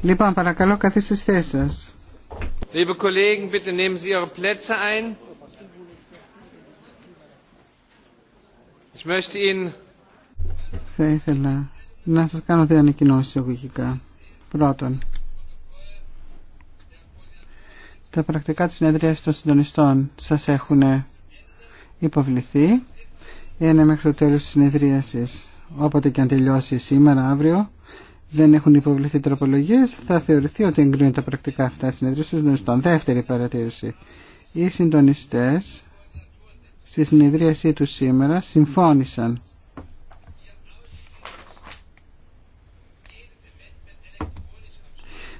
Λοιπόν, παρακαλώ καθίστε στις θέσεις σας. Liebe Kollegen, bitte nehmen Sie Ihre Plätze ein. Ich möchte Ihnen... Θα ήθελα να σας κάνω δύο ανακοινώσεις εισαγωγικά. Πρώτον, τα πρακτικά της συνεδρίας των συντονιστών σας έχουν υποβληθεί. Είναι μέχρι το τέλος της συνεδρίασης, όποτε και αν τελειώσει σήμερα, αύριο δεν έχουν υποβληθεί τροπολογίε, θα θεωρηθεί ότι εγκρίνουν τα πρακτικά αυτά συνεδρίες των γνωστών. Δεύτερη παρατήρηση. Οι συντονιστέ στη συνεδρίασή του σήμερα συμφώνησαν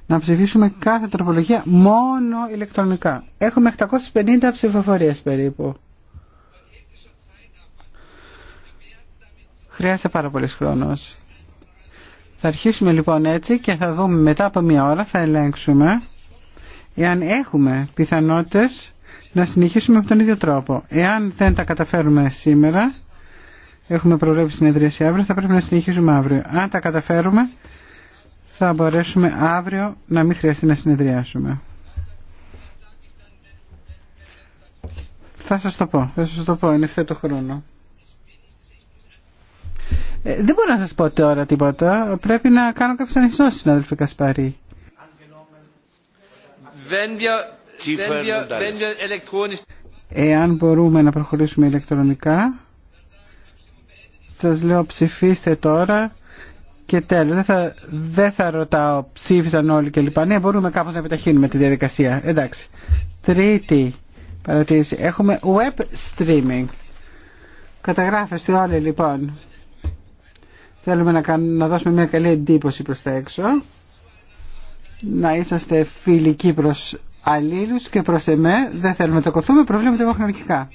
να ψηφίσουμε κάθε τροπολογία μόνο ηλεκτρονικά. Έχουμε 850 ψηφοφορίες περίπου. Χρειάζεται πάρα πολλής χρόνος. Θα αρχίσουμε λοιπόν έτσι και θα δούμε μετά από μία ώρα, θα ελέγξουμε εάν έχουμε πιθανότητες να συνεχίσουμε με τον ίδιο τρόπο. Εάν δεν τα καταφέρουμε σήμερα, έχουμε προβλέψει συνεδρίαση αύριο, θα πρέπει να συνεχίσουμε αύριο. Αν τα καταφέρουμε, θα μπορέσουμε αύριο να μην χρειαστεί να συνεδριάσουμε. Θα σας το πω, θα σας το πω, είναι ευθέτω χρόνο. Ε, δεν μπορώ να σας πω τώρα τίποτα. Πρέπει να κάνω κάποιες ανισώσεις, συνάδελφε Κασπαρή. Εάν μπορούμε να προχωρήσουμε ηλεκτρονικά, σας λέω ψηφίστε τώρα και τέλος. Δεν θα, δεν θα ρωτάω ψήφισαν όλοι και λοιπά. Ναι, μπορούμε κάπως να επιταχύνουμε τη διαδικασία. Εντάξει. Τρίτη παρατήρηση. Έχουμε web streaming. Καταγράφεστε όλοι λοιπόν. Θέλουμε να, κάνουμε, να δώσουμε μια καλή εντύπωση προς τα έξω, να είσαστε φιλικοί προς αλλήλους και προς εμέ, δεν θέλουμε να τσακωθούμε, προβλήματα υποχρεωτικά.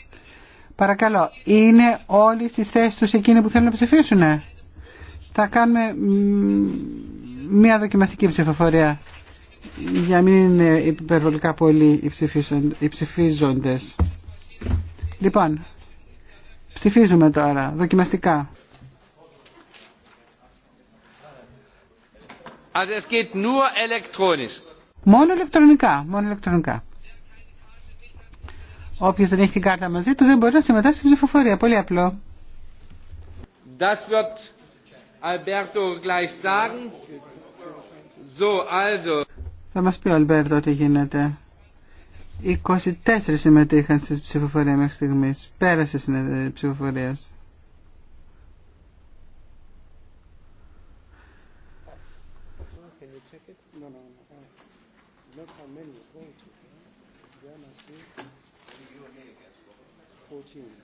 Παρακαλώ, είναι όλοι στις θέσεις τους εκείνοι που θέλουν να ψηφίσουνε. Θα κάνουμε μια δοκιμαστική ψηφοφορία για να μην είναι υπερβολικά πολλοί οι ψηφίζοντες. Λοιπόν, ψηφίζουμε τώρα, δοκιμαστικά. Also es geht nur elektronisch. Μόνο ηλεκτρονικά, μόνο ηλεκτρονικά. Όποιος δεν έχει την κάρτα μαζί του δεν μπορεί να συμμετάσχει στην ψηφοφορία. Πολύ απλό. Θα μα πει ο Αλμπέρτο τι γίνεται. 24 συμμετείχαν στην ψηφοφορία μέχρι στιγμή. Πέρασε η ε, ψηφοφορία.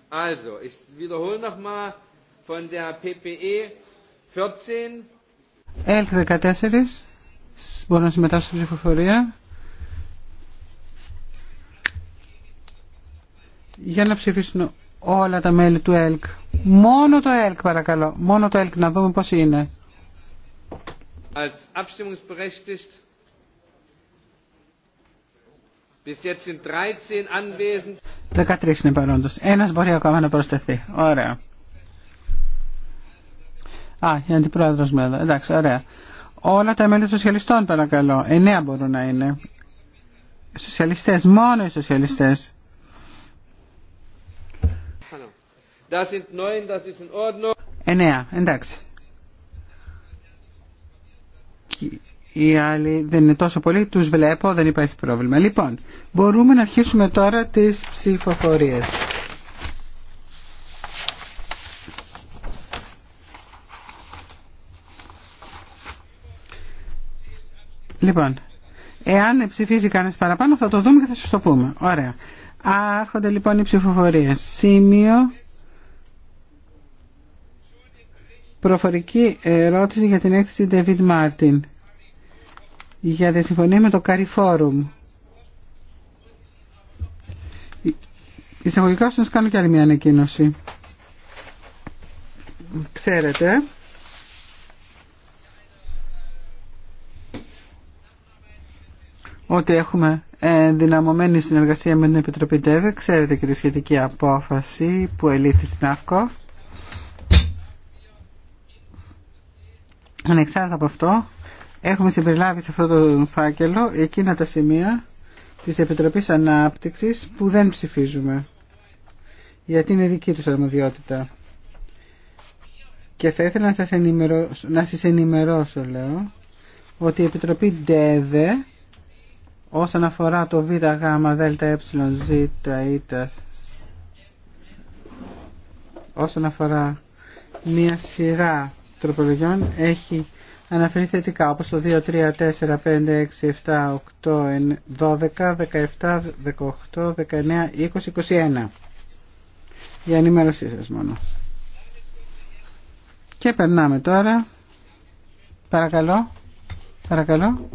Also, ich wiederhole nochmal von der PPE 14. ΕΛΚ 14. Μπορώ να συμμετάσχω στην ψηφοφορία. Για να ψηφίσουν όλα τα μέλη του ΕΛΚ. Μόνο το ΕΛΚ παρακαλώ. Μόνο το ΕΛΚ να δούμε πώς είναι. Als abstimmungsberechtigt bis jetzt sind 13 anwesend. 13 είναι παρόντος. Ένας μπορεί ακόμα να προσθεθεί. Ωραία. Α, η αντιπρόεδρος μου εδώ. Εντάξει, ωραία. Όλα τα μέλη των σοσιαλιστών παρακαλώ. Εννέα μπορούν να είναι. Σοσιαλιστές, μόνο οι σοσιαλιστές. Εννέα, εντάξει οι άλλοι δεν είναι τόσο πολύ τους βλέπω, δεν υπάρχει πρόβλημα. Λοιπόν, μπορούμε να αρχίσουμε τώρα τις ψηφοφορίες. Λοιπόν, εάν ψηφίζει κανεί παραπάνω θα το δούμε και θα σας το πούμε. Ωραία. Άρχονται λοιπόν οι ψηφοφορίες. Σημείο προφορική ερώτηση για την έκθεση David Martin για τη με το ΚΑΡΙ Φόρουμ. Εισαγωγικά σας κάνω και άλλη μια ανακοίνωση. Ξέρετε, ότι έχουμε δυναμωμένη συνεργασία με την Επιτροπή ΤΕΒΕ. Ξέρετε και τη σχετική απόφαση που ελήφθη στην ΑΦΚΟ. Ανεξάρτητα από αυτό, Έχουμε συμπεριλάβει σε αυτό το φάκελο εκείνα τα σημεία της Επιτροπής Ανάπτυξης που δεν ψηφίζουμε γιατί είναι δική τους αρμοδιότητα. Και θα ήθελα να σας ενημερώσω, να σας ενημερώσω λέω, ότι η Επιτροπή ΔΕΔΕ όσον αφορά το ΒΓ ΔΕΛΤΑ όσον αφορά μία σειρά τροπολογιών έχει αναφέρει θετικά όπως το 2, 3, 4, 5, 6, 7, 8, 12, 17, 18, 19, 20, 21. Για ενημέρωσή σας μόνο. Και περνάμε τώρα. Παρακαλώ. Παρακαλώ.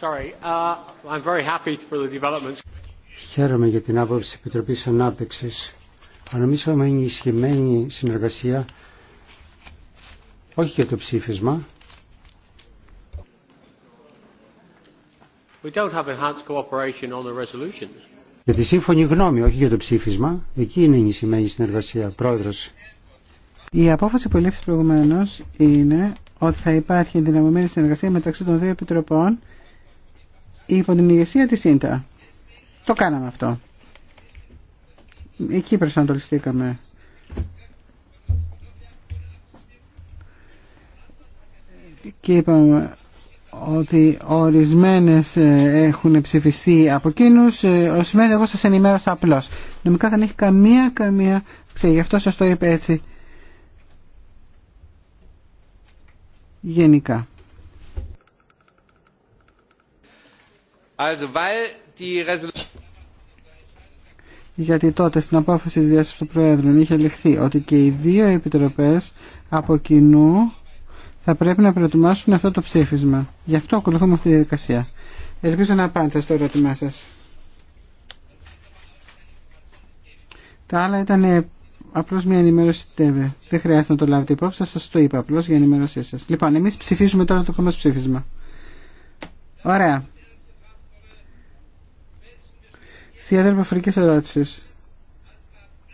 Sorry. Uh, I'm very happy for the developments. Χαίρομαι για την άποψη της Επιτροπής Ανάπτυξης. Αν νομίζω ενισχυμένη συνεργασία όχι για το ψήφισμα. We don't have enhanced cooperation on the resolutions. Για τη σύμφωνη γνώμη, όχι για το ψήφισμα. Εκεί είναι η σημαίνει συνεργασία. Πρόεδρος. Η απόφαση που ελήφθη προηγουμένω είναι ότι θα υπάρχει ενδυναμωμένη συνεργασία μεταξύ των δύο επιτροπών υπό την ηγεσία της ΣΥΝΤΑ. Το κάναμε αυτό. Εκεί προσανατολιστήκαμε. και είπαμε ότι ορισμένες ε, έχουν ψηφιστεί από εκείνους, ε, ορισμένες εγώ σας ενημέρωσα απλώς. Νομικά δεν έχει καμία, καμία, ξέρει, γι' αυτό σας το είπε έτσι. Γενικά. Also, weil die... Γιατί τότε στην απόφαση της Διάσης του Προέδρου είχε ληχθεί ότι και οι δύο επιτροπές από κοινού θα πρέπει να προετοιμάσουν αυτό το ψήφισμα. Γι' αυτό ακολουθούμε αυτή τη διαδικασία. Ελπίζω να απάντησα στο ερώτημά σα. Τα άλλα ήταν ε, απλώ μια ενημέρωση τέβε. Δεν χρειάζεται να το λάβετε υπόψη, σα το είπα απλώ για ενημέρωσή σα. Λοιπόν, εμεί ψηφίζουμε τώρα το δικό ψήφισμα. Ωραία. Σχέδιο προφορική ερώτηση.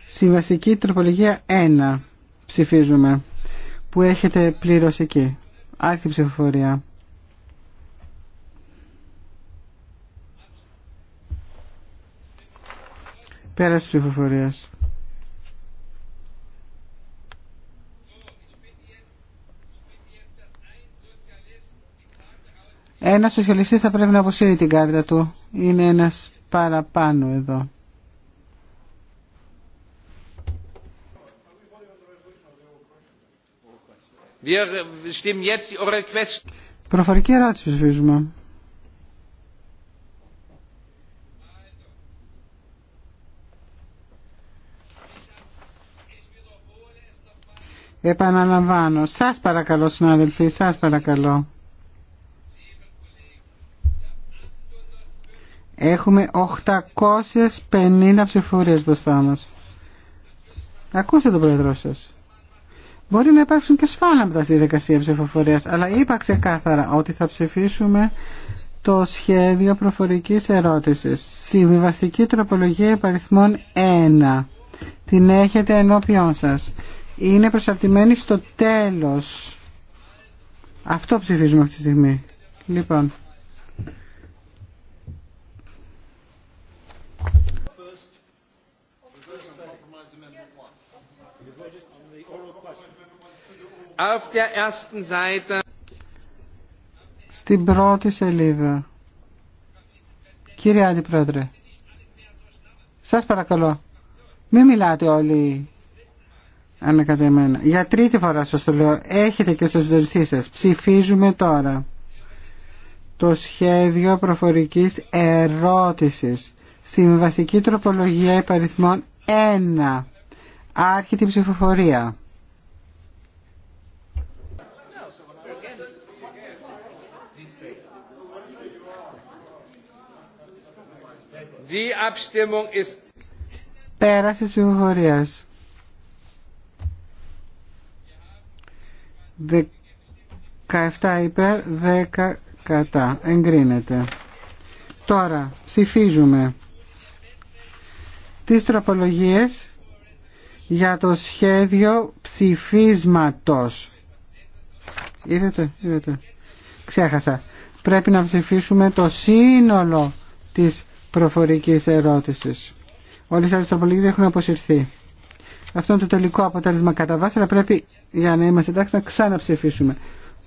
Συμβαστική τροπολογία 1. Ψηφίζουμε που έχετε πλήρως εκεί. Άρχη ψηφοφορία. Πέρας ψηφοφορίας. Ένας σοσιαλιστής θα πρέπει να αποσύρει την κάρτα του. Είναι ένας παραπάνω εδώ. Προφορική ερώτηση ψηφίζουμε. Επαναλαμβάνω. Σας παρακαλώ συνάδελφοι, σας παρακαλώ. Έχουμε 850 ψηφορίες μπροστά μας. Ακούστε τον πρόεδρό σας. Μπορεί να υπάρξουν και σφάλματα στη δικασία ψηφοφορίας, αλλά είπα ξεκάθαρα ότι θα ψηφίσουμε το σχέδιο προφορικής ερώτησης. Συμβιβαστική τροπολογία υπαριθμών 1. Την έχετε ενώπιόν σας. Είναι προσαρτημένη στο τέλος. Αυτό ψηφίζουμε αυτή τη στιγμή. Λοιπόν, στην πρώτη σελίδα. Κύριε Αντιπρόεδρε, σας παρακαλώ, μην μιλάτε όλοι ανακατεμένα. Για τρίτη φορά σας το λέω, έχετε και στο συντονιστή σας. Ψηφίζουμε τώρα το σχέδιο προφορικής ερώτησης. Συμβαστική τροπολογία υπαριθμών 1. Άρχεται η ψηφοφορία. Πέραση της ψηφοφορίας. 17 υπέρ, 10 κατά. Εγκρίνεται. Τώρα ψηφίζουμε τις τροπολογίες για το σχέδιο ψηφίσματος. Είδατε, είδατε. Ξέχασα. Πρέπει να ψηφίσουμε το σύνολο της Προφορική ερώτηση. Όλες οι άλλες έχουν αποσυρθεί. Αυτό είναι το τελικό αποτέλεσμα κατά βάση, αλλά πρέπει για να είμαστε εντάξει να ξαναψηφίσουμε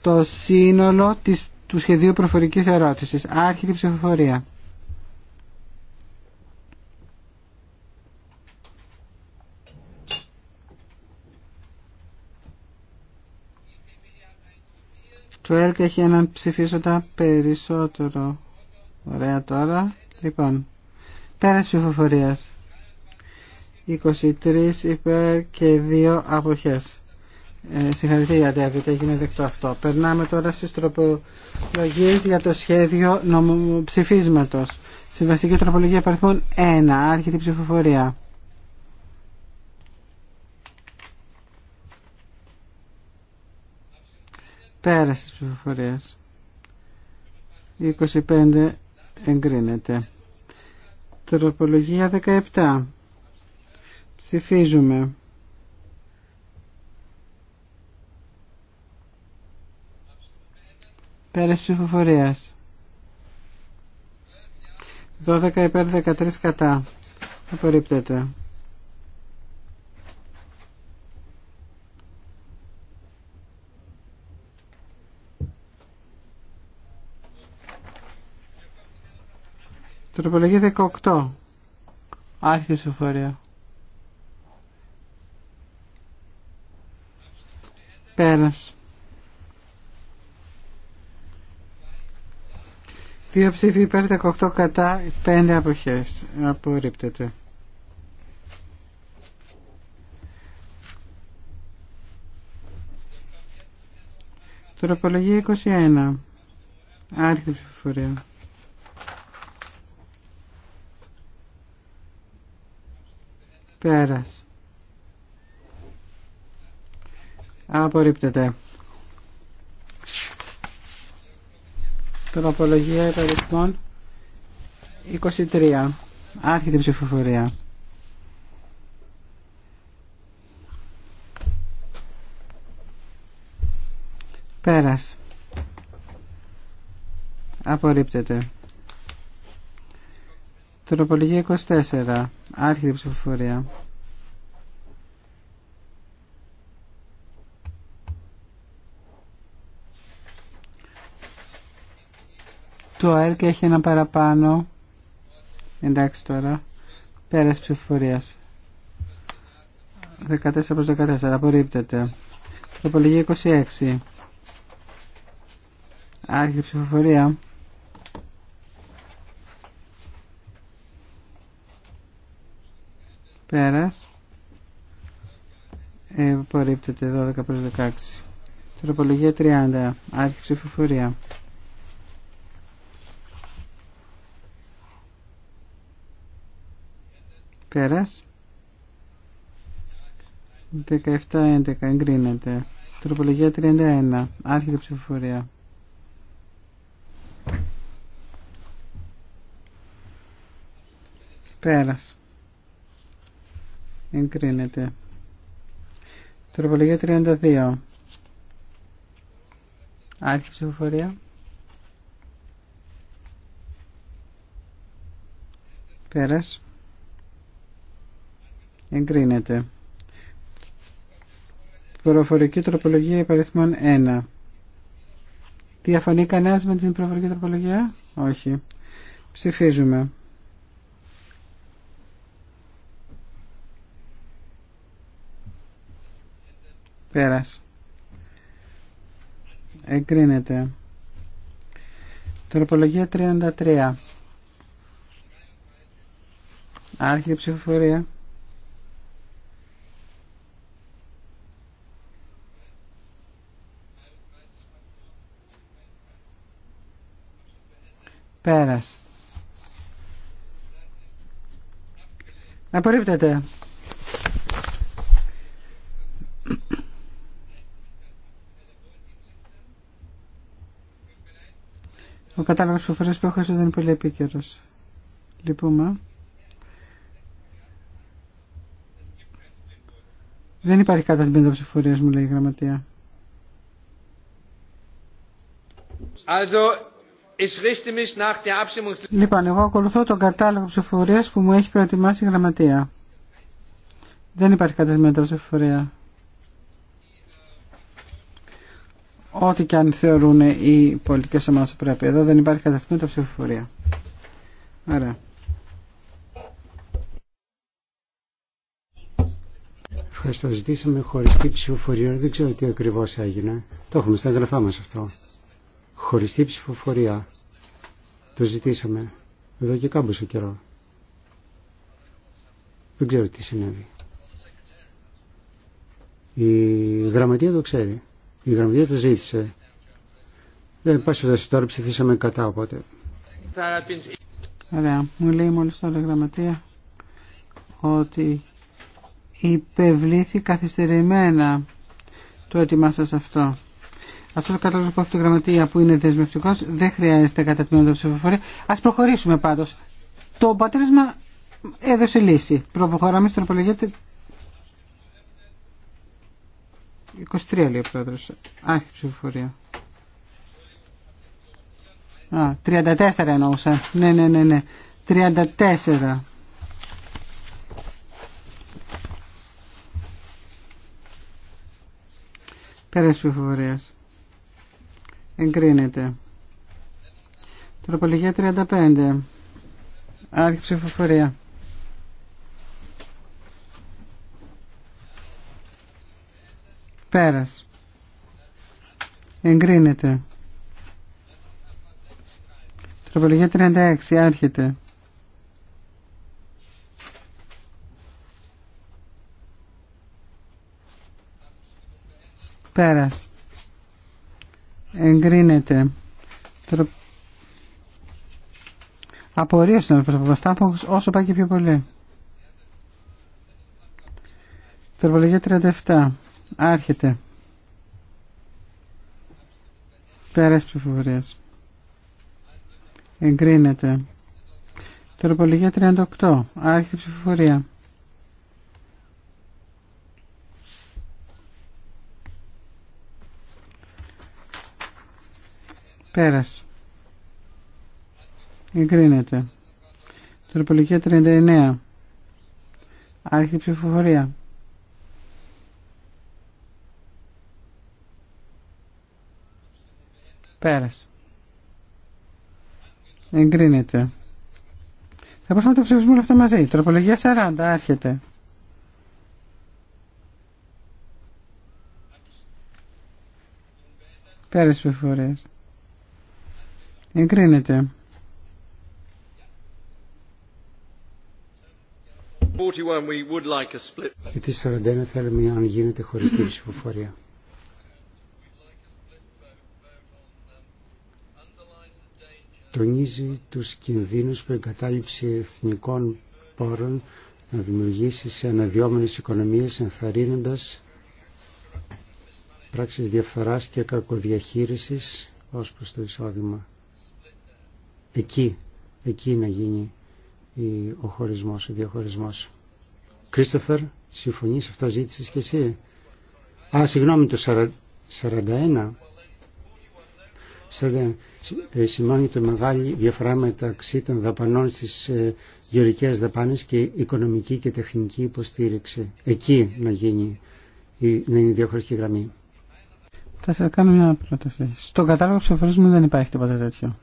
το σύνολο της, του σχεδίου προφορικής ερώτησης. Άρχιτη ψηφοφορία. Το ΕΛΚ έχει έναν ψηφίσοντα περισσότερο. Ωραία τώρα. Λοιπόν, τη ψηφοφορία. 23 υπέρ και 2 απόχέ. Ε, συγχαρητήρια, Ντέβιτ, έγινε δεκτό αυτό. Περνάμε τώρα στι τροπολογίες για το σχέδιο ψηφίσματος. Συμβαστική τροπολογία παριθμών 1, άρχεται η ψηφοφορία. Πέραση τη ψηφοφορία. 25 εγκρίνεται. Τροπολογία 17. Ψηφίζουμε. Πέρας ψηφοφορίας. 12 υπέρ 13 κατά. Απορρίπτεται. Τροπολογία 18. Άρχισε ψηφοφορία. Πέρας. Δύο ψήφοι υπέρ 18 κατά 5 αποχές. Απορρίπτεται. Τροπολογία 21. Άρχισε ψηφοφορία. Πέρας. Απορρίπτεται. Τροπολογία υπαριθμών 23. Άρχεται η ψηφοφορία. Πέρας. Απορρίπτεται. Τροπολογία 24 άρχιδη ψηφοφορία. Το ΑΕΛΚ έχει ένα παραπάνω. Εντάξει τώρα. Πέρας ψηφοφορίας. 14 προς 14. Απορρίπτεται. Τροπολογία 26. Άρχιδη ψηφοφορία. Πέρας. Ε, 12 προς 16. Τροπολογία 30. η ψηφοφορια ψηφοφορία. Πέρας. 17-11 εγκρίνεται. Τροπολογία 31. η ψηφοφορία. Πέρας εγκρίνεται. Τροπολογία 32. Άρχη ψηφοφορία. Πέρας. Εγκρίνεται. Προφορική τροπολογία υπαριθμών 1. Διαφωνεί κανένα με την προφορική τροπολογία? Όχι. Ψηφίζουμε. Πέρας. Εγκρίνεται. Τροπολογία 33. Άρχιε ψηφοφορία. Πέρας. Απορρίπτεται. Ο κατάλογο προφορά που έχω δεν είναι πολύ επίκαιρο. Λυπούμε. Δεν υπάρχει κατασμήντα ψηφορία, μου λέει η γραμματεία. Also, mich nach der Λοιπόν, εγώ ακολουθώ τον κατάλογο ψηφορία που μου έχει προετοιμάσει η γραμματεία. Δεν υπάρχει κατασμήντα ψηφορία. ό,τι και αν θεωρούν οι πολιτικές ομάδες πρέπει. Εδώ δεν υπάρχει κατευθυνότητα ψηφοφορία. Άρα. Ευχαριστώ. Ζητήσαμε χωριστή ψηφοφορία. Δεν ξέρω τι ακριβώ έγινε. Το έχουμε στα εγγραφά μα αυτό. Χωριστή ψηφοφορία. Το ζητήσαμε. Εδώ και κάμποσο καιρό. Δεν ξέρω τι συνέβη. Η γραμματεία το ξέρει. Η Γραμματεία το ζήτησε. Δεν υπάρχει ούτε τώρα ψηφίσαμε κατά οπότε. Ωραία. Μου λέει μόλις τώρα η Γραμματεία ότι υπευλήθη καθυστερημένα το έτοιμά σα αυτό. Αυτό ο κατάλογο που έχει τη γραμματεία που είναι δεσμευτικό δεν χρειάζεται κατά την ψηφοφορία. Α προχωρήσουμε πάντω. Το πατρίσμα έδωσε λύση. Προχωράμε στην απολογία 23 λέει ο πρόεδρος. Άρχη ψηφοφορία. Α, 34 εννοούσα. Ναι, ναι, ναι, ναι. 34. Πέρας ψηφοφορία. Εγκρίνεται. Τροπολογία 35. Άρχη ψηφοφορία. Πέρας. Εγκρίνεται. Τροπολογία 36. Άρχεται. Πέρας. Εγκρίνεται. Τρο... Απορία όσο πάει και πιο πολύ. Τροπολογία 37. Άρχεται. Πέρας ψηφοφορίας. Εγκρίνεται. Τροπολογία 38. Άρχεται ψηφοφορία. Πέρας. Εγκρίνεται. Τροπολογία 39. Άρχεται ψηφοφορία. Πέρας. Εγκρίνεται. Θα μπορούσαμε να το ψηφίσουμε όλα αυτά μαζί. Τροπολογία 40. Άρχεται. Πέρας πληροφορίες. Εγκρίνεται. Γιατί 41 θέλουμε αν γίνεται χωριστή ψηφοφορία. τονίζει τους κινδύνους που η εγκατάλειψη εθνικών πόρων να δημιουργήσει σε αναδυόμενες οικονομίες ενθαρρύνοντας πράξεις διαφθοράς και κακοδιαχείρισης ως προς το εισόδημα. Εκεί, εκεί να γίνει ο χωρισμός, ο διαχωρισμός. Κρίστοφερ, συμφωνείς αυτό ζήτησες και εσύ. Α, συγγνώμη, το 41 σαν ε, σημάνει το μεγάλη διαφορά μεταξύ των δαπανών στις ε, γεωρικές δαπάνες και οικονομική και τεχνική υποστήριξη. Εκεί να γίνει, να είναι η διαχωριστική γραμμή. Θα σας κάνω μια πρόταση. Στον κατάλογο μου δεν υπάρχει τίποτα τέτοιο.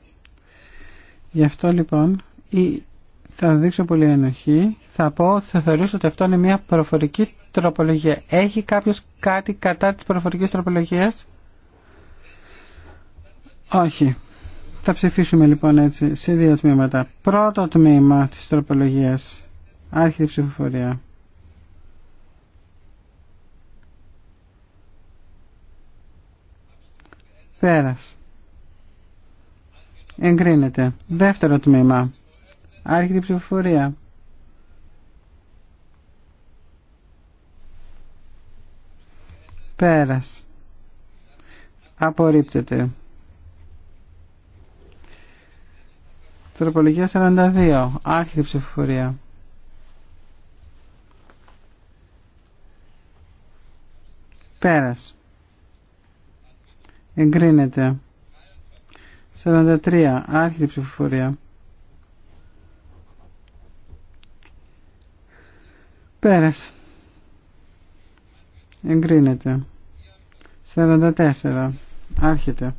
Γι' αυτό λοιπόν η... θα δείξω πολύ ενοχή. Θα πω, θα θεωρήσω ότι αυτό είναι μια προφορική τροπολογία. Έχει κάποιος κάτι κατά της προφορικής τροπολογίας? Όχι. Θα ψηφίσουμε λοιπόν έτσι σε δύο τμήματα. Πρώτο τμήμα της τροπολογίας. Άρχιτη ψηφοφορία. Πέρας. Εγκρίνεται. Δεύτερο τμήμα. Άρχιτη ψηφοφορία. Πέρας. Απορρίπτεται. Τροπολογία 42. Άρχιτη ψηφοφορία. Πέρας. Εγκρίνεται. 43. Άρχιτη ψηφοφορία. Πέρας. Εγκρίνεται. 44. Άρχεται.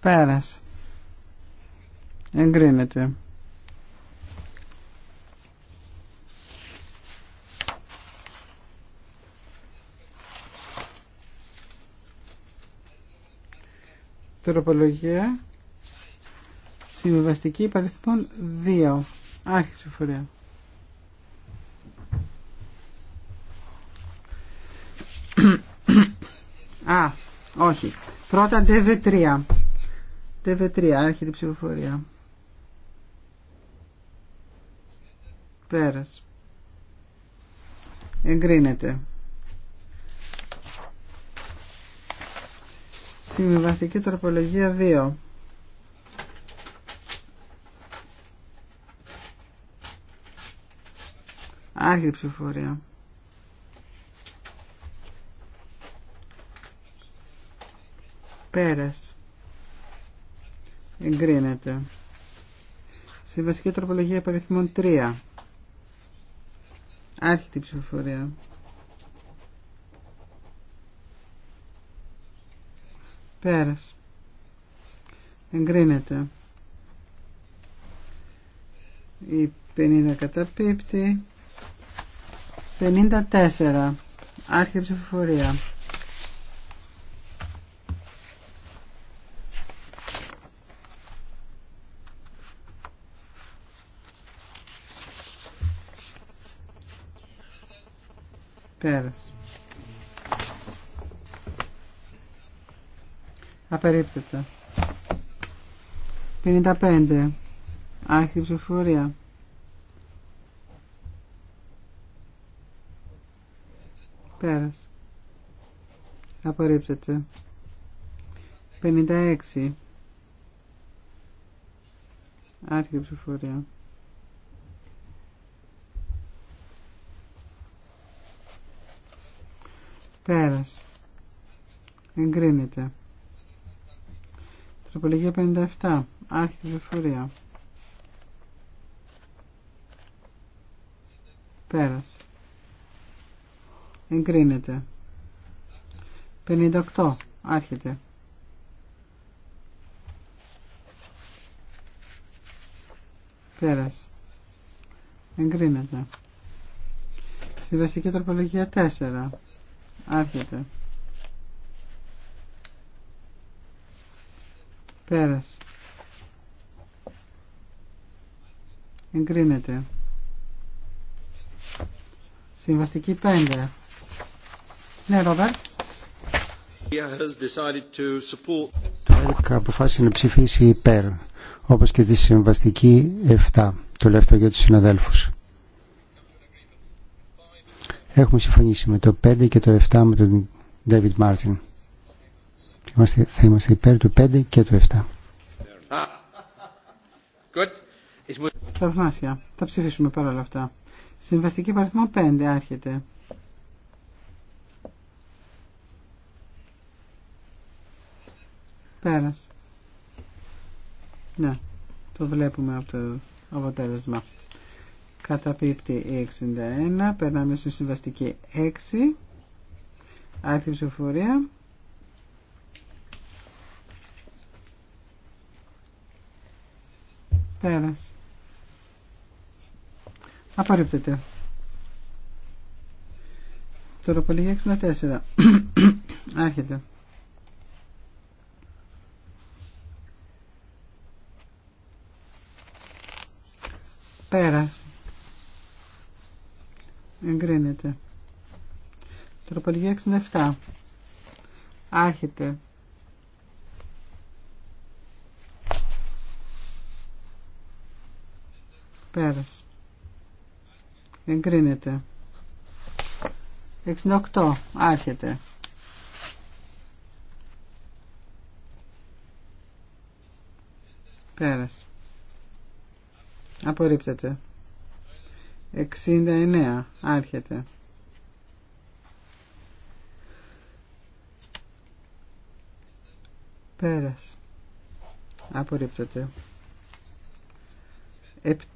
Πέρας. Εγκρίνεται. Τροπολογία Συμβιβαστική παρελθόν 2. Άρχισε φορέα. Α, όχι. Πρώτα DV3. TV3, ψηφοφορία. Πέρας. Εγκρίνεται. Συμβιβαστική τροπολογία 2. Άρχιδη ψηφοφορία εγκρίνεται. Συμβασική τροπολογία παριθμών 3. Άρχιτη ψηφοφορία. Πέρας. Εγκρίνεται. Η 50 καταπίπτει. 54. Άρχιτη ψηφοφορία. Πέρας. Απερίπτωτα. 55. Άρχιτη ψηφοφορία. Πέρας. Απορρίπτεται. 56. Άρχιτη ψηφοφορία. Πέρας. Εγκρίνεται. Τροπολογία 57. Άρχιτη ευφορία. Πέρας. Εγκρίνεται. 58. Άρχεται. Πέρας. Εγκρίνεται. Συμβαστική τροπολογία 4. Άρχεται. Πέρας. Εγκρίνεται. Συμβαστική 5. Ναι, Ρόμπερτ. Το ΕΛΚ αποφάσισε να ψηφίσει υπέρ, όπως και τη συμβαστική 7. Το λεφτό για τους συναδέλφους. Έχουμε συμφωνήσει με το 5 και το 7 με τον David Martin. θα είμαστε υπέρ του 5 και του 7. Θαυμάσια. Θα ψηφίσουμε παρόλα αυτά. Συμβαστική παριθμό 5 άρχεται. Πέρας. Ναι, το βλέπουμε από το αποτέλεσμα. Καταπίπτει 61. Περνάμε στη συμβαστική 6. Άρχη ψηφοφορία. Πέρας. Απορρίπτεται. Τροπολογία 64. Άρχεται. Πέρας. Εγκρίνεται. Τροπολογία 67. Άρχεται. Πέρας. Εγκρίνεται. 68. Άρχεται. Πέρας. Απορρίπτεται. 69 άρχεται πέρας απορρίπτεται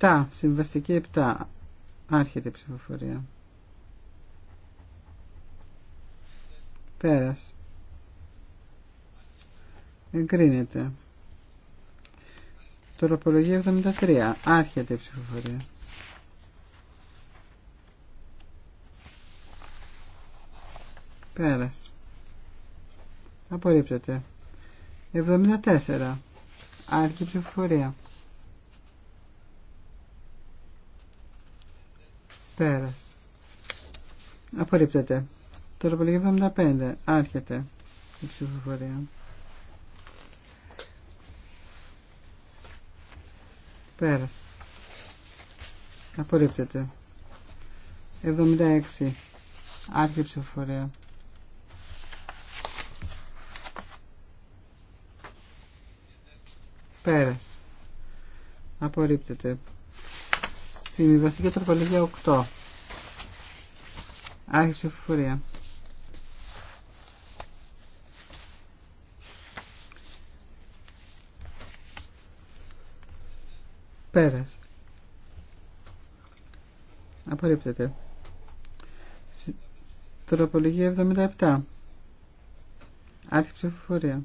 7 συμβαστική 7 άρχεται η ψηφοφορία πέρας εγκρίνεται τροπολογία 73 άρχεται η ψηφοφορία Πέρας. Απορρίπτεται. 74. Άρχη ψηφοφορία. Πέρας. Απορρίπτεται. που 75. Άρχεται η ψηφοφορία. Πέρας. Απορρίπτεται. 76. Άρχη ψηφοφορία. Πέρας. Απορρίπτεται. Συμβιβαστική τροπολογία 8. Άρχισε φορεία. Πέρας. Απορρίπτεται. Τροπολογία 77. Άρχισε ψηφοφορία.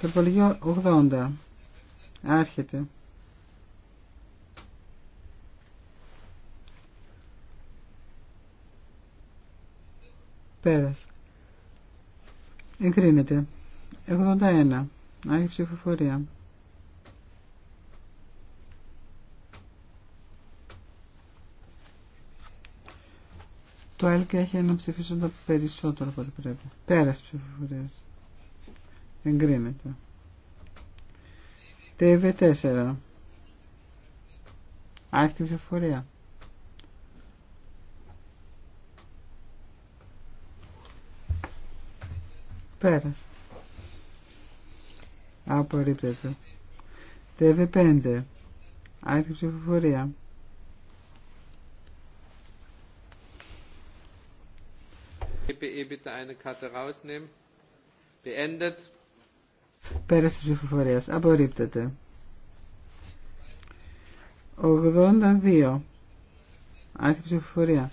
Τροπολογία 80. Άρχεται. Πέρασε. Εγκρίνεται. 81. Άγιο ψηφοφορία. Το ΕΛΚ έχει ένα ψηφίσοντα περισσότερο από ό,τι πρέπει. Πέρασε ψηφοφορία. Εγκρίνεται. TV4. Άρχιτη ψηφοφορία. περασε Πέρασε. Απορρίπτεται. TV5. Άρχιτη ψηφοφορία. Ich bitte eine Karte rausnehmen. Beendet. Πέραση της ψηφοφορίας. Απορρίπτεται. 82. Άρχη ψηφοφορία.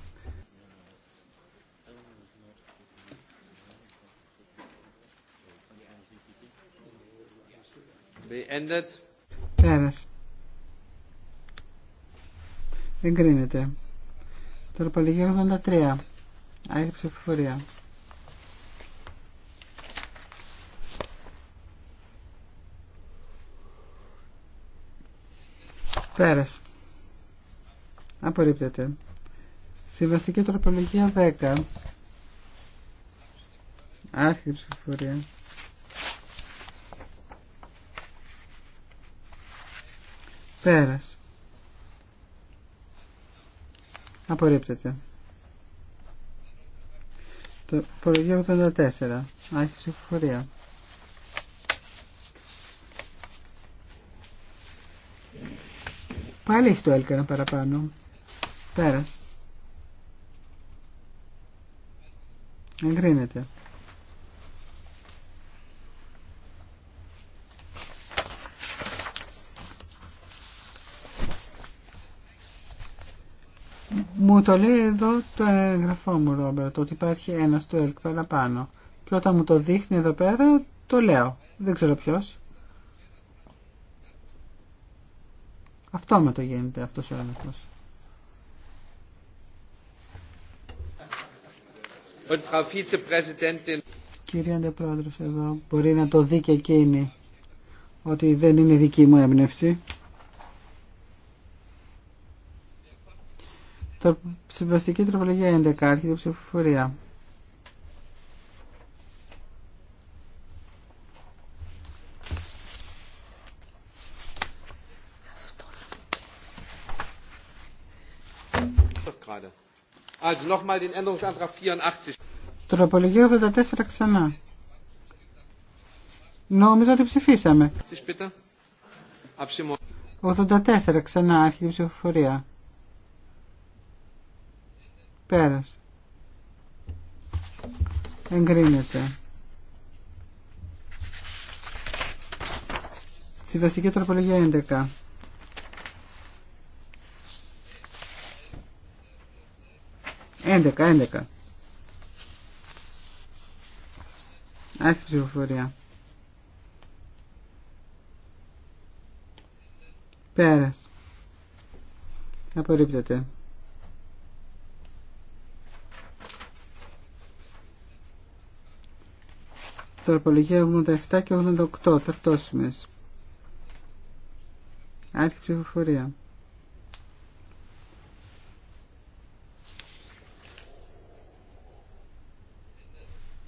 Beendet. κρίνεται. Τώρα Τροπολογία 83. Άρχη ψηφοφορία. Πέρας. Απορρίπτεται. Συμβαστική τροπολογία 10. Άρχιε ψηφοφορία. Πέρας. Απορρίπτεται. Τροπολογία 84. Άρχη ψηφοφορία. Πάλι έχει το έλκανα παραπάνω. Πέρας. Εγκρίνεται. Μου το λέει εδώ το εγγραφό μου, Ρόμπερτ, ότι υπάρχει ένα στο ΕΛΚ παραπάνω. Και όταν μου το δείχνει εδώ πέρα, το λέω. Δεν ξέρω ποιος. Αυτό Αυτόματο γίνεται αυτός ο έλεγχος. Κύριε Αντεπρόεδρο, εδώ μπορεί να το δει και εκείνη ότι δεν είναι δική μου έμπνευση. Το συμβαστική τροπολογία 11 άρχεται ψηφοφορία. Also nochmal den Änderungsantrag 84. Τροπολογία 84 ξανά. Νομίζω ότι ψηφίσαμε. 84 ξανά η ψηφοφορία. Πέρας. Εγκρίνεται. Συμβαστική τροπολογία 11. 11, 11. ψηφοφορία. Πέρας. Απορρίπτεται. 87 και 88 ταυτόσιμες. Άχι ψηφοφορία.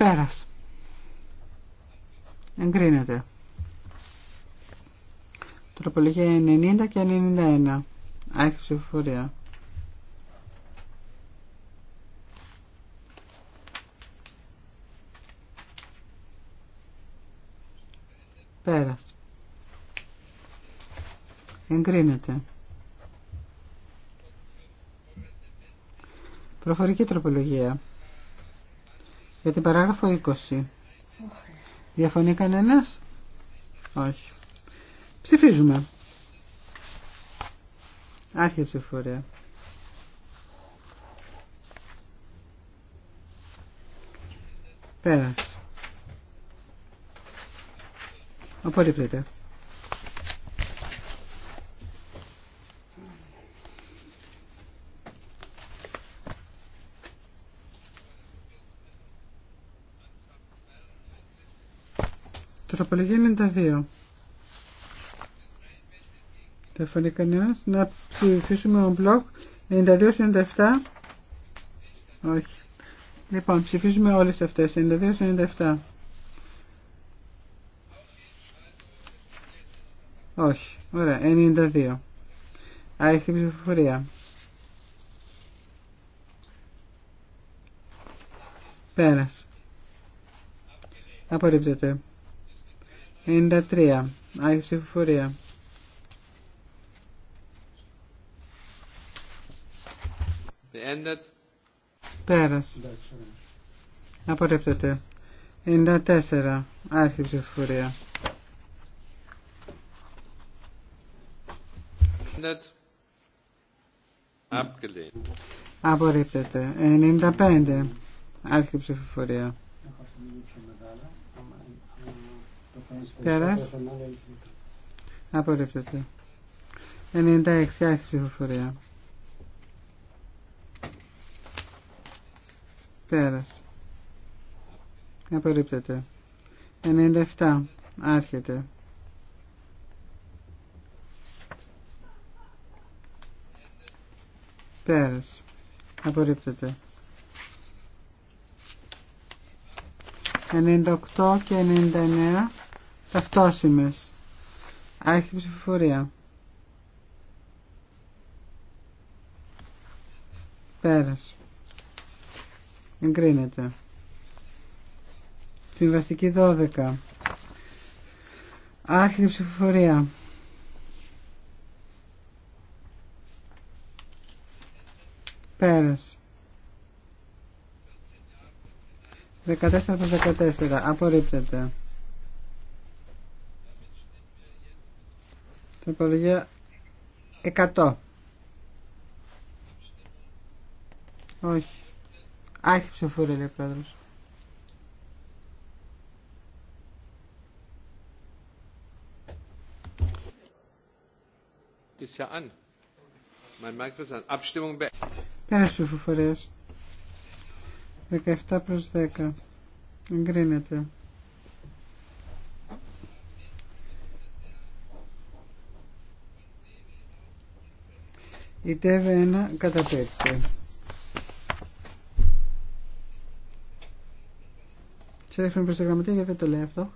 Πέρας. Εγκρίνεται. Τροπολογία 90 και 91. Άρχισε ψηφοφορία. Πέρας. Εγκρίνεται. Προφορική τροπολογία. Για την παράγραφο 20. Διαφωνεί κανένας? Όχι. Ψηφίζουμε. Άρχιε ψηφοφορία. Πέρας. Απορρίπτεται. 92. Δεν φωνεί κανένα. Να ψηφίσουμε ο μπλοκ 92-97. Όχι. Λοιπόν, ψηφίζουμε όλες αυτές. 92-97. Όχι. Ωραία. 92. Άρχισε ψηφοφορία. Πέρας. Απορρίπτεται. 93. Άγιο ψηφοφορία. Πέρας. Απορρίπτεται. 94. Άρχισε ψηφοφορία. Απορρίπτεται. 95. Άρχιψη ψηφοφορία. Πέρας. Απορρίπτεται. 96. Άρχισε ψηφοφορία. Πέρας. Απορρίπτεται. 97. Άρχεται. Πέρας. Απορρίπτεται. 98 και 99 έχει την ψηφοφορία. Πέρας. Εγκρίνεται. Συμβαστική 12. Άρχιδη ψηφοφορία. Πέρας. 14 από 14. Απορρίπτεται. Τροπολογία 100. Όχι. Άχι ψεφούρε λέει ο πρόεδρος. Ist ja an. 17 προς 10. Εγκρίνεται. Η ΤΕΒ1 καταπέφτει. Σε δείχνουν προς τα γραμματεία, γιατί το λέει αυτό.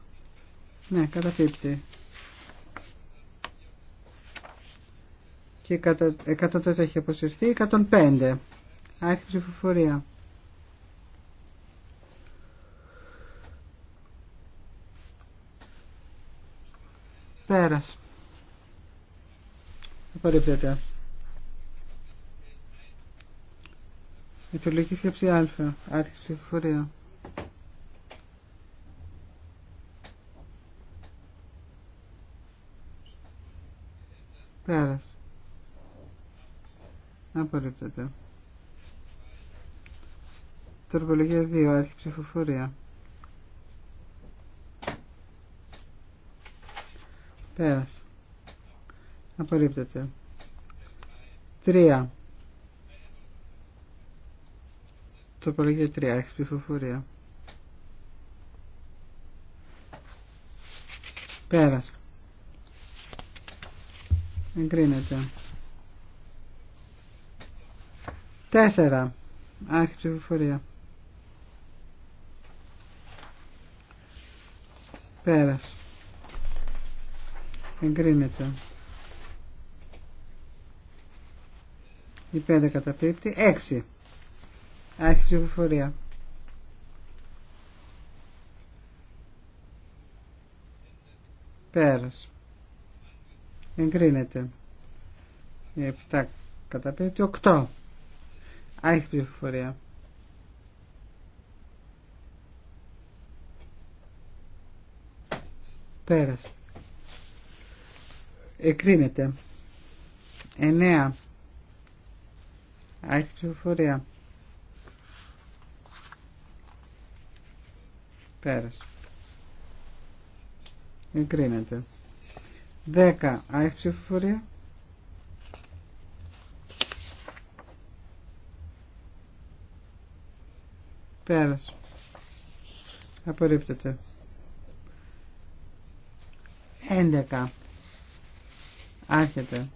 Ναι, καταπίπτει. Και 104 έχει αποσυρθεί. 105. Άρχη ψηφοφορία. Πέρας. Απορρίπτεται. Μητρολογική σκέψη Α. Άρχισε ψηφοφορία. Πέρας. Απορρίπτεται. Τροπολογία 2. Άρχισε ψηφοφορία. Πέρας. Απορρίπτεται. Τρία. Τροπολογία 3. Άρχισε ψηφοφορία. Πέρασε. Εγκρίνεται. Τέσσερα. Άρχισε ψηφοφορία. Πέρασε. Εγκρίνεται. Η πέντε καταπίπτει. Έξι. Έχει ψηφοφορία. Πέρας. Εγκρίνεται. 7 κατά 5, 8. Έχει ψηφοφορία. Πέρας. Εγκρίνεται. 9. Έχει ψηφοφορία. Πέρας. Εγκρίνεται. 10. Άχι ψηφοφορία. Πέρας. Απορρίπτεται. 11. Άρχεται.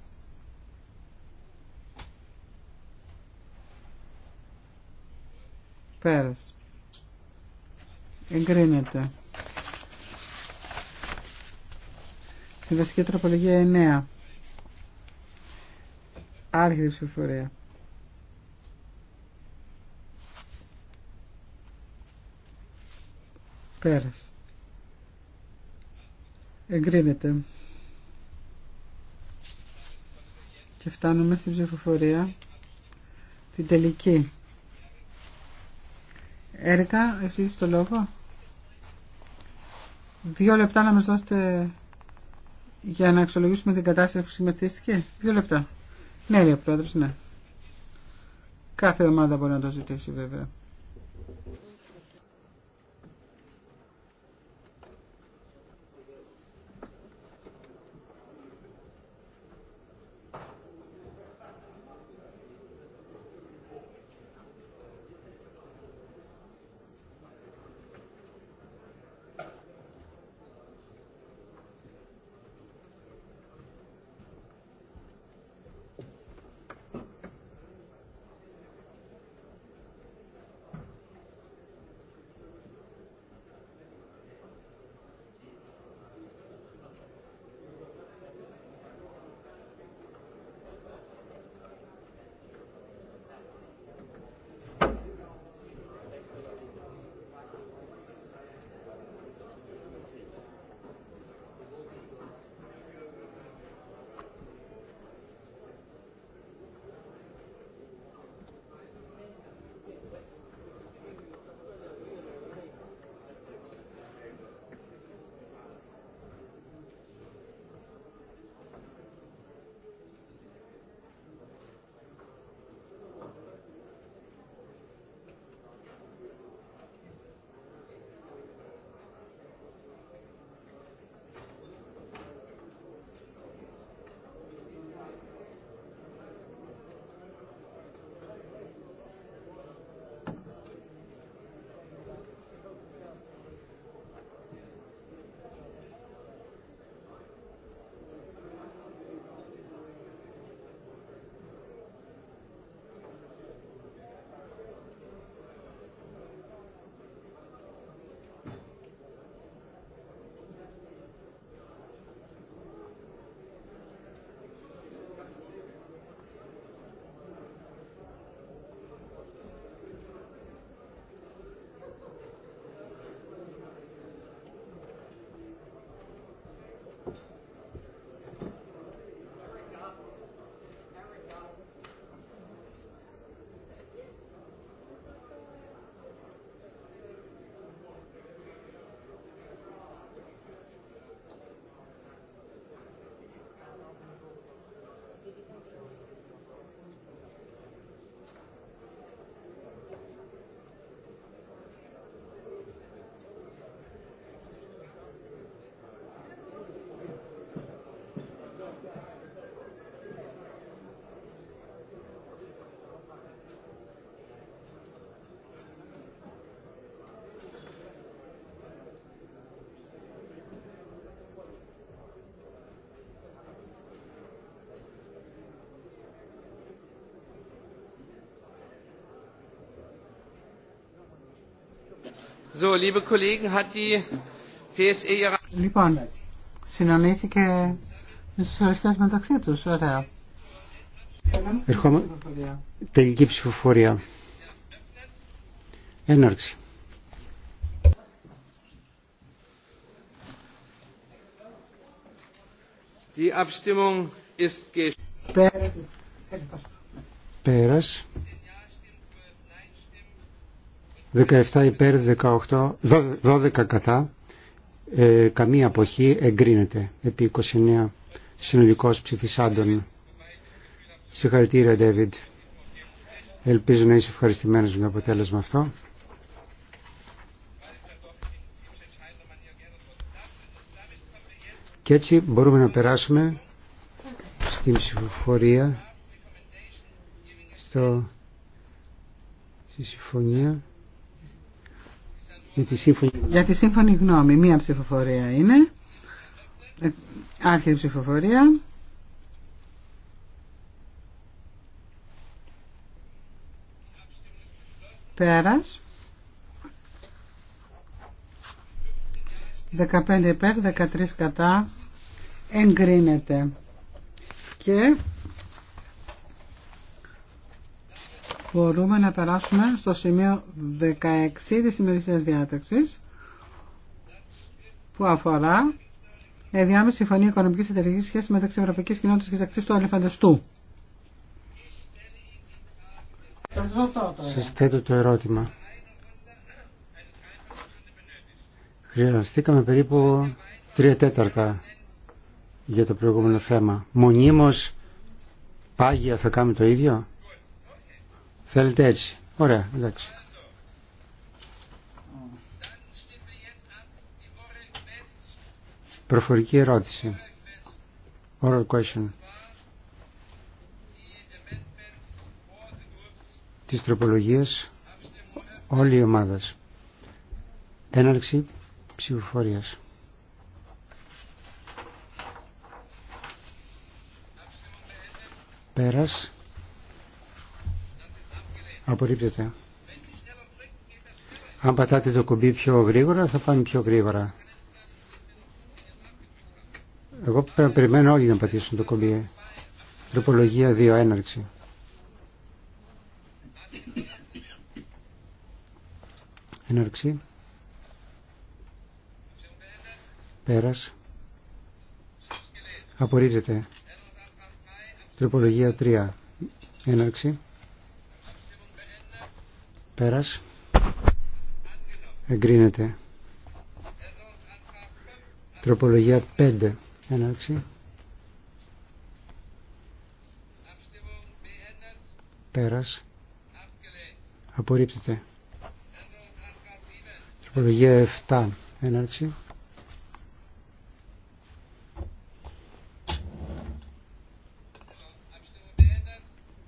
Πέρας εγκρίνεται. Συνδεστική τροπολογία 9. Άρχιδη ψηφοφορία. Πέρασε. Εγκρίνεται. Και φτάνουμε στην ψηφοφορία την τελική. Έρικα, εσύ το λόγο. Δύο λεπτά να μας δώσετε για να αξιολογήσουμε την κατάσταση που συμμετείχε. Δύο λεπτά. Ναι, λέει ο πρόεδρος, ναι. Κάθε ομάδα μπορεί να το ζητήσει βέβαια. E λοιπόν, συνονίθηκε με τους αριστές μεταξύ τους. Ωραία. Ερχόμαστε. Τελική ψηφοφορία. Έναρξη. Die Abstimmung ist Πέρας. 17 υπέρ 18, 12 καθά, ε, καμία αποχή εγκρίνεται επί 29 συνολικός ψηφισάντων. Συγχαρητήρια, Ντέβιντ. Ελπίζω να είσαι ευχαριστημένος με το αποτέλεσμα αυτό. Και έτσι μπορούμε να περάσουμε στην ψηφοφορία, στο, στη συμφωνία. Για τη σύμφωνη, για τη σύμφωνη γνώμη. Μία ψηφοφορία είναι. Άρχιε ψηφοφορία. Πέρας. 15 υπέρ, 13 κατά. Εγκρίνεται. Και μπορούμε να περάσουμε στο σημείο 16 της ημερησίας διάταξης που αφορά ενδιάμεση φωνή οικονομική εταιρική σχέση μεταξύ Ευρωπαϊκή Κοινότητα και Ζακτή του Αλεφαντεστού. Σα θέτω το ερώτημα. Χρειαστήκαμε περίπου τρία τέταρτα για το προηγούμενο θέμα. Μονίμως πάγια θα κάνουμε το ίδιο. Θέλετε έτσι. Ωραία, εντάξει. Προφορική ερώτηση. Oral question. Της τροπολογίας όλη η ομάδας. Έναρξη ψηφοφορίας. Πέρας. Απορρίπτεται. Αν πατάτε το κουμπί πιο γρήγορα θα πάμε πιο γρήγορα. Εγώ πρέπει περιμένω όλοι να πατήσουν το κουμπί. Τροπολογία 2, έναρξη. Έναρξη. Πέρας. Απορρίπτεται. Τροπολογία 3. Έναρξη. Πέρας. Εγκρίνεται. Τροπολογία 5. Έναρξη. Πέρας. Απορρίπτεται. Τροπολογία 7. Έναρξη.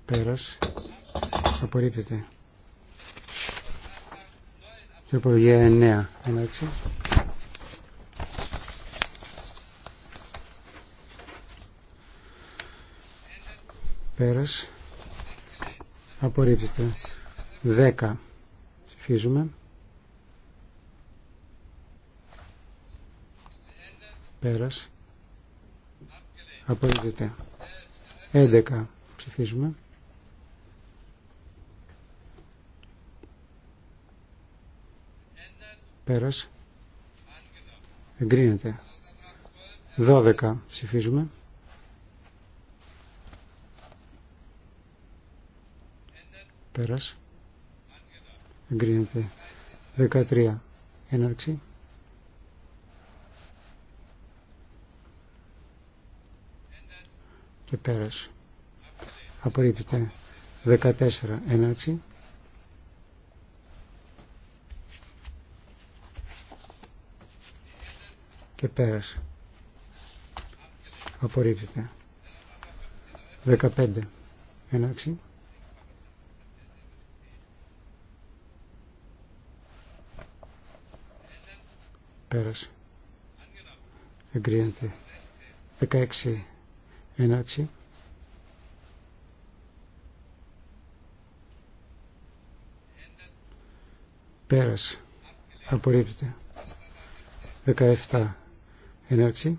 Πέρας. Απορρίπτεται. Τροπολογία 9. Εντάξει. Πέρας. Απορρίπτεται. 10. Ψηφίζουμε. Πέρας. Απορρίπτεται. 11. Ψηφίζουμε. Πέρας. Εγκρίνεται. 12 ψηφίζουμε. Πέρας. Εγκρίνεται. 13. Έναρξη. Και πέρας. Απορρίπτεται. 14. Έναρξη. και πέρασε. Απορρίπτεται. 15. Έναρξη. Πέρασε. Εγκρίνεται. 16. Έναρξη. Πέρασε. Απορρίπτεται. 17. Έναρξη.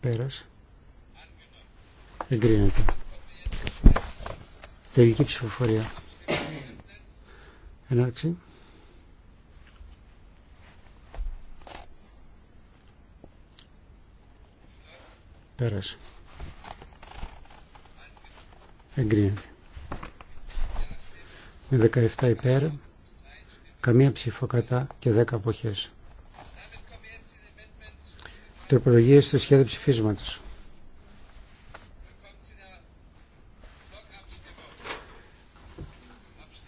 Πέρας. Εγκρίνεται. Τελική ψηφοφορία. Έναρξη. Πέρασε. Εγκρίνεται. Με 17 υπέρ, καμία ψήφο κατά και δέκα αποχές. Τροπολογίες στο σχέδιο ψηφίσματος.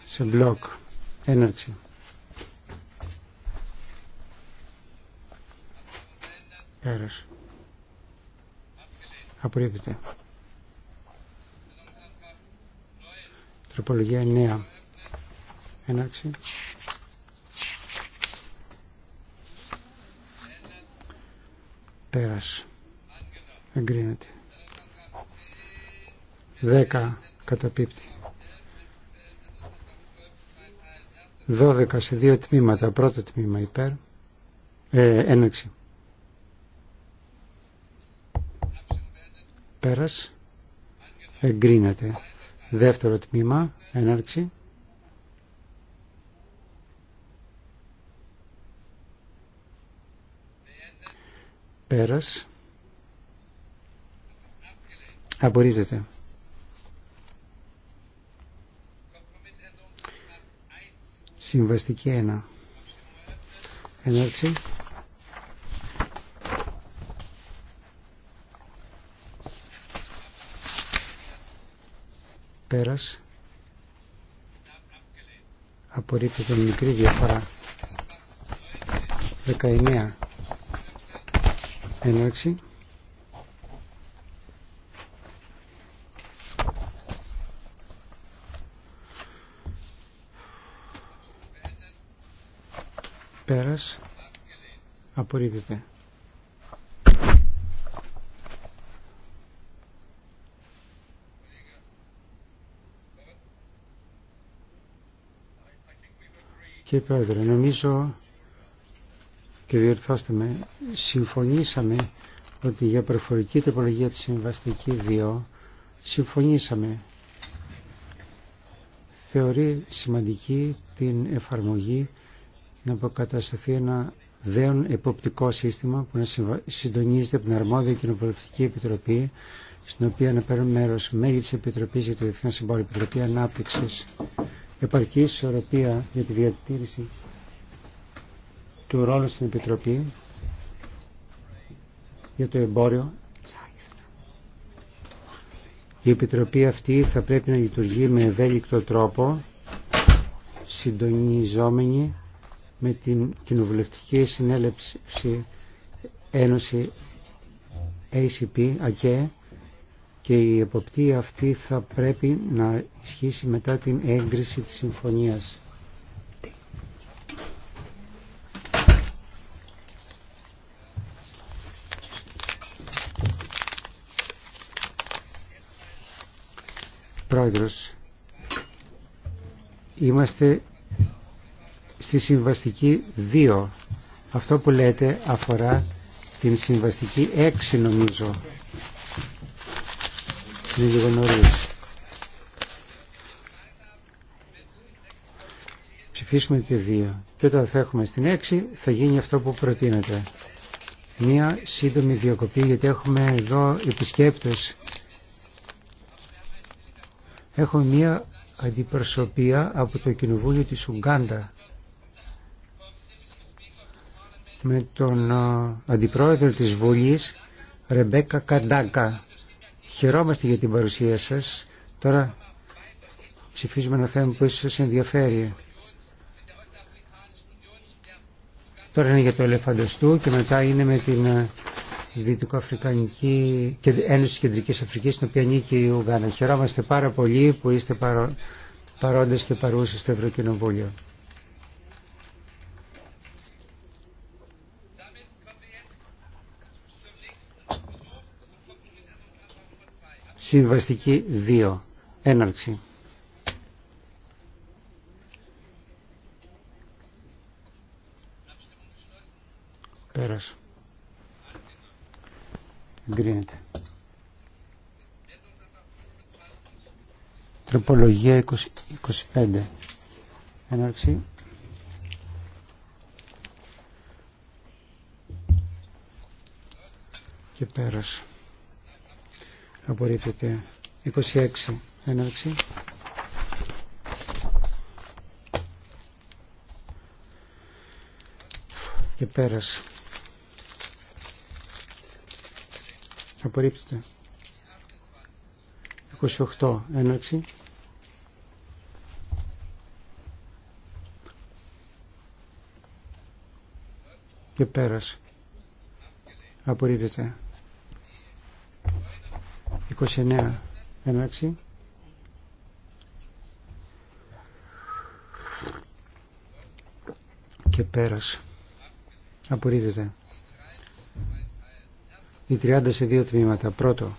Σε μπλοκ. Έναρξη. Πέρας. Απορρίπτεται. Τροπολογία 9. Έναρξη. Εγκρίνεται. δέκα καταπίπτει. δώδεκα σε δύο τμήματα. Πρώτο τμήμα υπέρ. Ε, έναρξη. Πέρας. Εγκρίνεται. Δεύτερο τμήμα. Έναρξη. Πέρας. Απορρίπτεται. Συμβαστική 1. Ενάρξη. Πέρας. Απορρίπτεται μικρή διαφορά. 19 ένοξη πέρας απορρίπτεται. Και πρόεδρε, νομίζω και διορθώστε με, συμφωνήσαμε ότι για προφορική τροπολογία της συμβαστική 2 συμφωνήσαμε θεωρεί σημαντική την εφαρμογή να αποκατασταθεί ένα δέον εποπτικό σύστημα που να συντονίζεται από την αρμόδια κοινοβουλευτική επιτροπή στην οποία να παίρνουν μέρο μέλη τη Επιτροπής για το Διεθνέ Συμπόριο Επιτροπή Ανάπτυξη, επαρκή ισορροπία για τη διατήρηση του ρόλου στην Επιτροπή για το εμπόριο. Η Επιτροπή αυτή θα πρέπει να λειτουργεί με ευέλικτο τρόπο, συντονιζόμενη με την Κοινοβουλευτική Συνέλευση Ένωση ACP, ΑΚΕ, και η εποπτεία αυτή θα πρέπει να ισχύσει μετά την έγκριση της συμφωνίας. Πρόεδρος, είμαστε στη συμβαστική 2. Αυτό που λέτε αφορά την συμβαστική 6 νομίζω. Είναι λίγο νωρίς. Ψηφίσουμε τη 2 και όταν θα έχουμε στην 6 θα γίνει αυτό που προτείνεται. Μία σύντομη διακοπή γιατί έχουμε εδώ επισκέπτες Έχω μία αντιπροσωπεία από το Κοινοβούλιο της Ουγκάντα με τον αντιπρόεδρο της Βουλής Ρεμπέκα Καντάκα. Χαιρόμαστε για την παρουσία σας. Τώρα ψηφίζουμε ένα θέμα που ίσως σας ενδιαφέρει. Τώρα είναι για το ελεφαντοστού και μετά είναι με την Δυτικοαφρικανική Ένωση Κεντρικής Αφρικής στην οποία νίκη η Ουγγάνα. Χαιρόμαστε πάρα πολύ που είστε παρόντες και παρούσες στο Ευρωκοινοβούλιο. Συμβαστική 2. Έναρξη. Πέρασε. Εγκρίνεται. Τροπολογία 25. Έναρξη. Και πέρας. Απορρίπτεται. 26. Έναρξη. Και πέρας. Απορρίπτεται. 28. Έναρξη. Και πέρας. Απορρίπτεται. 29. Έναρξη. Και πέρας. Απορρίπτεται η 30 σε δύο τμήματα. Πρώτο.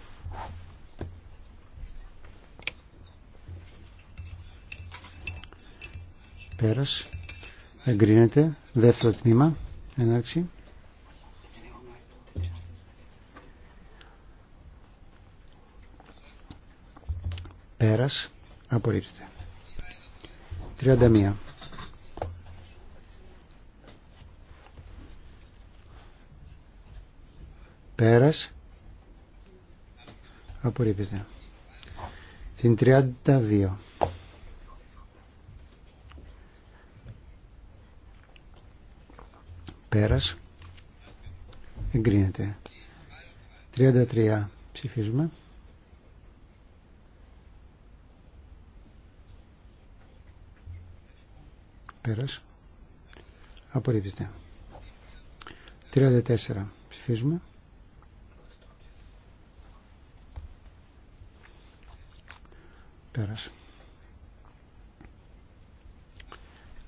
Πέρας. Εγκρίνεται. Δεύτερο τμήμα. Έναρξη. Πέρας. Απορρίπτεται. 31. Πέρας. Απορρίπτεται. Την 32. Πέρας. Εγκρίνεται. 33 ψηφίζουμε. Πέρας. Απορρίπτεται. 34 ψηφίζουμε. Πέρασε.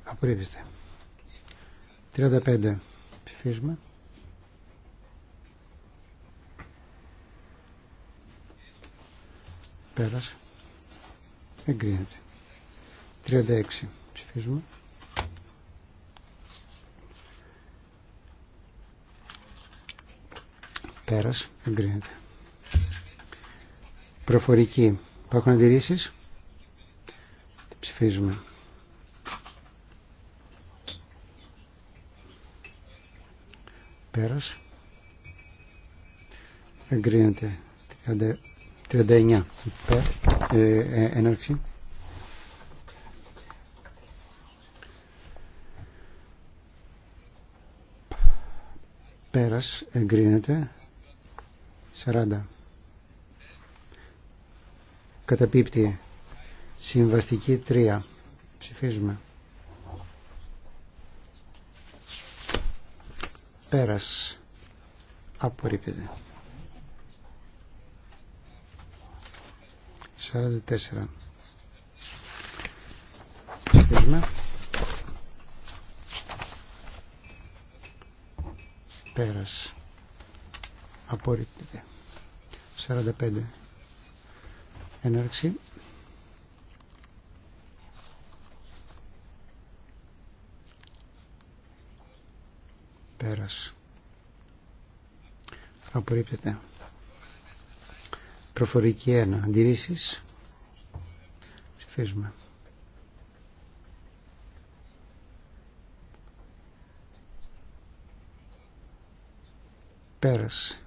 Απορρίπτεται. 35 ψηφίσμα. Πέρασε. Εγκρίνεται. 36 ψηφίσμα. Πέρασε. Εγκρίνεται. Προφορική. Υπάρχουν αντιρρήσεις. Ψηφίζουμε. Πέρας. Εγκρίνεται. 39. Υπέρ. Ε, ε, έναρξη. Πέρας. Εγκρίνεται. 40. Καταπίπτει. Συμβαστική 3. Ψηφίζουμε. Πέρας. Απορρίπτεται. 44. Ψηφίζουμε. Πέρας. Απορρίπτεται. 45. Έναρξη. Πέρας. Απορρίπτεται. Προφορική 1. Αντιρρήσεις. Ψηφίζουμε. Πέρας.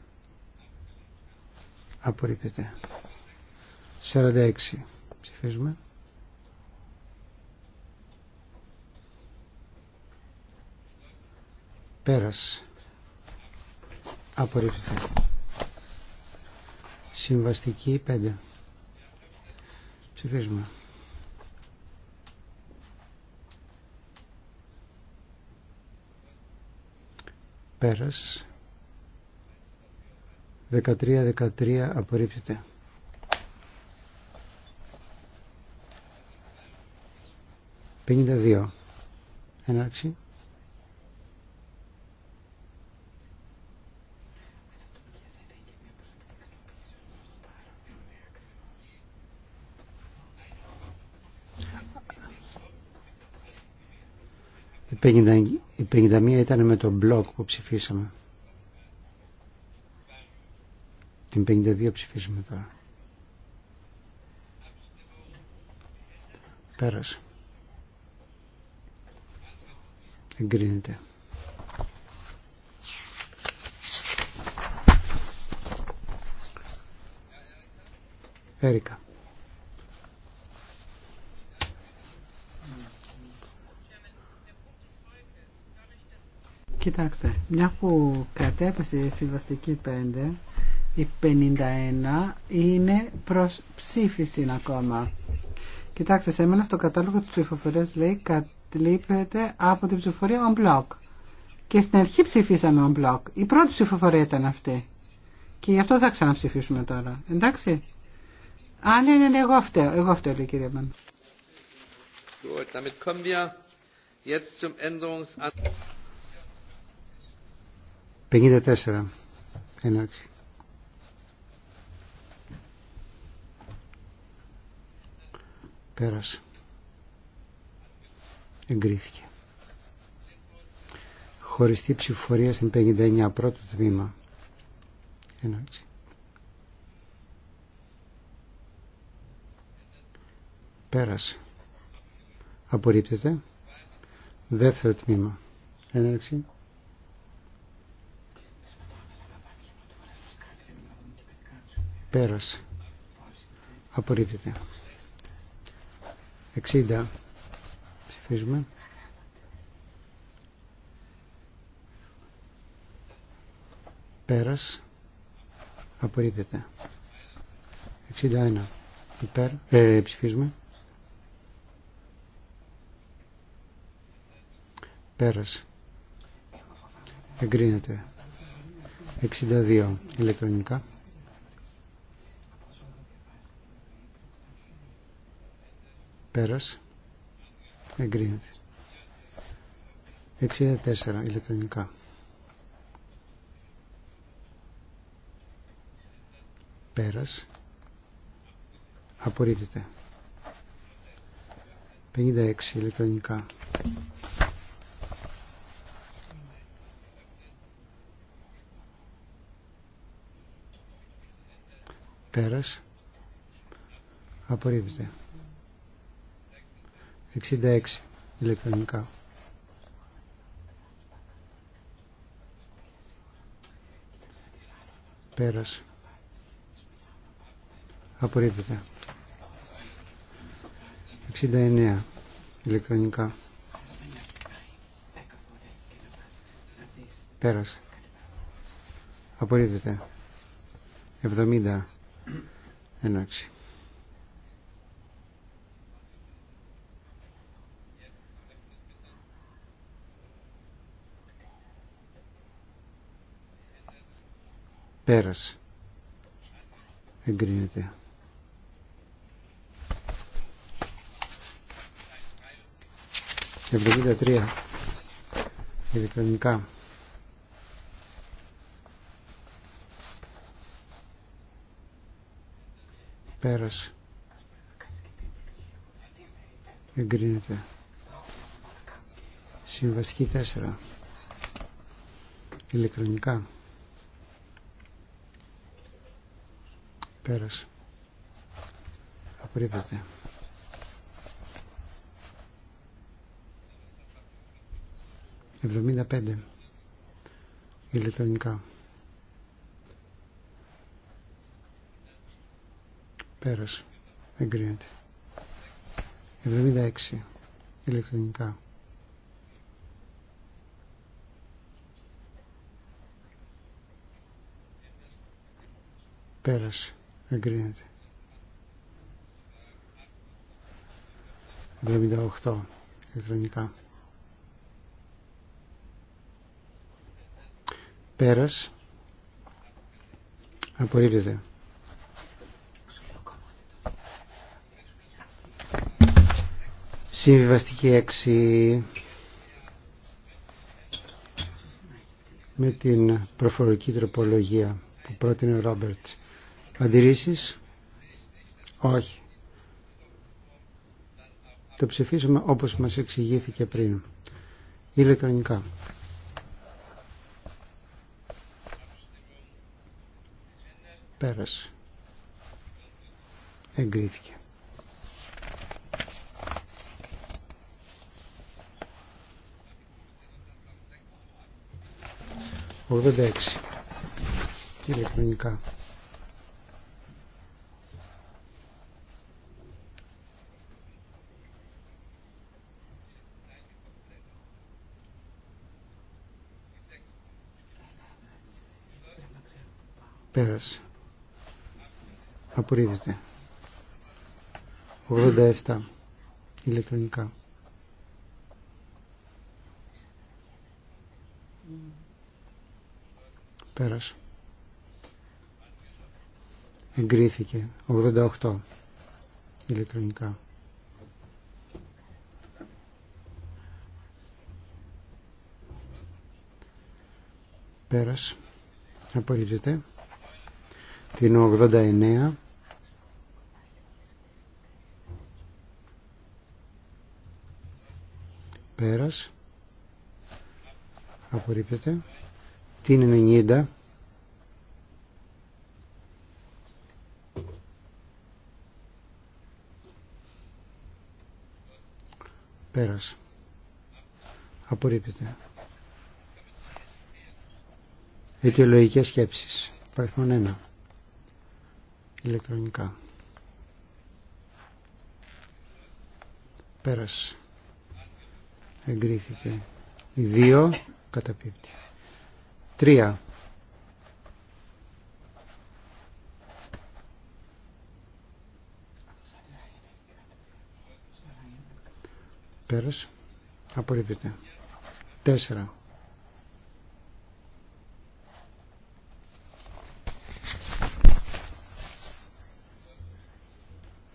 Απορρίπτεται. 46. Ψηφίζουμε. Πέρας. Απορρίφθηκε. Συμβαστική 5. Ψηφίζουμε. Πέρας. 13-13 απορρίπτεται. 52. Έναρξη. Η 51 ήταν με τον μπλοκ που ψηφίσαμε. Την 52 ψηφίσαμε τώρα. Πέρασε. Εγκρίνεται. Έρικα. Κοιτάξτε, μια που κατέπεσε η συμβαστική 5, η 51 είναι προς ψήφιση ακόμα. Κοιτάξτε, σε μένα στο κατάλογο της ψηφοφορίας λέει κατλείπεται από την ψηφοφορία on block. Και στην αρχή ψηφίσαμε on block. Η πρώτη ψηφοφορία ήταν αυτή. Και γι' αυτό θα ξαναψηφίσουμε τώρα. Εντάξει. Α, ναι, ναι, ναι εγώ φταίω. Εγώ φταίω, λέει κύριε Μαν. 54 έναρξη πέρασε εγκρίθηκε χωριστή ψηφοφορία στην 59 πρώτο τμήμα έναρξη πέρασε απορρίπτεται δεύτερο τμήμα έναρξη Πέρασε. Απορρίπτεται. 60. Ψηφίζουμε. Πέρας. Απορρίπτεται. 61. Υπέρ. Ε, ψηφίζουμε. Πέρας. Εγκρίνεται. 62 ηλεκτρονικά. Πέρας. Εγκρίνεται. 64 ηλεκτρονικά. Πέρας. Απορρίπτεται. 56 ηλεκτρονικά. Πέρας. Απορρίπτεται. 66 ηλεκτρονικά. Πέρασε. Απορρίπτεται. 69 ηλεκτρονικά. Πέρασε. Απορρίπτεται. 70 έναρξη. Πέρασε. Εγκρίνεται. 73 ηλεκτρονικά. Πέρασε. Εγκρίνεται. Συμβασική 4 ηλεκτρονικά. Πέρασε. Εβδομήντα πέντε. ηλεκτρονικά. Πέρασε. Εγκρίνεται. Εβδομήντα έξι. ηλεκτρονικά. Πέρασε εγκρίνεται 78 ηλεκτρονικά πέρας απορρίπτεται Συμβιβαστική 6 με την προφορική τροπολογία που πρότεινε ο Ρόμπερτ. Αντιρρήσεις. Όχι. Το ψηφίσουμε όπως μας εξηγήθηκε πριν. Ηλεκτρονικά. Πέρασε. Εγκρίθηκε. Ογδόντα ηλεκτρονικά. Πέρασε. Απορρίπτεται. 87 ηλεκτρονικά. Πέρασε. Εγκρίθηκε. 88 ηλεκτρονικά. Πέρασε. Απορρίπτεται την 89 πέρας απορρίπτεται την 90 πέρας απορρίπτεται αιτιολογικές σκέψεις παριθμόν 1 ηλεκτρονικά. Πέρασε. Εγκρίθηκε. δύο καταπίπτει. Τρία. Πέρασε. Απορρίπτεται. Τέσσερα.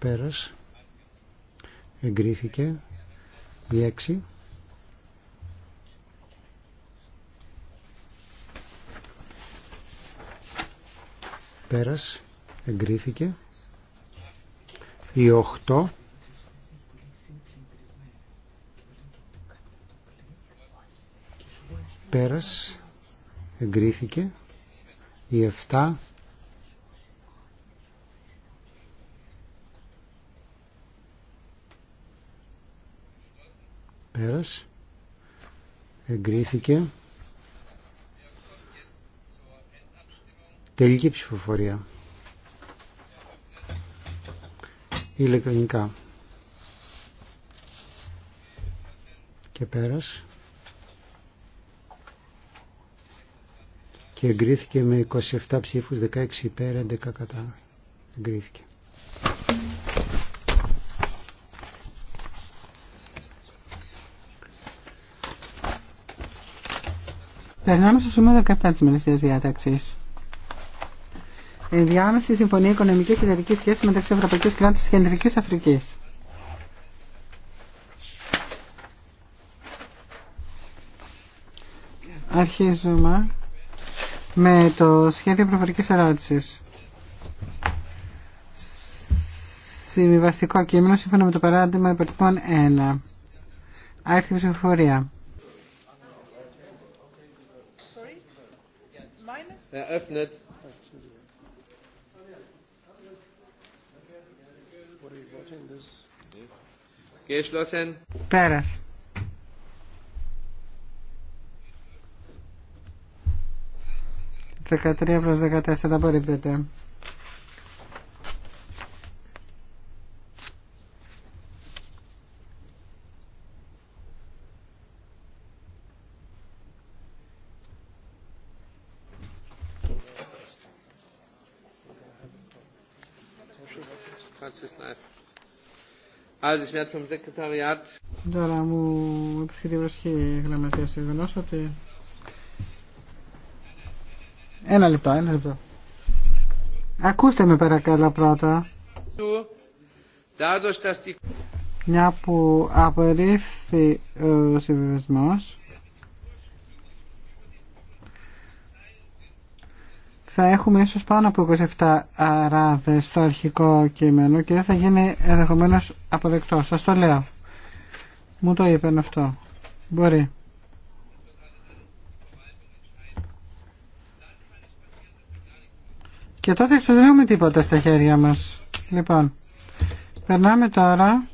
Πέρας. Εγκρίθηκε. Η 6. Πέρας. Εγκρίθηκε. Η 8. Πέρας εγκρίθηκε η 7 Πέρας. Εγκρίθηκε. Τελική ψηφοφορία. Ηλεκτρονικά. Και πέρας. Και εγκρίθηκε με 27 ψήφους, 16 υπέρ, 11 κατά. Εγκρίθηκε. Περνάμε στο σημείο 17 της Μελισσίας Διάταξης. Ενδιάμεση Συμφωνία Οικονομικής και Εταιρικής Σχέσης μεταξύ Ευρωπαϊκής Κράτης και Κεντρικής Αφρικής. Αρχίζουμε με το σχέδιο προφορικής ερώτησης. Συμβιβαστικό κείμενο σύμφωνα με το παράδειγμα υπερτυπών 1. Άρχιτη ψηφοφορία. eröffnet. Geschlossen. Peres. Δεκατρία προς δεκατέσσερα μπορείτε. Τώρα μου επισκεφτεί η γραμματεία στο γεγονό ότι. Ένα λεπτό, ένα λεπτό. Ακούστε με παρακαλώ πρώτα. Μια που απορρίφθη ο συμβιβασμός θα έχουμε ίσως πάνω από 27 αράδες στο αρχικό κείμενο και δεν θα γίνει ενδεχομένω αποδεκτό. Σας το λέω. Μου το είπαν αυτό. Μπορεί. Και τότε δεν έχουμε τίποτα στα χέρια μας. Λοιπόν, περνάμε τώρα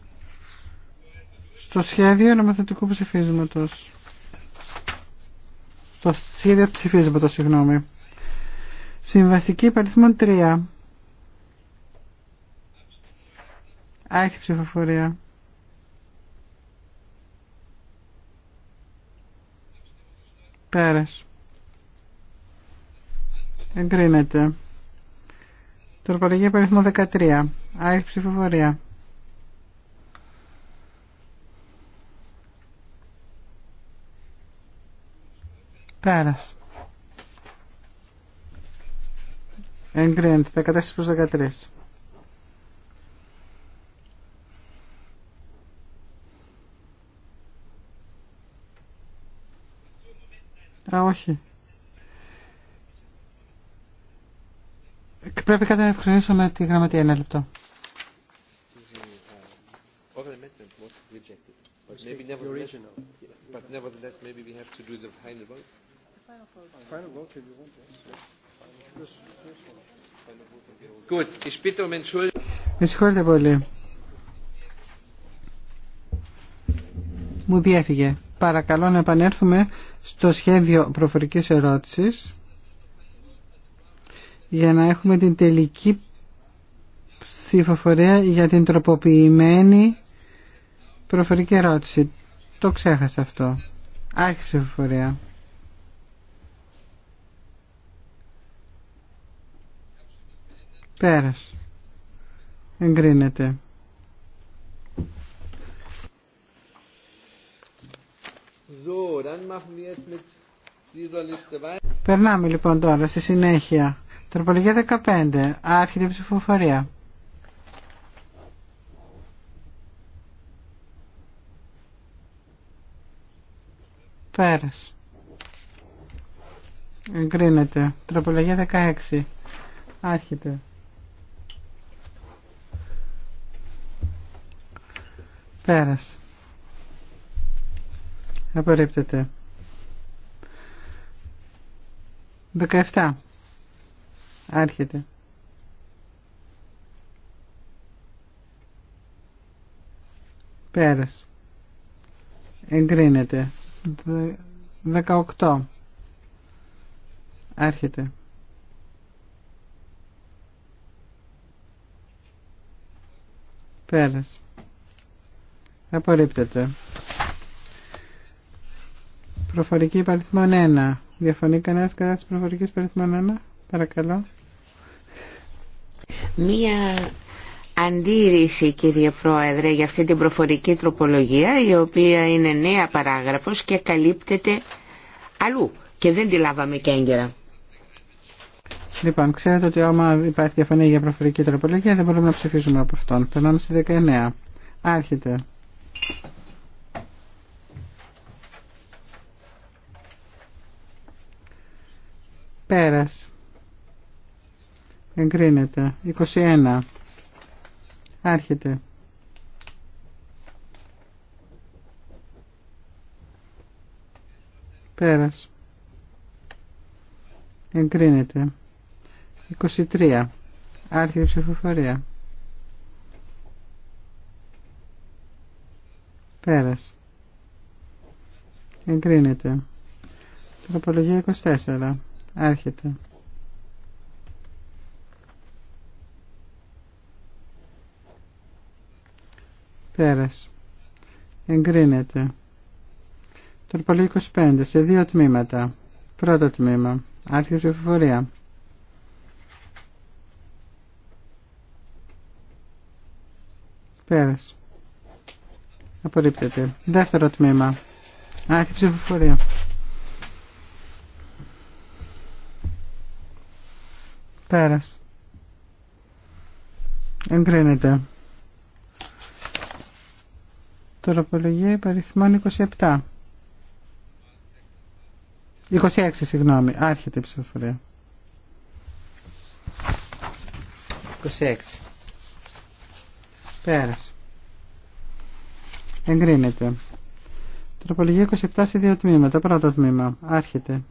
στο σχέδιο νομοθετικού ψηφίσματος. Στο σχέδιο ψηφίσματος, συγγνώμη. Συμβαστική υπαριθμό 3. Άχι ψηφοφορία. Πέρας. Εγκρίνεται. Τροπολογία υπαριθμό 13. Άχι ψηφοφορία. Πέρας. Εγκρίνεται 14 προς 13. Α, όχι. Πρέπει κάτι να ευκρινίσω με τη γραμματεία ένα λεπτό. But nevertheless, maybe we have to do the final vote. The final vote, if you want. Um Με συγχωρείτε πολύ. Μου διέφυγε. Παρακαλώ να επανέλθουμε στο σχέδιο προφορικής ερώτησης για να έχουμε την τελική ψηφοφορία για την τροποποιημένη προφορική ερώτηση. Το ξέχασα αυτό. Άρχισε ψηφοφορία. Πέρας. Εγκρίνεται. Περνάμε λοιπόν τώρα στη συνέχεια. Τροπολογία 15. Άρχιτη ψηφοφορία. Πέρας. Εγκρίνεται. Τροπολογία 16. Άρχεται. Πέρας. Απορρίπτεται. 17. Άρχεται. Πέρας. Εγκρίνεται. 18. Άρχεται. Πέρας. Απορρίπτεται. Προφορική παριθμόν 1. Διαφωνεί κανένα κατά τη προφορική παριθμόν 1. Παρακαλώ. Μία αντίρρηση κύριε Πρόεδρε για αυτή την προφορική τροπολογία η οποία είναι νέα παράγραφος και καλύπτεται αλλού και δεν τη λάβαμε και έγκαιρα. Λοιπόν, ξέρετε ότι άμα υπάρχει διαφωνία για προφορική τροπολογία δεν μπορούμε να ψηφίσουμε από αυτόν. Περνάμε στη 19. Άρχεται. Πέρας. Εγκρίνεται. 21. Άρχεται. Πέρας. Εγκρίνεται. 23. Άρχεται η ψηφοφορία. Πέρας. Εγκρίνεται. Τροπολογία 24. Άρχεται. Πέρας. Εγκρίνεται. Τροπολή 25 σε δύο τμήματα. Πρώτο τμήμα. Άρχιε ψηφοφορία. Πέρας. Απορρίπτεται. Δεύτερο τμήμα. Άρχιε ψηφοφορία. Πέρας. Εγκρίνεται. Τροπολογία υπαριθμών 27. 26, συγγνώμη. Άρχεται η ψηφοφορία. 26. Πέρας. Εγκρίνεται. Τροπολογία 27 σε δύο τμήματα. Πρώτο τμήμα. Άρχεται.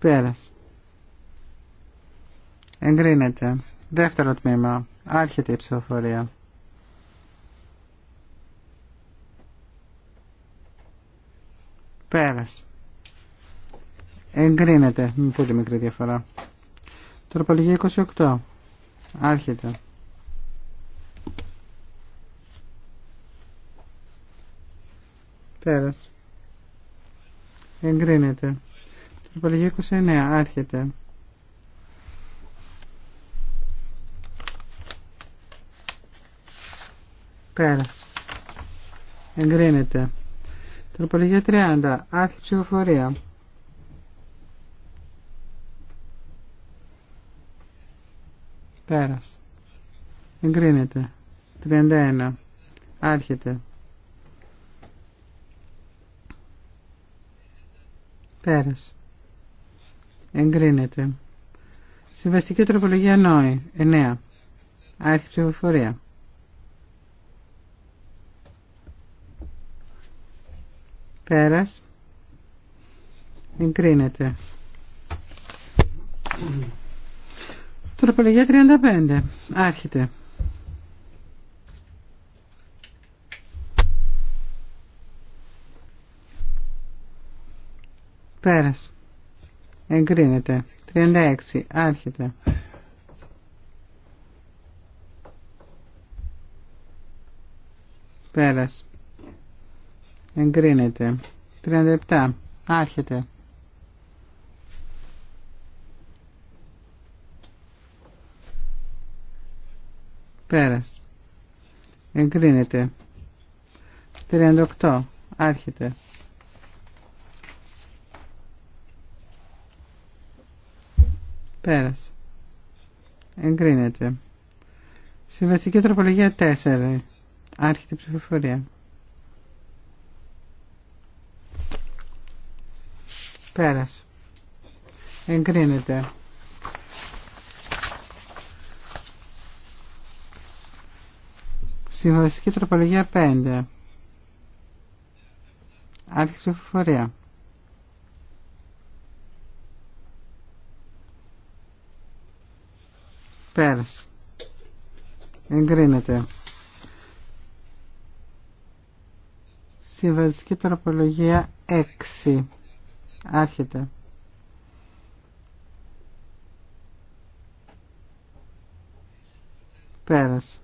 Πέρας. Εγκρίνεται. Δεύτερο τμήμα. Άρχεται η ψηφοφορία. Πέρας. Εγκρίνεται με πολύ μικρή διαφορά. Τροπολογία 28. Άρχεται. Πέρας. Εγκρίνεται. Τροπολογία 29. Άρχεται. Πέρας. Εγκρίνεται. Τροπολογία 30. Άρχη ψηφοφορία. Πέρας. Εγκρίνεται. 31. Άρχεται. Πέρασε. Εγκρίνεται. Συμβαστική τροπολογία νόη. 9. Άρχη ψηφοφορία. Πέρας. Εγκρίνεται. Τροπολογία 35. Άρχεται. Πέρας. Εγκρίνεται. 36. Άρχεται. Πέρας. Εγκρίνεται. 37. Άρχεται. Πέρας. Εγκρίνεται. 38. Άρχεται. Πέρας. Εγκρίνεται. Συμβαστική τροπολογία 4. Άρχεται ψηφοφορία. Πέρας. Εγκρίνεται. Συμβαστική τροπολογία 5. Άρχισε ψηφοφορία. Πέρας. Εγκρίνεται. Συμβαστική τροπολογία 6. Άρχεται. Πέρας.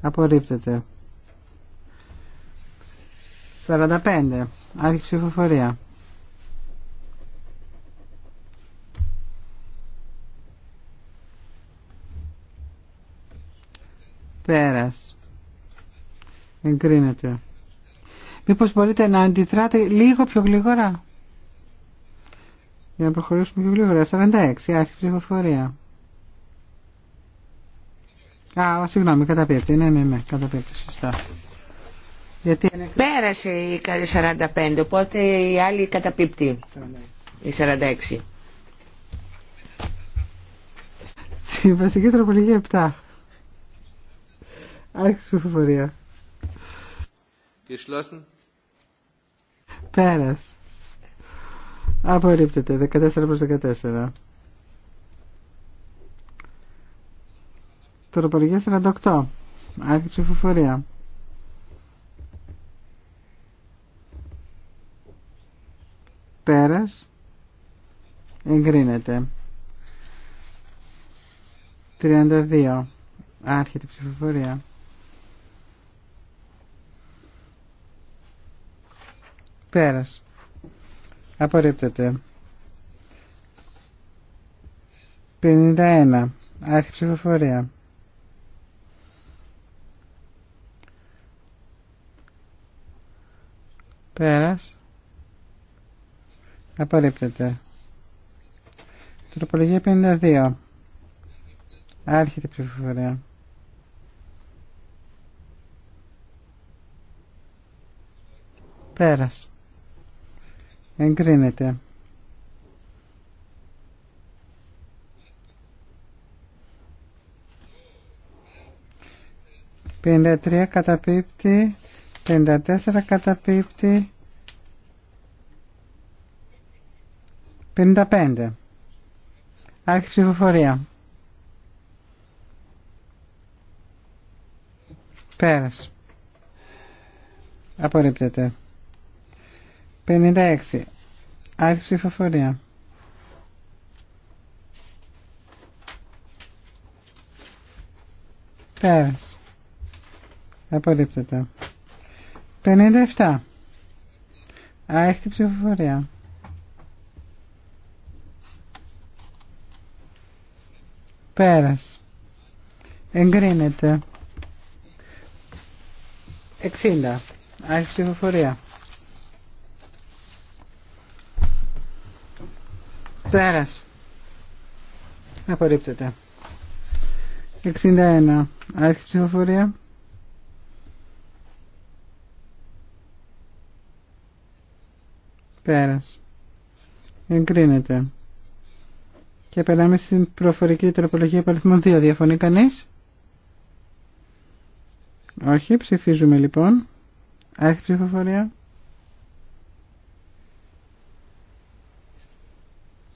Απορρίπτεται. 45. Άρχη ψηφοφορία. Πέρας. Εγκρίνεται. Μήπως μπορείτε να αντιδράτε λίγο πιο γλυγορά. Για να προχωρήσουμε πιο γλυγορά. 46. Άρχισε ψηφοφορία. Α, συγγνώμη, καταπίπτει. Ναι, ναι, ναι, Καταπίπτει. Σωστά. Γιατί... Πέρασε η 45, οπότε η άλλη καταπίπτει. Η 46. Βασική τροπολογία 7. Άρχισε ψηφοφορία. Geschlossen. Πέρας. Απορρίπτεται. 14 προ 14. Τροπολογία 48. Άρχισε ψηφοφορία. Πέρα. Εγκρίνεται. 32. Άρχεται ψηφοφορία. Πέρας. Απορρίπτεται. 51. Άρχη ψηφοφορία. Πέρας. Απορρίπτεται. Τροπολογία 52. άρχη η ψηφοφορία. Πέρας εγκρίνεται. Πέντε τρία καταπίπτει, πέντε τέσσερα καταπίπτει, πέντε πέντε. Πέρας. Απορρίπτεται. 56. Άρχισε ψηφοφορία. Πέρας. Απορρίπτεται. 57. Άρχισε ψηφοφορία. Πέρας. Εγκρίνεται. 60. Άρχισε ψηφοφορία. Πέρας. Απορρίπτεται. 61. Άρχισε ψηφοφορία. Πέρας. Εγκρίνεται. Και περάμε στην προφορική τροπολογία υπαριθμών 2. Διαφωνεί κανείς? Όχι. Ψηφίζουμε λοιπόν. Άρχισε ψηφοφορία.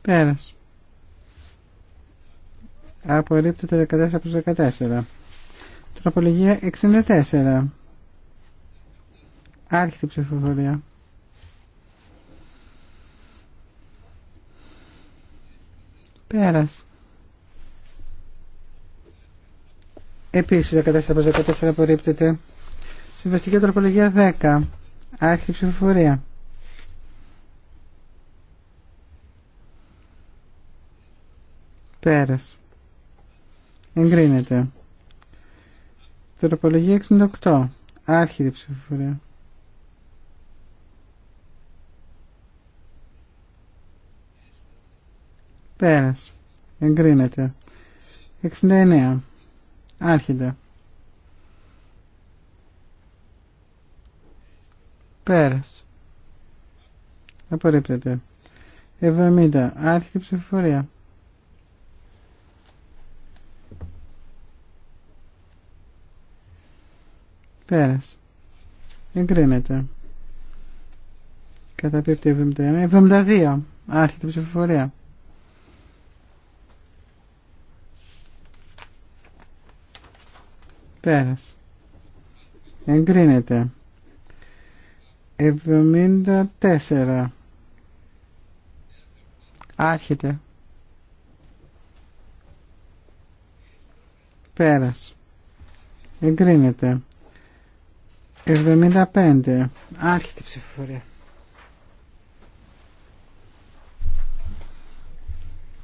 Πέρας. Απορρίπτεται 14 προς 14. Τροπολογία 64. Άρχιτη ψηφοφορία. Πέρας. Επίσης 14 προς 14 απορρίπτεται. Συμβαστική τροπολογία 10. Άρχιτη ψηφοφορία. Πέρας. Εγκρίνεται. Τροπολογία 68. Άρχιδη ψηφοφορία. Πέρας. Εγκρίνεται. 69. Άρχιδη. Πέρας. Απορρίπτεται. 70. Άρχιδη ψηφοφορία. Πέρας. Εγκρίνεται. Καταπίπτει 71. 72. Άρχεται η ψηφοφορία. Πέρας. Εγκρίνεται. 74. Άρχεται. Πέρας. Εγκρίνεται. 75. Άρχεται η ψηφοφορία.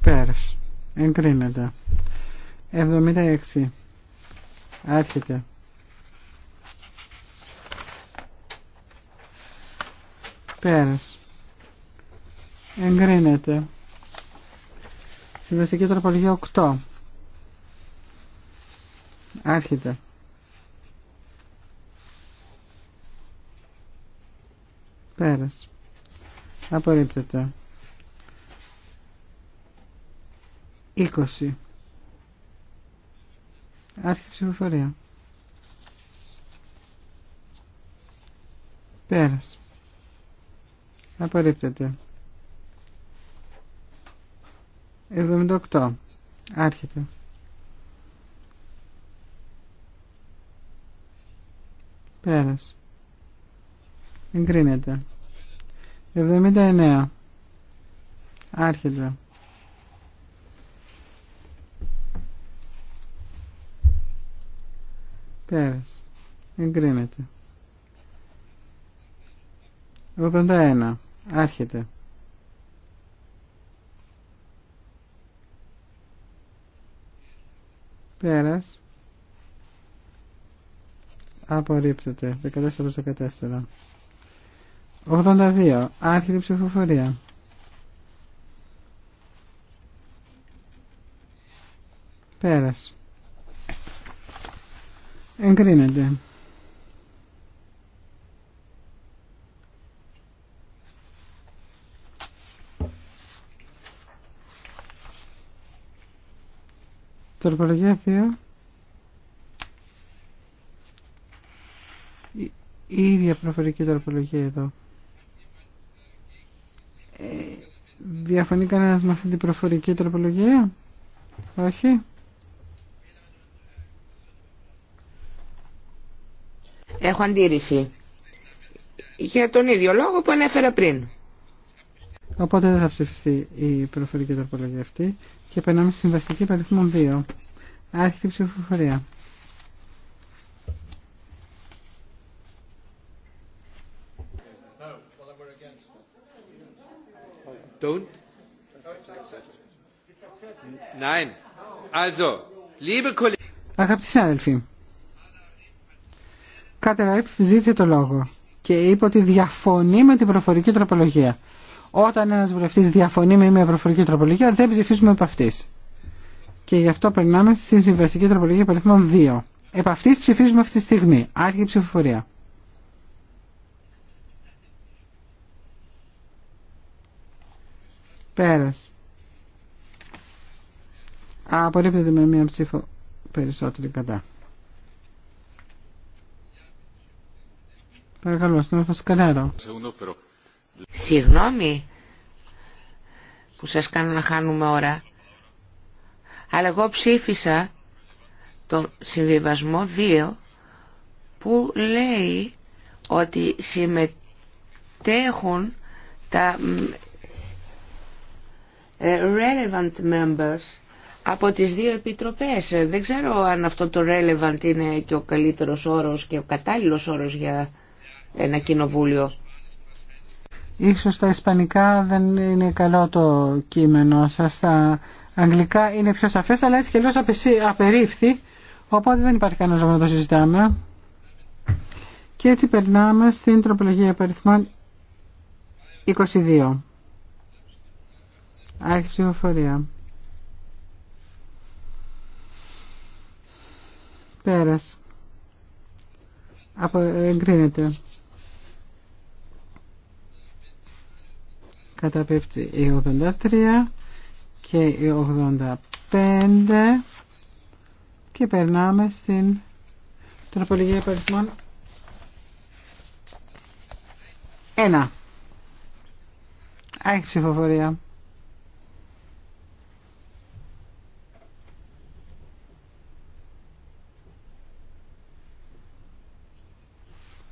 Πέρας. Εγκρίνεται. 76. Άρχεται. Πέρας. Εγκρίνεται. Συμβαστική τροπολογία 8. Άρχεται. Πέρας. Απορρίπτεται. 20. Άρχισε ψηφοφορία. Πέρας. Απορρίπτεται. 78. Άρχεται. Πέρας. Εγκρίνεται. 79. Άρχεται. Πέρας. Εγκρίνεται. 81. Άρχεται. Πέρας. Απορρίπτεται. 14 προς 14. 82. Άρχεται ψηφοφορία. Πέρας. Εγκρίνεται. 2. Η ίδια προφορική τροπολογία εδώ. Διαφωνεί κανένα με αυτή την προφορική τροπολογία. Όχι. Έχω αντίρρηση. Για τον ίδιο λόγο που ανέφερα πριν. Οπότε δεν θα ψηφιστεί η προφορική τροπολογία αυτή. Και περνάμε στη συμβαστική παριθμό 2. Άρχιτη ψηφοφορία. Don't. Nein. Also, liebe Αγαπητοί συνάδελφοι, Κάτερα ζήτησε το λόγο και είπε ότι διαφωνεί με την προφορική τροπολογία. Όταν ένας βουλευτής διαφωνεί με μια προφορική τροπολογία δεν ψηφίζουμε επ' αυτής. Και γι' αυτό περνάμε στη συμβαστική τροπολογία παριθμών 2. Επ' αυτής ψηφίζουμε αυτή τη στιγμή. Άρχιε ψηφοφορία. Πέρας. Απορρίπτεται με μία ψήφο περισσότερη κατά. Παρακαλώ, στον Φασκαλέρο. Συγγνώμη που σας κάνω να χάνουμε ώρα. Αλλά εγώ ψήφισα το συμβιβασμό 2 που λέει ότι συμμετέχουν τα ε, relevant members από τις δύο επιτροπές. Ε, δεν ξέρω αν αυτό το relevant είναι και ο καλύτερος όρος και ο κατάλληλος όρος για ένα κοινοβούλιο. Ίσως τα ισπανικά δεν είναι καλό το κείμενο σας. Τα αγγλικά είναι πιο σαφές, αλλά έτσι και λίγο απερίφθη, οπότε δεν υπάρχει κανένα λόγο να το συζητάμε. Και έτσι περνάμε στην τροπολογία επαριθμών 22. Άρχη ψηφοφορία. Πέρας. Απο... Εγκρίνεται. Καταπέφτει η 83 και η 85 και περνάμε στην τροπολογία υπαριθμών 1. Άρχη ψηφοφορία.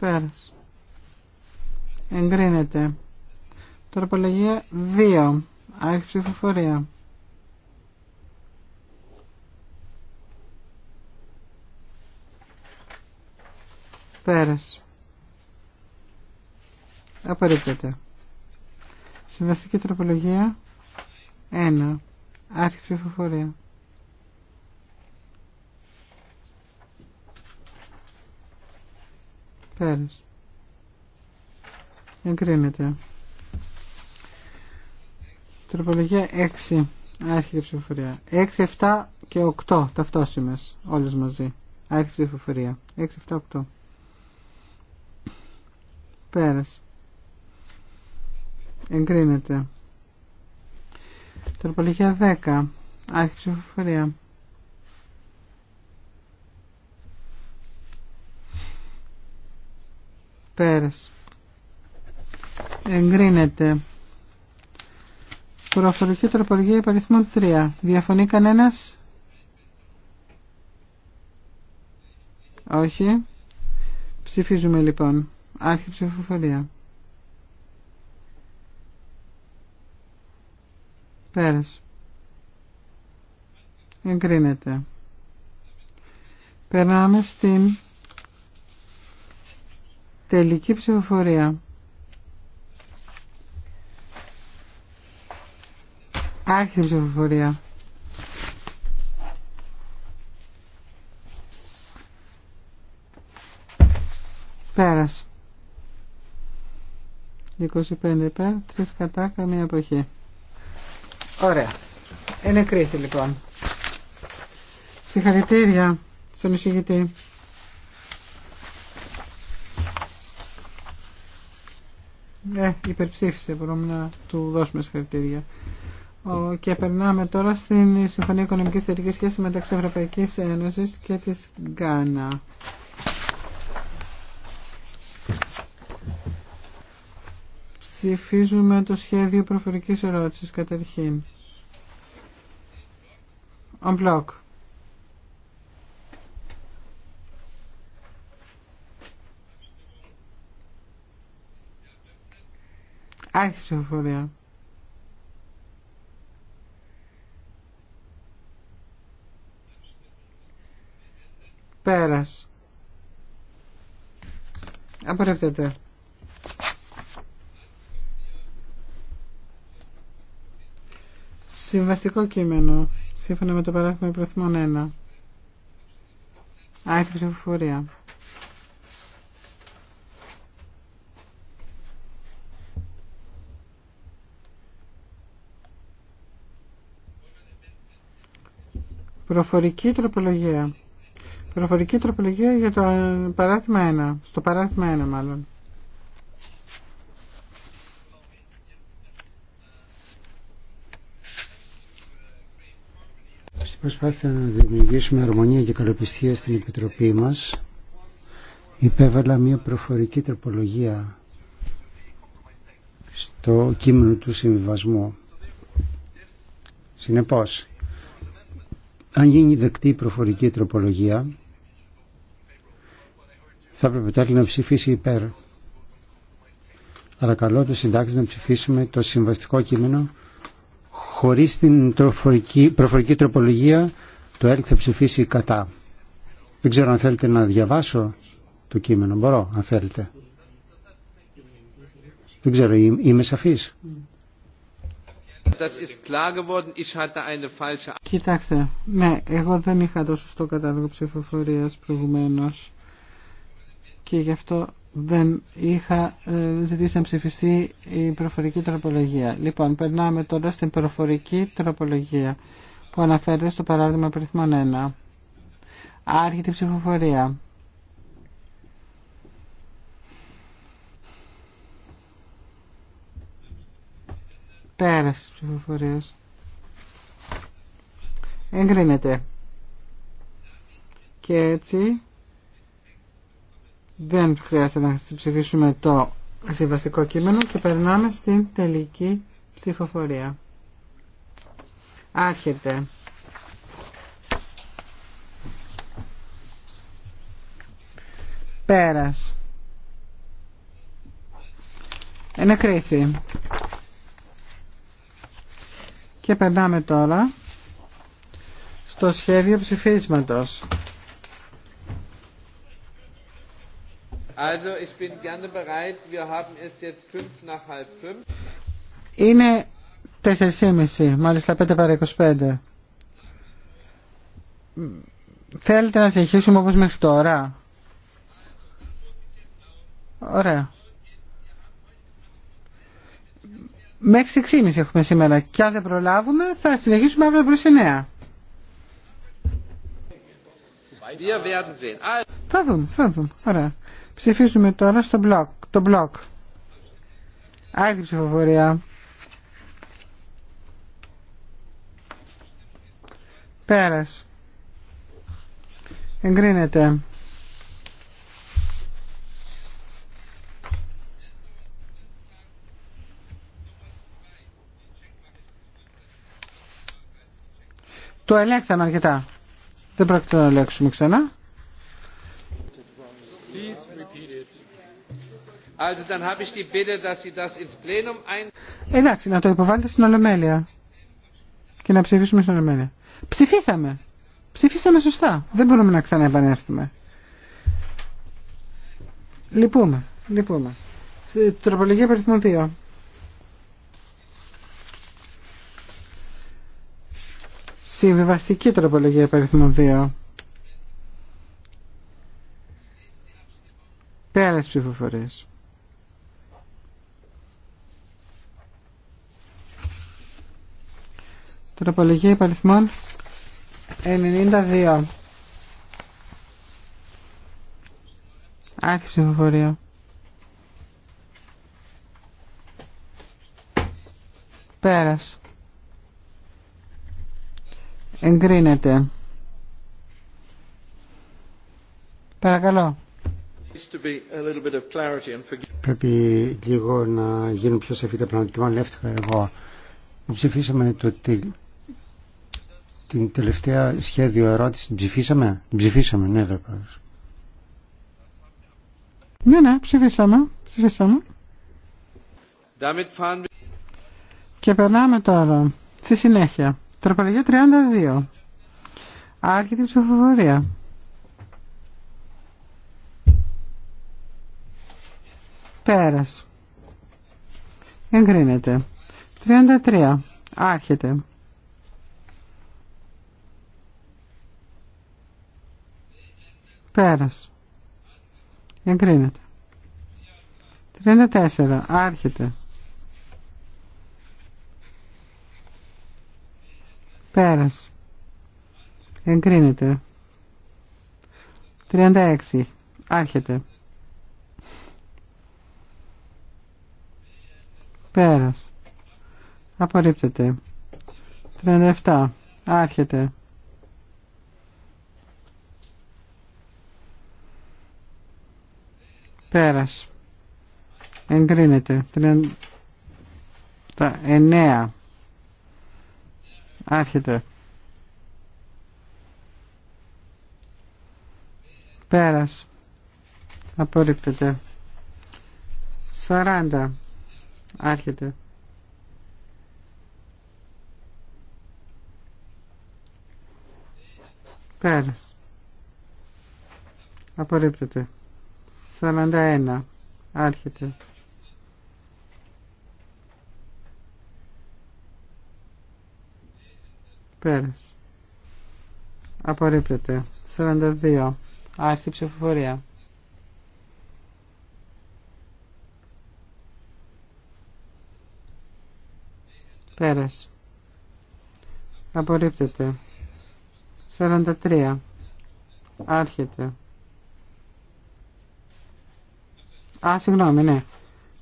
Πέρας. Εγκρίνεται. Τροπολογία 2. Άρχη ψηφοφορία. Πέρας. Απορρίπτεται. Συμβαστική τροπολογία 1. Άρχη ψηφοφορία. φέρεις. Εγκρίνεται. Τροπολογία 6. Άρχιτη ψηφοφορία. 6, 7 και 8 ταυτόσημες όλες μαζί. Άρχιτη ψηφοφορία. 6, 7, 8. Πέρας. Εγκρίνεται. Τροπολογία 10. Άρχιτη ψηφοφορία. Πέρας. Εγκρίνεται. Προφορική τροπολογία υπαριθμών 3. Διαφωνεί κανένας? Όχι. Ψηφίζουμε λοιπόν. Άρχη ψηφοφορία. Πέρας. Εγκρίνεται. Περνάμε στην Τελική ψηφοφορία. Άρχισε ψηφοφορία. Πέρας. 25 υπέρ, 3 κατά, καμία εποχή. Ωραία. Είναι λοιπόν. Συγχαρητήρια στον εισηγητή. ε, υπερψήφισε, μπορούμε να του δώσουμε συγχαρητήρια. Και περνάμε τώρα στην Συμφωνία Οικονομική Εταιρική Σχέση μεταξύ Ευρωπαϊκή Ένωση και τη Γκάνα. Ψηφίζουμε το σχέδιο προφορική ερώτηση καταρχήν. On Άρχισε η ψηφοφορία. Πέρας. Απορρίπτεται. Συμβαστικό κείμενο. Σύμφωνα με το παράδειγμα υπ. 1. Άρχισε η ψηφοφορία. Προφορική τροπολογία. Προφορική τροπολογία για το παράθυμα 1. Στο παράθυμα 1 μάλλον. Στην προσπάθεια να δημιουργήσουμε αρμονία και καλοπιστία στην Επιτροπή μας υπέβαλα μια προφορική τροπολογία στο κείμενο του συμβιβασμού. Συνεπώς, αν γίνει δεκτή η προφορική τροπολογία, θα έπρεπε τέλει να ψηφίσει υπέρ. Αλλά καλό το συντάξει να ψηφίσουμε το συμβαστικό κείμενο χωρίς την προφορική, τροπολογία το ΕΛΚ θα ψηφίσει κατά. Δεν ξέρω αν θέλετε να διαβάσω το κείμενο. Μπορώ, αν θέλετε. Δεν ξέρω, είμαι σαφής. Κοιτάξτε, ναι, εγώ δεν είχα το σωστό κατάλογο ψηφοφορία προηγουμένω και γι' αυτό δεν είχα ε, ζητήσει να ψηφιστεί η προφορική τροπολογία. Λοιπόν, περνάμε τώρα στην προφορική τροπολογία που αναφέρεται στο παράδειγμα περιθμών 1. Άρχιτη ψηφοφορία. Πέρας της ψηφοφορίας. Εγκρίνεται. Και έτσι δεν χρειάζεται να ψηφίσουμε το συμβαστικό κείμενο και περνάμε στην τελική ψηφοφορία. Άρχεται. Πέρας. κρίθι. Και περνάμε τώρα στο σχέδιο ψηφίσματος. Also ich bin gerne bereit, wir haben es jetzt nach Είναι 4.30, μάλιστα 5 παρα 25. Θέλετε να συνεχίσουμε όπως μέχρι τώρα. Ωραία. Μέχρι 6.30 έχουμε σήμερα και αν δεν προλάβουμε θα συνεχίσουμε αύριο προς 9. Θα δούμε, θα δούμε. Ωραία. Ψηφίζουμε τώρα στο μπλοκ. Το μπλοκ. Άλλη ψηφοφορία. Πέρας. Εγκρίνεται. Το ελέγξαμε αρκετά. Δεν πρόκειται να ελέγξουμε ξανά. Εντάξει, να το υποβάλλετε στην Ολομέλεια και να ψηφίσουμε στην Ολομέλεια. Ψηφίσαμε. Ψηφίσαμε σωστά. Δεν μπορούμε να ξαναεπανέλθουμε. Λυπούμε. Λυπούμε. Τροπολογία περιθμού 2. Συμβιβαστική τροπολογία υπαριθμών 2. Πέρας ψηφοφορίες. Τροπολογία υπαριθμών 92. Άρχη ψηφοφορία. Πέρας. Εγκρίνεται. Παρακαλώ. Πρέπει λίγο να γίνουν πιο σαφή τα πράγματα λοιπόν, και μάλλον εγώ. Ψηφίσαμε το την τελευταία σχέδιο ερώτηση. Ψηφίσαμε. Ψηφίσαμε, ναι, ρε Ναι, ναι, ψηφίσαμε. Ψηφίσαμε. Και περνάμε τώρα. Στη συνέχεια. Τροπολογία 32. Άρχεται η ψηφοφορία. Πέρας. Εγκρίνεται. 33. Άρχεται. Πέρας. Εγκρίνεται. 34. Άρχεται. Πέρας. Εγκρίνεται. 36. Άρχεται. Πέρας. Απορρίπτεται. 37. Άρχεται. Πέρας. Εγκρίνεται. 39. Άρχεται. Πέρας. Απορρίπτεται. Σαράντα. Άρχεται. Πέρας. Απορρίπτεται. Σαράντα ένα. Άρχεται. Πέρας. Απορρίπτεται. 42. άρθη ψηφοφορία. Πέρες. Απορρίπτεται. 43. Άρχεται. Α, συγγνώμη, ναι.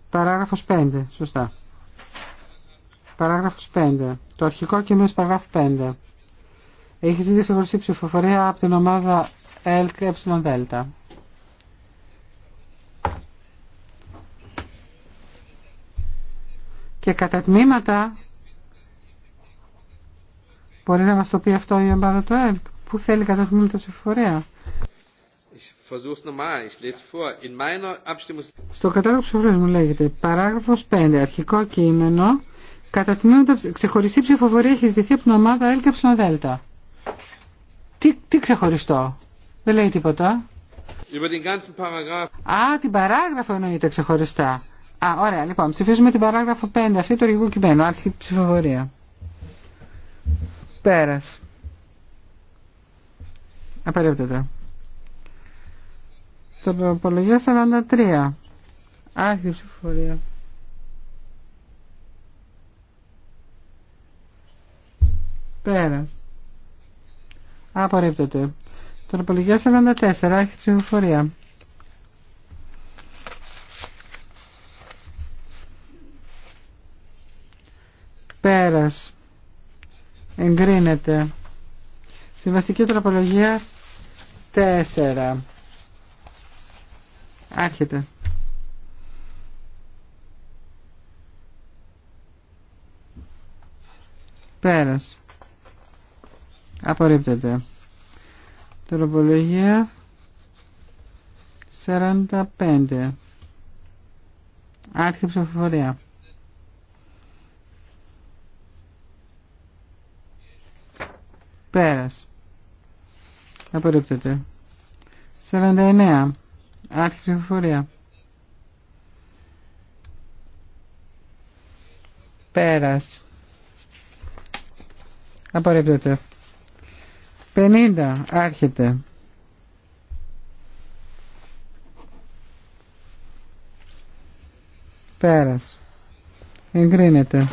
Παράγραφος 5. Σωστά. Παράγραφος 5. Το αρχικό κείμενο της παραγράφου 5. Έχει ζητήσει γνωστή ψηφοφορία από την ομάδα ΕΛΚ ΕΔΕΛΤΑ. Και κατά τμήματα μπορεί να μας το πει αυτό η ομάδα του ΕΛΚ. Πού θέλει κατά τμήματα ψηφοφορία. Στο κατάλογο ψηφοφορία μου λέγεται παράγραφος 5 αρχικό κείμενο Κατά τμήματα ξεχωριστή ψηφοφορία έχει ζητηθεί από την ομάδα ΕΛΚΑ Τι, τι ξεχωριστό. Δεν λέει τίποτα. Α, την παράγραφο εννοείται ξεχωριστά. Α, ωραία, λοιπόν, ψηφίζουμε την παράγραφο 5 αυτή του αρχικού κειμένου, άρχη ψηφοφορία. Πέρας. Το Τροπολογία 43. Άρχη ψηφοφορία. Πέρας. Απορρίπτεται. Τροπολογία 44. Έχει ψηφοφορία. Πέρας. Εγκρίνεται. Συμβαστική τροπολογία 4. Άρχεται. Πέρας. Απορρίπτεται. Τροπολογία 45. Άρχη ψηφοφορία. Πέρας. Απορρίπτεται. 49. Άρχη ψηφοφορία. Πέρας. Απορρίπτεται. 50 άρχεται. Πέρας. Εγκρίνεται.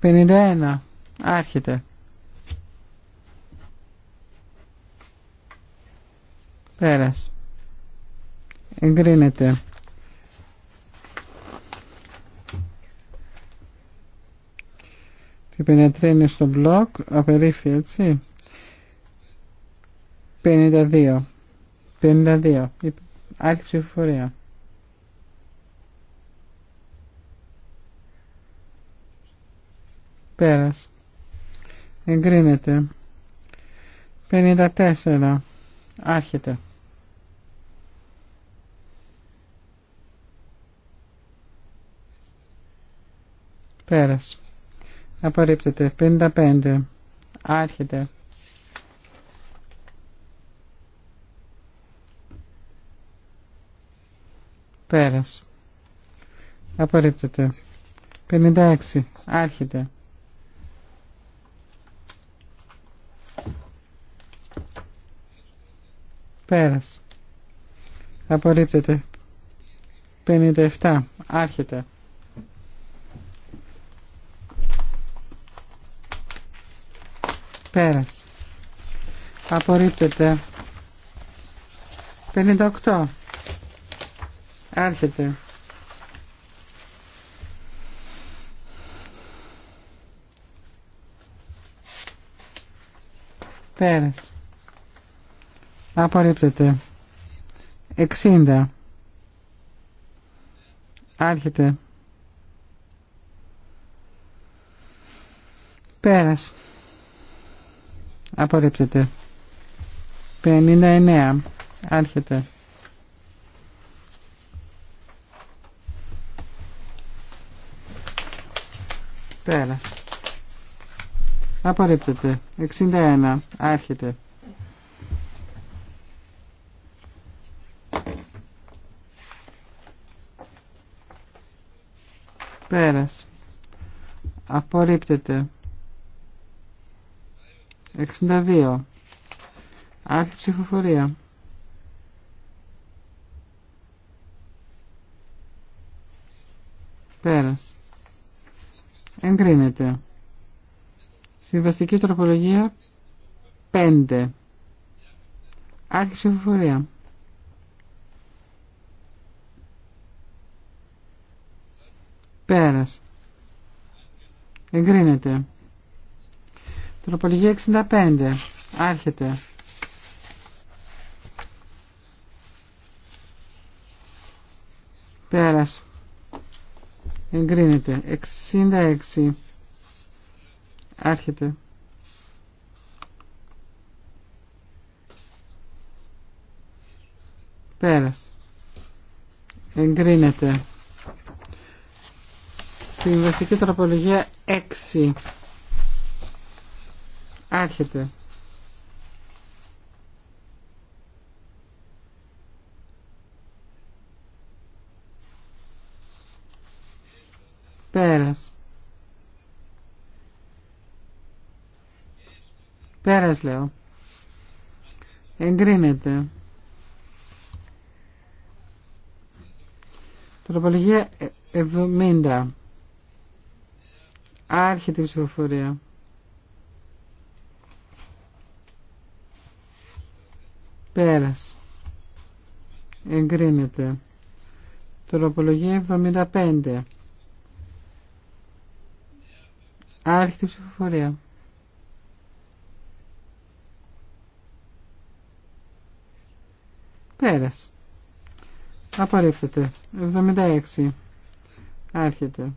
51 άρχεται. Πέρας. Εγκρίνεται. Και είναι στο μπλοκ, απερίφθη έτσι. 52. 52. Άλλη ψηφοφορία. Πέρας. Εγκρίνεται. 54. Άρχεται. Πέρας. Απορρίπτεται. 55. Άρχεται. Πέρας. Απορρίπτεται. 56. Άρχεται. Πέρας. Απορρίπτεται. 57. Άρχεται. Πέρας. Απορρίπτεται. 58. Άρχεται. Πέρες. Απορρίπτεται. 60. Άρχεται. Πέρας. Απορρίπτεται. 59. Άρχεται. Πέρας. Απορρίπτεται. 61. Άρχεται. Πέρας. Απορρίπτεται. 62. Άρχη ψηφοφορία. Πέρας. Εγκρίνεται. Συμβαστική τροπολογία 5. Άρχη ψηφοφορία. Πέρας. Εγκρίνεται. Τροπολογία 65. Άρχεται. Πέρας. Εγκρίνεται. 66. Άρχεται. Πέρας. Εγκρίνεται. Συμβαστική τροπολογία 6. Άρχεται. Πέρας λέω. Εγκρίνεται. Τροπολογία 70. Άρχεται ψηφοφορία. Πέρας. Εγκρίνεται. Τροπολογία 75. Άρχεται η ψηφοφορία. Πέρας. Απορρίπτεται. 76. Άρχεται.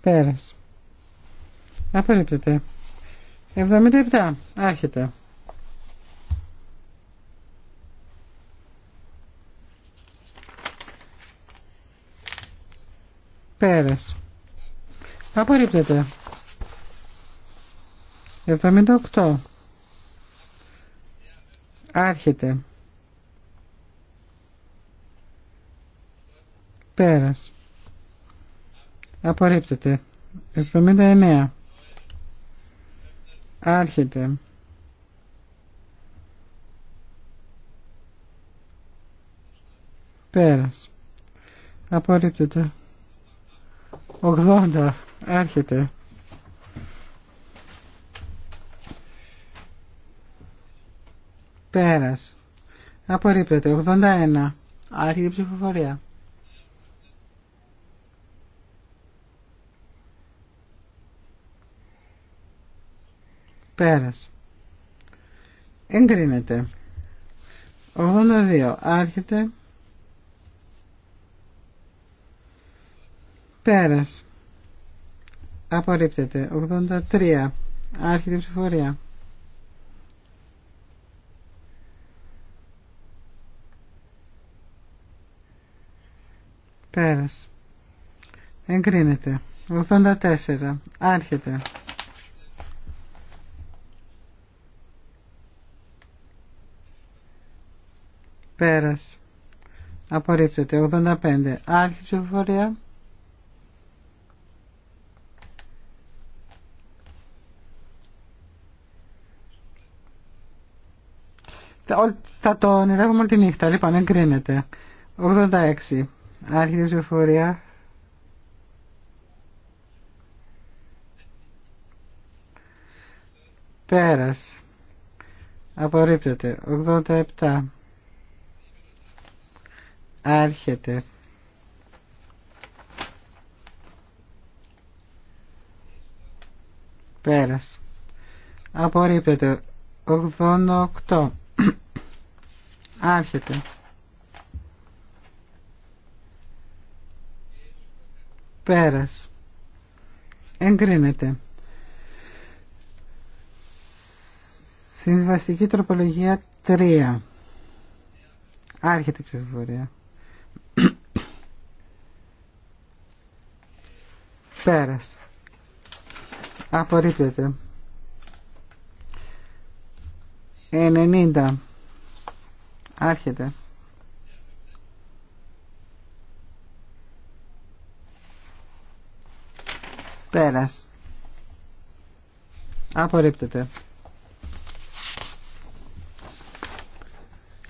Πέρας. Απορρίπτεται. 77. Άρχεται. Πέρας. Απορρίπτεται. 78 άρχεται πέρας απορρίπτεται 79 άρχεται πέρας απορρίπτεται 80 άρχεται Πέρας. Απορρίπτεται. 81. Άρχιδη η ψηφοφορία. Πέρας. Εγκρίνεται. 82. Άρχεται. Πέρας. Απορρίπτεται. 83. Άρχεται η ψηφοφορία. Πέρας. Εγκρίνεται. 84. Άρχεται. Πέρας. Απορρίπτεται. 85. Άρχη ψηφοφορία. Θα το ονειρεύουμε όλη τη νύχτα. Λοιπόν, εγκρίνεται. 86. Άρχεται η ψηφοφορία. Πέρας. Απορρίπτεται. 87. Άρχεται. Πέρας. Απορρίπτεται. 88. Άρχεται. Πέρας. Εγκρίνεται. Συμβαστική τροπολογία 3. Άρχεται η ψηφοφορία. Πέρας. Απορρίπτεται. 90. Άρχεται. Πέρας. Απορρίπτεται.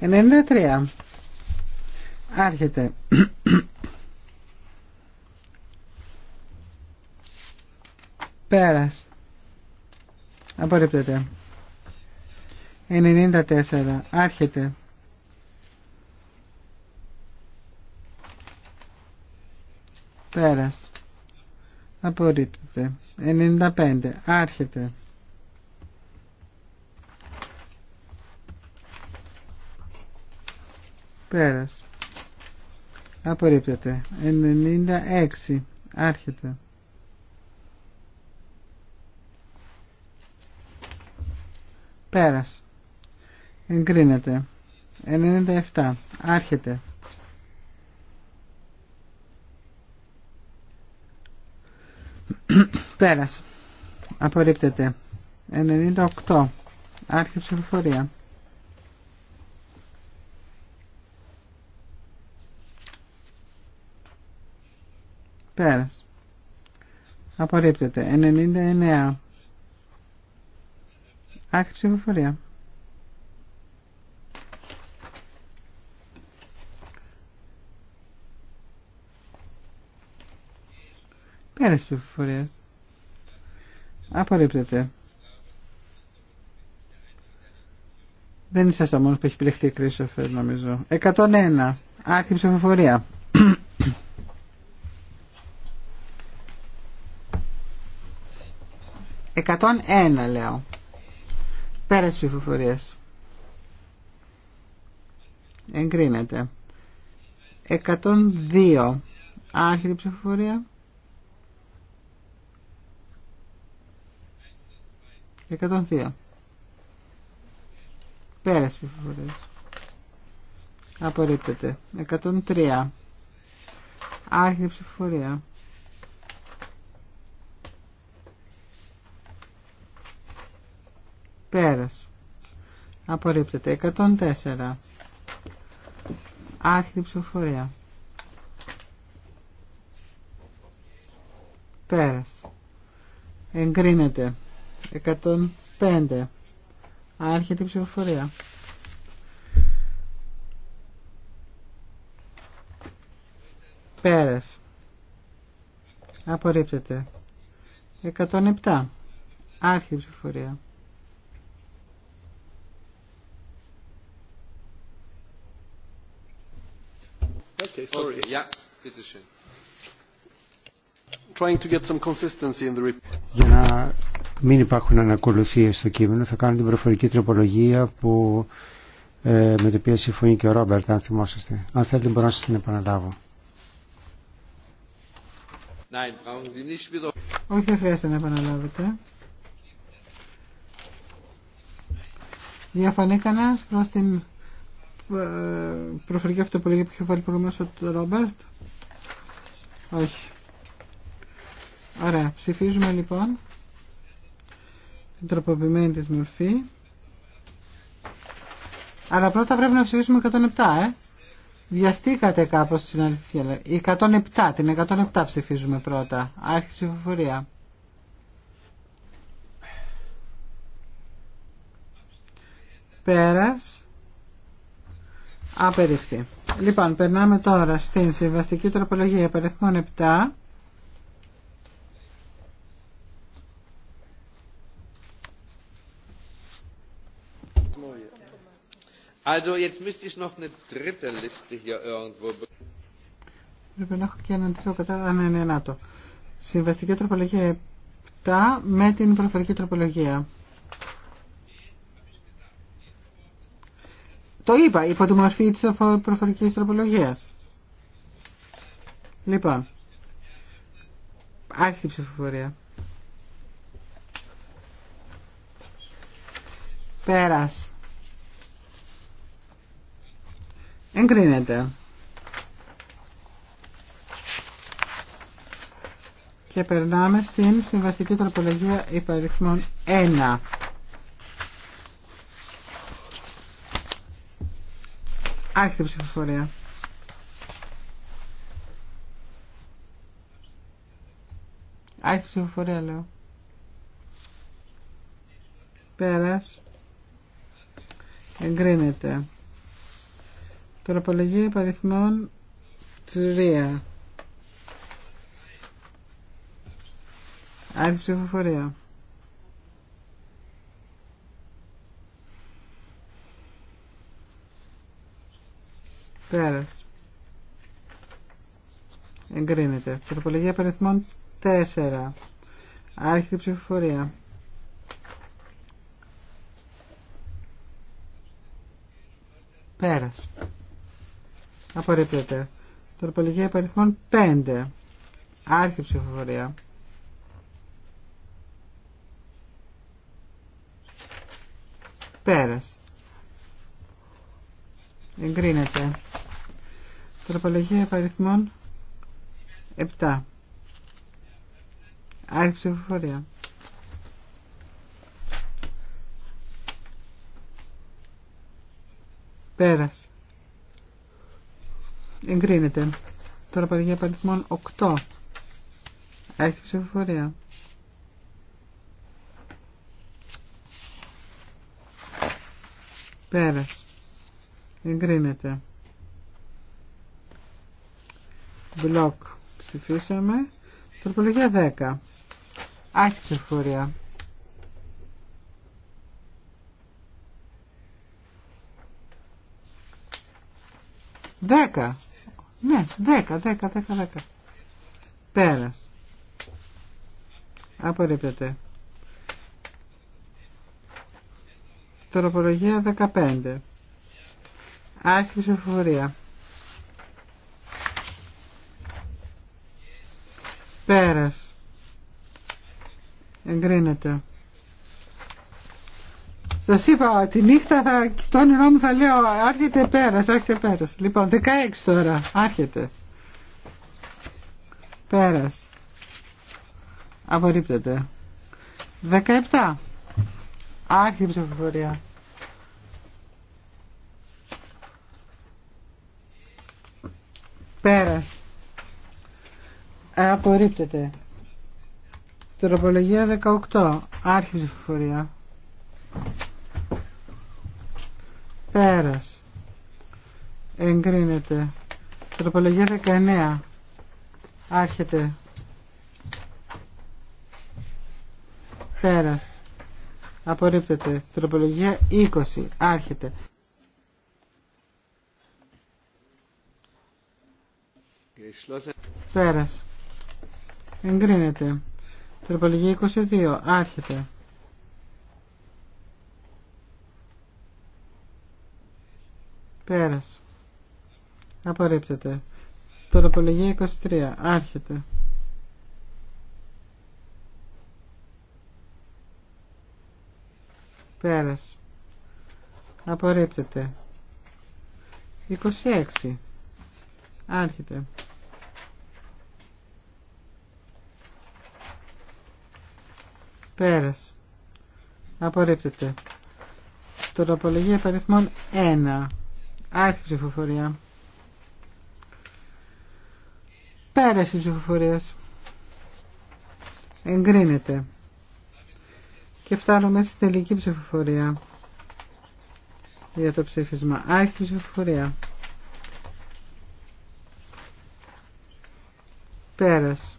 93. Άρχεται. Πέρας. Απορρίπτεται. 94. Άρχεται. Πέρας. Απορρίπτεται. 95. Άρχεται. Πέρας. Απορρίπτεται. 96. Άρχεται. Πέρας. Εγκρίνεται. 97. Άρχεται. Πέρας. Απορρίπτεται. 98. Άρχη ψηφοφορία. Πέρας. Απορρίπτεται. 99. Άρχη ψηφοφορία. Πέρας ψηφοφορίας. Απορρίπτεται. Δεν είσαστε ο μόνο που έχει η Κρίσοφερ νομίζω. 101. Άρχη ψηφοφορία. Εκατόν ένα λέω. Πέρας ψηφοφορίας. Εγκρίνεται. 102. Άρχιτη ψηφοφορία. 102. Πέρας ψηφοφορίας. Απορρίπτεται. 103. Άρχινη ψηφοφορία. Πέρας. Απορρίπτεται. 104. Άρχινη ψηφοφορία. Πέρας. Εγκρίνεται. 105. Άρχεται η ψηφοφορία. Πέρας. Απορρίπτεται. 107. Άρχεται η ψηφοφορία. Okay, sorry. Okay, yeah. Trying to get some consistency in the report. Για να μην υπάρχουν ανακολουθίες στο κείμενο. Θα κάνω την προφορική τροπολογία που, ε, με την οποία συμφωνεί και ο Ρόμπερτ, αν θυμόσαστε. Αν θέλετε μπορώ να σας την επαναλάβω. Όχι, δεν χρειάζεται να επαναλάβετε. Διαφωνεί κανένα προ την ε, προφορική αυτοπολογία που είχε βάλει προηγουμένω ο Ρόμπερτ. Όχι. Ωραία. Ψηφίζουμε λοιπόν την τροποποιημένη της μορφή. Αλλά πρώτα πρέπει να ψηφίσουμε 107, ε. Βιαστήκατε κάπως, στην Η 107, την 107 ψηφίζουμε πρώτα. Άρχη ψηφοφορία. Πέρας. Απεριφθεί. Λοιπόν, περνάμε τώρα στην συμβαστική τροπολογία υπερεθμών 7 Πρέπει να έχω και έναν τρίτο κατά. Ναι, ναι, να είναι ένα το. Συμβαστική τροπολογία 7 με την προφορική τροπολογία. Το είπα, υπό τη μορφή της προφορικής τροπολογίας. Λοιπόν, άρχισε η ψηφοφορία. Πέρας. Εγκρίνεται. Και περνάμε στην συμβαστική τροπολογία υπαριθμών 1. Άρχεται ψηφοφορία. Άρχισε ψηφοφορία λέω. Πέρας. Εγκρίνεται. Τροπολογία παριθμών 3. Άλλη ψηφοφορία. Πέρας. Εγκρίνεται. Τροπολογία παριθμών 4. Άρχιτη ψηφοφορία. Πέρας. Απορρίπτεται. Τροπολογία υπαριθμών 5. Άρχη ψηφοφορία. Πέρας. Εγκρίνεται. Τροπολογία υπαριθμών 7. Άρχη ψηφοφορία. Πέρας. Εγκρίνεται. Τώρα παραγγεία παριθμών 8. Έχει ψηφοφορία. Πέρας. Εγκρίνεται. Μπλοκ. Ψηφίσαμε. Τροπολογία 10. Άχι ψηφοφορία. Δέκα. Ναι, 10, 10, 10, 10. Πέρα Απορρίπτεται. Τροπολογία 15. Άρχισε ψηφοφορία. Πέρα. Εγκρίνεται. Σα είπα, τη νύχτα θα, στο όνειρό μου θα λέω άρχεται πέρας, άρχεται πέρας. Λοιπόν, 16 τώρα, άρχεται. Πέρας. Απορρίπτεται. 17. Άρχεται η ψηφοφορία. Πέρας. Απορρίπτεται. Τροπολογία 18. Άρχιψη ψηφοφορία. Πέρας. Εγκρίνεται. Τροπολογία 19. Άρχεται. Πέρας. Απορρίπτεται. Τροπολογία 20. Άρχεται. Πέρας. Εγκρίνεται. Τροπολογία 22. Άρχεται. Πέρας. Απορρίπτεται. Τροπολογία 23. Άρχεται. Πέρας. Απορρίπτεται. 26. Άρχεται. Πέρας. Απορρίπτεται. Τροπολογία παριθμών 1. Άρχισε ψηφοφορία. Πέρασε η ψηφοφορία. Εγκρίνεται. Και φτάνουμε στη τελική ψηφοφορία για το ψήφισμα. Άρχισε ψηφοφορία. Πέρασε.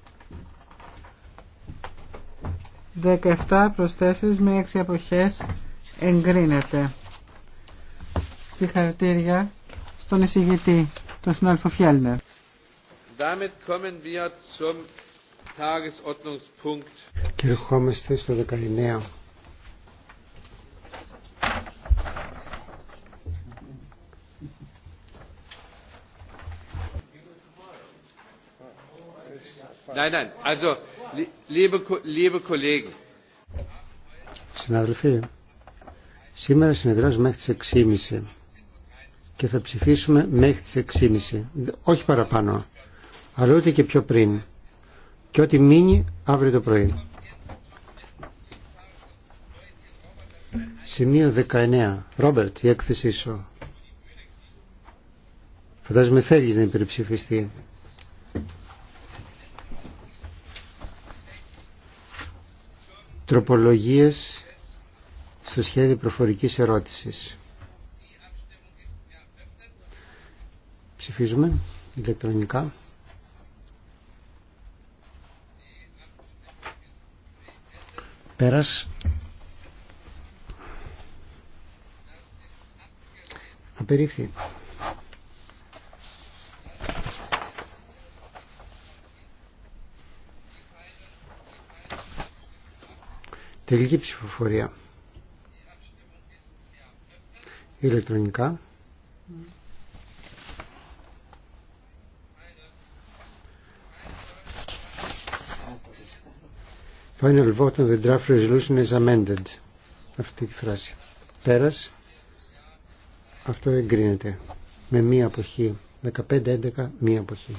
17 προς 4 με 6 εποχές εγκρίνεται συγχαρητήρια στον εισηγητή, τον συνάδελφο Φιέλνερ. Και ερχόμαστε στο 19. Nein, also, liebe, liebe Kollegen. Συναδελφοί, σήμερα συνεδριάζουμε μέχρι τις και θα ψηφίσουμε μέχρι τις 6.30. Όχι παραπάνω, αλλά ούτε και πιο πριν. Και ό,τι μείνει αύριο το πρωί. Σημείο 19. Ρόμπερτ, η έκθεσή σου. Φαντάζομαι θέλεις να υπερψηφιστεί. Τροπολογίες στο σχέδιο προφορικής ερώτησης. Ψηφίζουμε ηλεκτρονικά. Πέρας. Απερίφθη. Τελική ψηφοφορία. Ηλεκτρονικά. Final vote on the draft resolution is amended. Αυτή τη φράση. Πέρας. Αυτό εγκρίνεται. Με μία αποχή. 15-11 μία αποχή.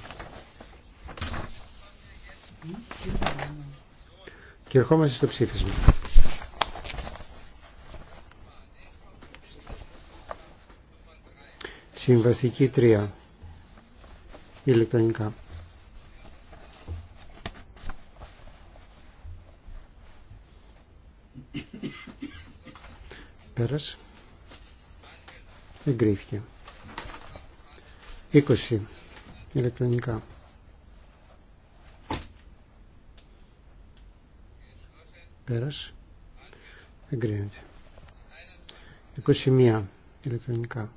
Και ερχόμαστε στο ψήφισμα. Συμβαστική τρία. Ηλεκτρονικά. πέρας. Εγκρίθηκε. 20 ηλεκτρονικά. Πέρας. Εγκρίνεται. 21 ηλεκτρονικά.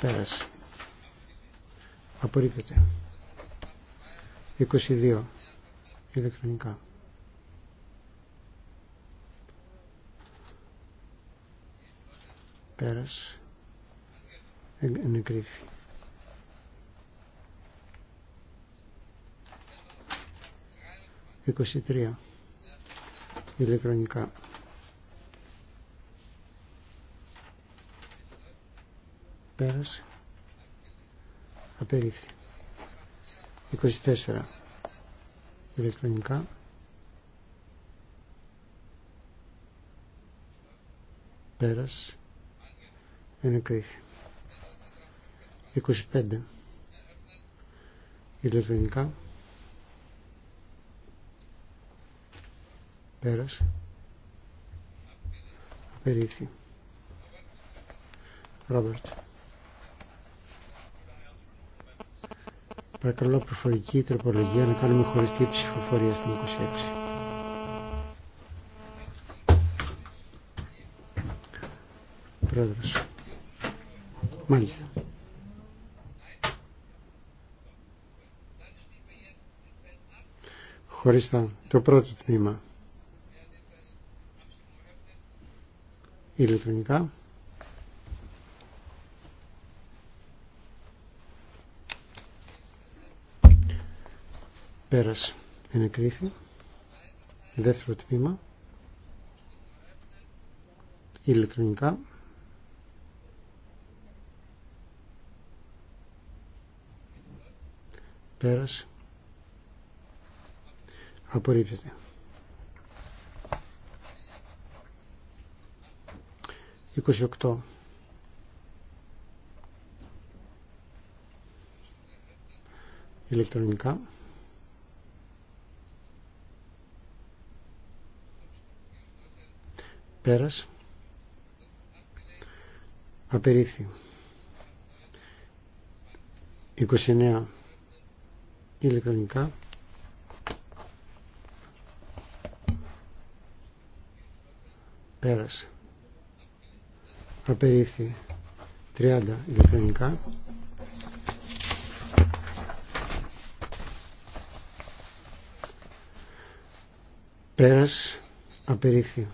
Πέρας. Απορρίπτεται. 22 ηλεκτρονικά. Πέρας. Ενεκρίθη. 23 ηλεκτρονικά. Πέρασε. Απερίφθη. 24 ηλεκτρονικά. Πέρασε ενεκρίθη. 25 ηλεκτρονικά πέρασε απερίφθη Ρόμπερτ Παρακαλώ προφορική τροπολογία να κάνουμε χωριστή ψηφοφορία στην 26. Πρόεδρος. Μάλιστα. Χωρίς το πρώτο τμήμα. Ηλεκτρονικά. Πέρασε. Ενεκρίθη. Δεύτερο τμήμα. Ηλεκτρονικά. Πέρασε. Απορρίπτεται. 28. ηλεκτρονικά πέρας απερίφθη 29 ηλεκτρονικά. Πέρασε. Απερίφθη 30 ηλεκτρονικά. πέρασε απερίφθη.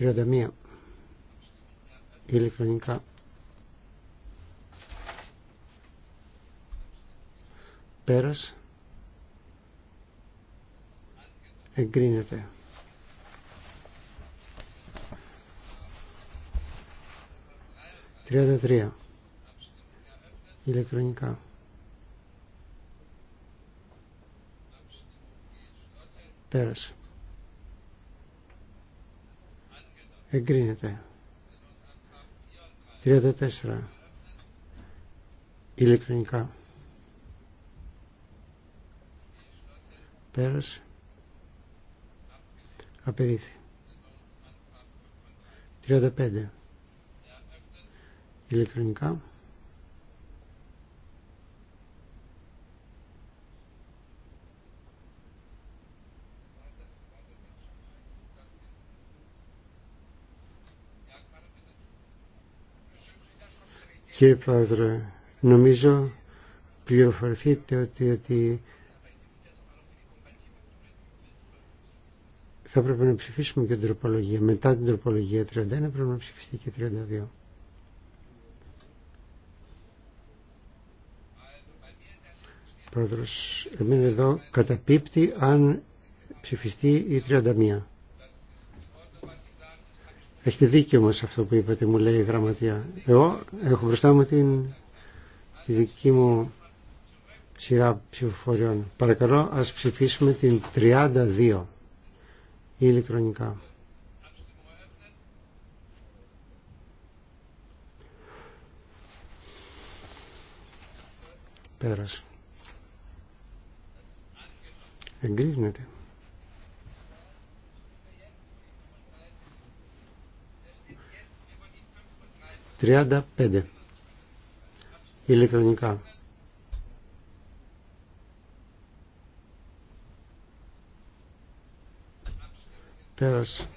31 ηλεκτρονικά. Πέρας. Εγκρίνεται. Τριάντα τρία. Ηλεκτρονικά. Πέρασε. Εγκρίνεται. 34. Ηλεκτρονικά. Πέρασε. Απερίθη. 35. Ηλεκτρονικά. Κύριε Πρόεδρε, νομίζω πληροφορηθείτε ότι, ότι θα πρέπει να ψηφίσουμε και την τροπολογία. Μετά την τροπολογία 31 πρέπει να ψηφιστεί και 32. Πρόεδρος, εμένα εδώ καταπίπτει αν ψηφιστεί η 31. Έχετε δίκιο όμως αυτό που είπατε, μου λέει η γραμματεία. Εγώ έχω μπροστά μου την, τη δική μου σειρά ψηφοφοριών. Παρακαλώ, ας ψηφίσουμε την 32 ηλεκτρονικά. Πέρασε. Εγκρίνεται. Τριάντα πέντε. Ηλεκτρονικά. Πέρας.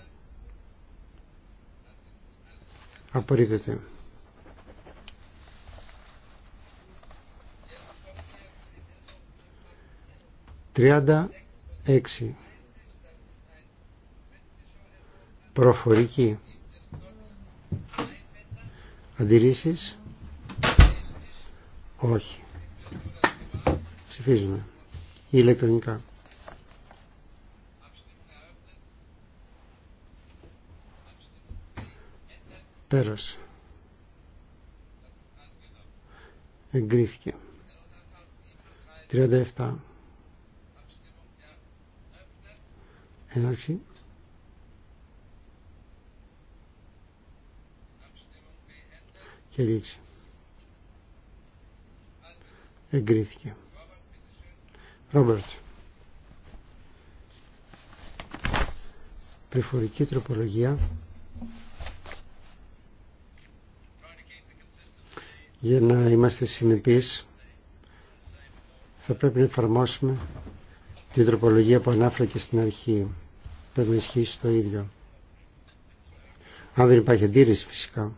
Απορρίπτεται. Τριάντα έξι. Προφορική. Αντιρρήσεις. Όχι. Ψηφίζουμε. Ηλεκτρονικά. Πέρασε. Εγκρίθηκε. 37. Έναρξη. Και λήξη. Εγκρίθηκε. Ρόμπερτ. Πληροφορική τροπολογία. για να είμαστε συνεπείς θα πρέπει να εφαρμόσουμε την τροπολογία που ανάφερα και στην αρχή. Πρέπει να ισχύσει το ίδιο. Αν δεν υπάρχει αντίρρηση φυσικά.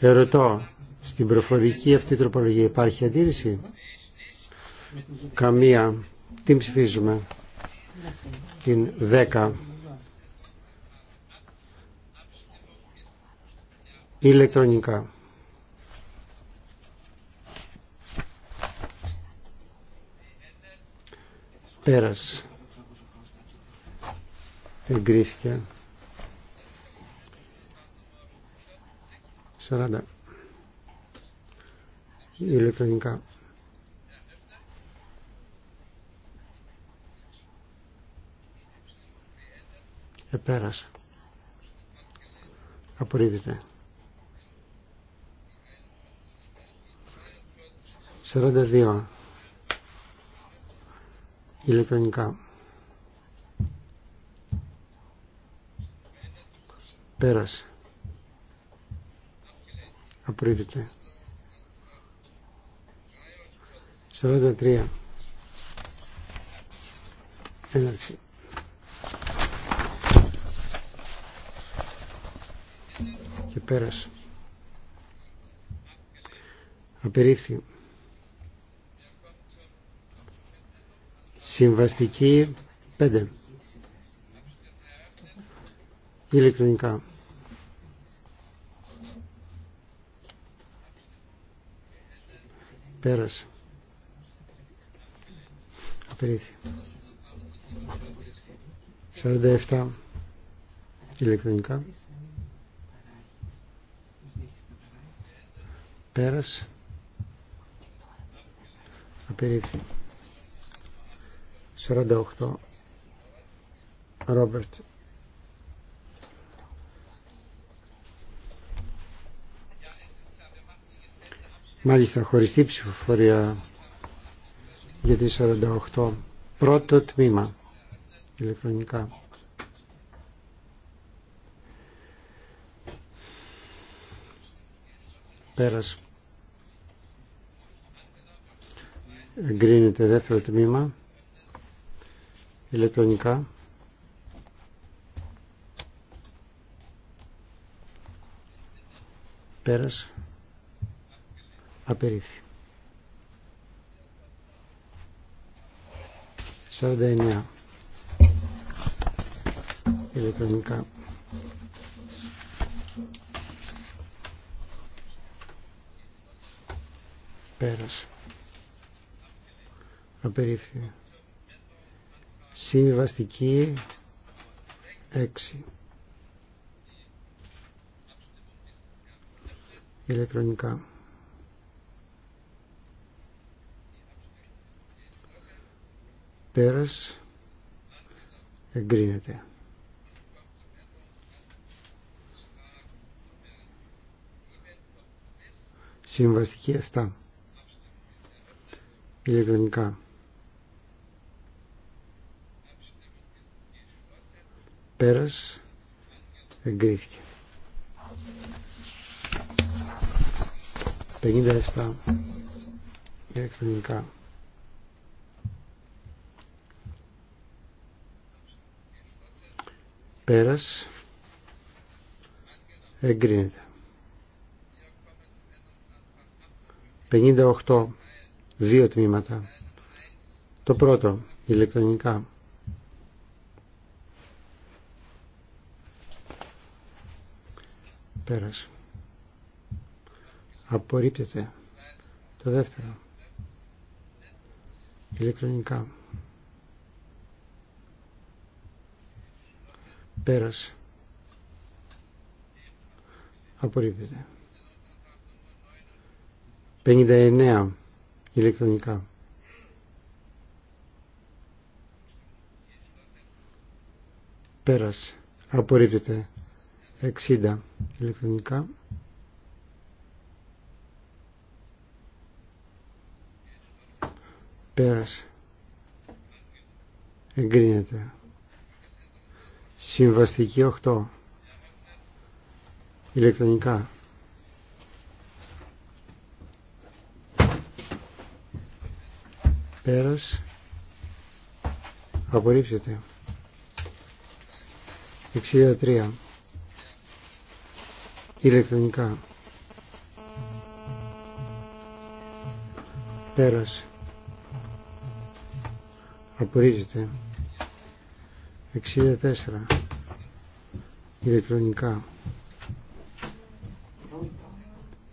Ερωτώ, στην προφορική αυτή τροπολογία υπάρχει αντίρρηση. Καμία. Τι ψηφίζουμε την 10 ηλεκτρονικά. Πέρας. Εγκρίθηκε. 40 ηλεκτρονικά. Επέρασε. Απορρίβεται. 42 ηλεκτρονικά. Πέρασε. Απορρίβεται. 43. Έναρξη. Πέρασε. απερίφθη συμβαστική 5 ηλεκτρονικά πέρασε απερίφθη 47 ηλεκτρονικά Πέρασε. Απερίφθη. 48. Ρόμπερτ. Μάλιστα, χωριστή ψηφοφορία για τη 48. Πρώτο τμήμα. Ηλεκτρονικά. Πέρας. Εγκρίνεται δεύτερο τμήμα. Ηλεκτρονικά. Πέρας. Απερίφθη. 49. Ηλεκτρονικά. Πέρασε. Απερίφθη. Συμβαστική 6. Ηλεκτρονικά. Πέρας εγκρίνεται. Συμβαστική 7 ηλεκτρονικά. Πέρας εγκρίθηκε. 57 ηλεκτρονικά. Πέρας εγκρίνεται. 58 δύο τμήματα. Το πρώτο, ηλεκτρονικά. Πέρασε. Απορρίπτεται. Το δεύτερο. Ηλεκτρονικά. Πέρασε. Απορρίπτεται. 59 ηλεκτρονικά. Πέρας. Απορρίπτεται. 60 ηλεκτρονικά. Πέρας. Εγκρίνεται. Συμβαστική 8. Ηλεκτρονικά. Πέρας. Απορρίψετε. 63. Ηλεκτρονικά. Πέρας. Απορρίψετε. 64. Ηλεκτρονικά.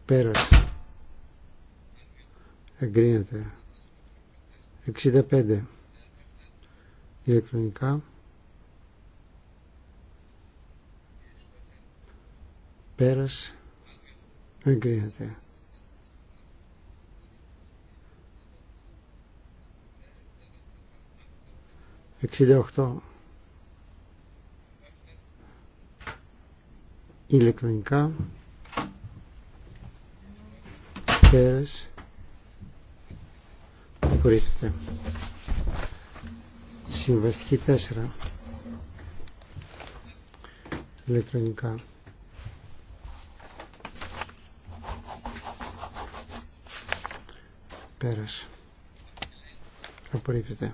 Πέρας. Εγκρίνεται. 65 ηλεκτρονικά πέρας εγκρίνεται. Εξήντα οχτώ ηλεκτρονικά πέρας απορρίπτεται. Συμβαστική 4. Ηλεκτρονικά. Πέρασε. Απορρίπτεται.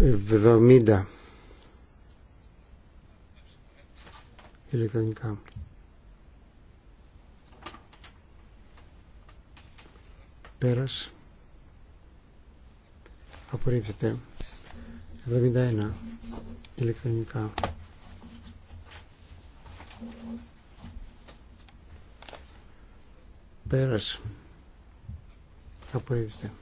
70. Ηλεκτρονικά. Πέρας. Απορρίπτεται. 71. Ηλεκτρονικά. Πέρας. Απορρίπτεται.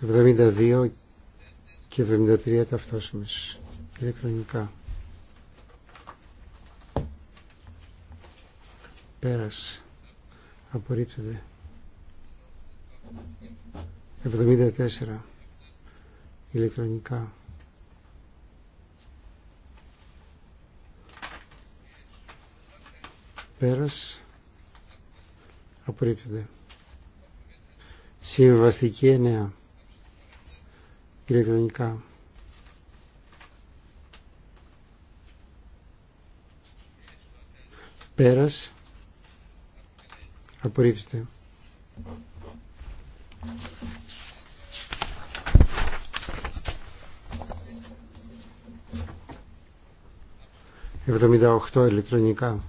72 και 73 ταυτόσημες ηλεκτρονικά. πέρας απορρίπτεται 74 ηλεκτρονικά πέρας απορρίπτεται συμβαστική εννέα. ηλεκτρονικά πέρας Εβδομήντα οχτώ ηλεκτρονικά.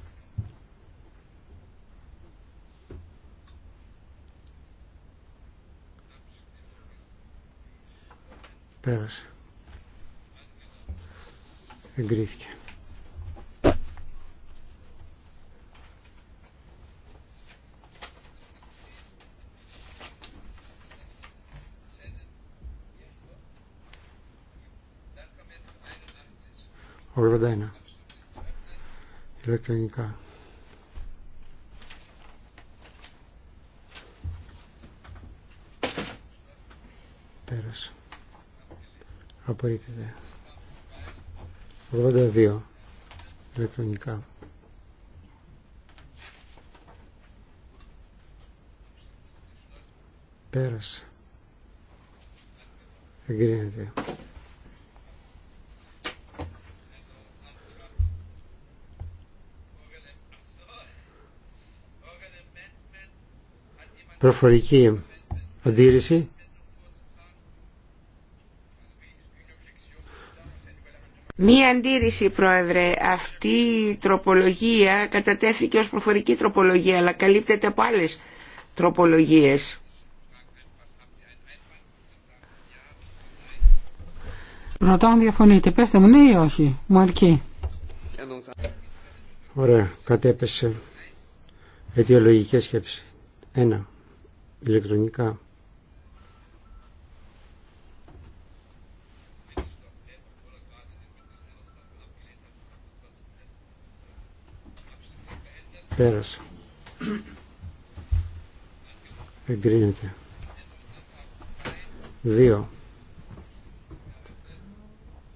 Πέρασε. Εγκρίθηκε. 81 ηλεκτρονικά. Πέρασε. Απορρίπτεται. 82 ηλεκτρονικά. Πέρασε. Εγκρίνεται. Προφορική αντίρρηση. Μία αντίρρηση, Πρόεδρε. Αυτή η τροπολογία κατατέθηκε ως προφορική τροπολογία, αλλά καλύπτεται από άλλες τροπολογίες. Ρωτάω αν διαφωνείτε. Πέστε μου ναι ή όχι. Μου αρκεί. Ωραία. Κατέπεσε. Αιτιολογική σκέψη. Ένα ηλεκτρονικά. Πέρασε. Εγκρίνεται. Δύο.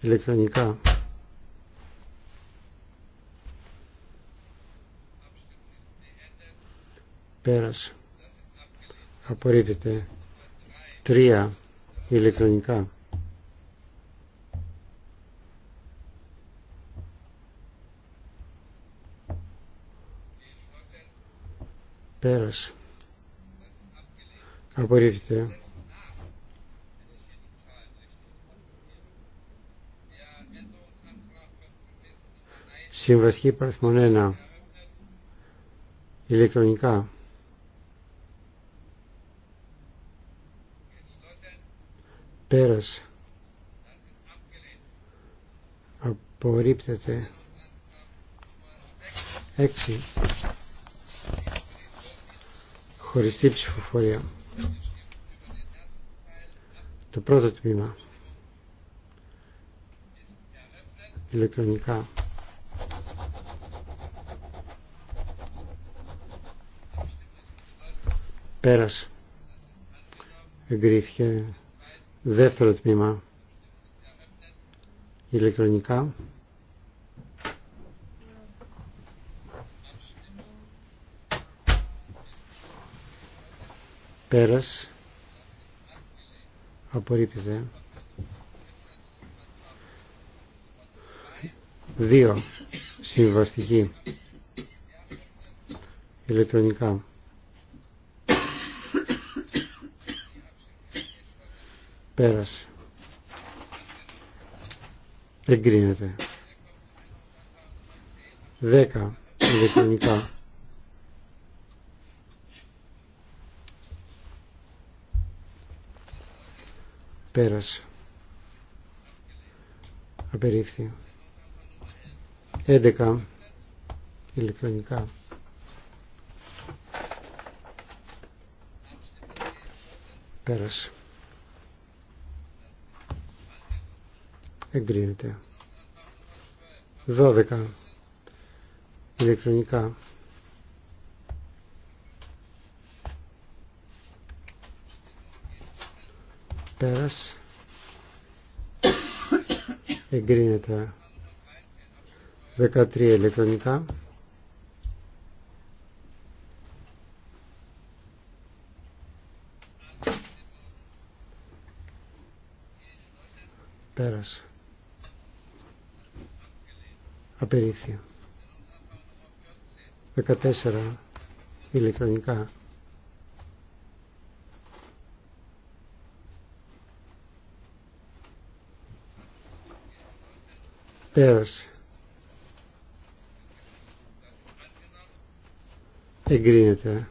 Ηλεκτρονικά. Πέρασε απορρίπτεται. Τρία, ηλεκτρονικά. Πέρασε. Απορρίπτεται. Συμβασική παραθμόν Ηλεκτρονικά. Πέρας Απορρίπτεται. έξι Χωριστή ψηφοφορία. Το πρώτο τμήμα. Ηλεκτρονικά. πέρας Εγκρίθηκε. Δεύτερο τμήμα. Ηλεκτρονικά. Πέρας. Απορρίπτεται. Δύο. Συμβαστική. Ηλεκτρονικά. Πέρασε. Εγκρίνεται. Δέκα ηλεκτρονικά. Πέρασε. Απερίφθη. Έντεκα ηλεκτρονικά. Πέρασε. εγκρίνεται 12 ηλεκτρονικά πέρας εγκρίνεται 13 ηλεκτρονικά πέρας απερίφθη. 14 ηλεκτρονικά. Πέρασε. Εγκρίνεται.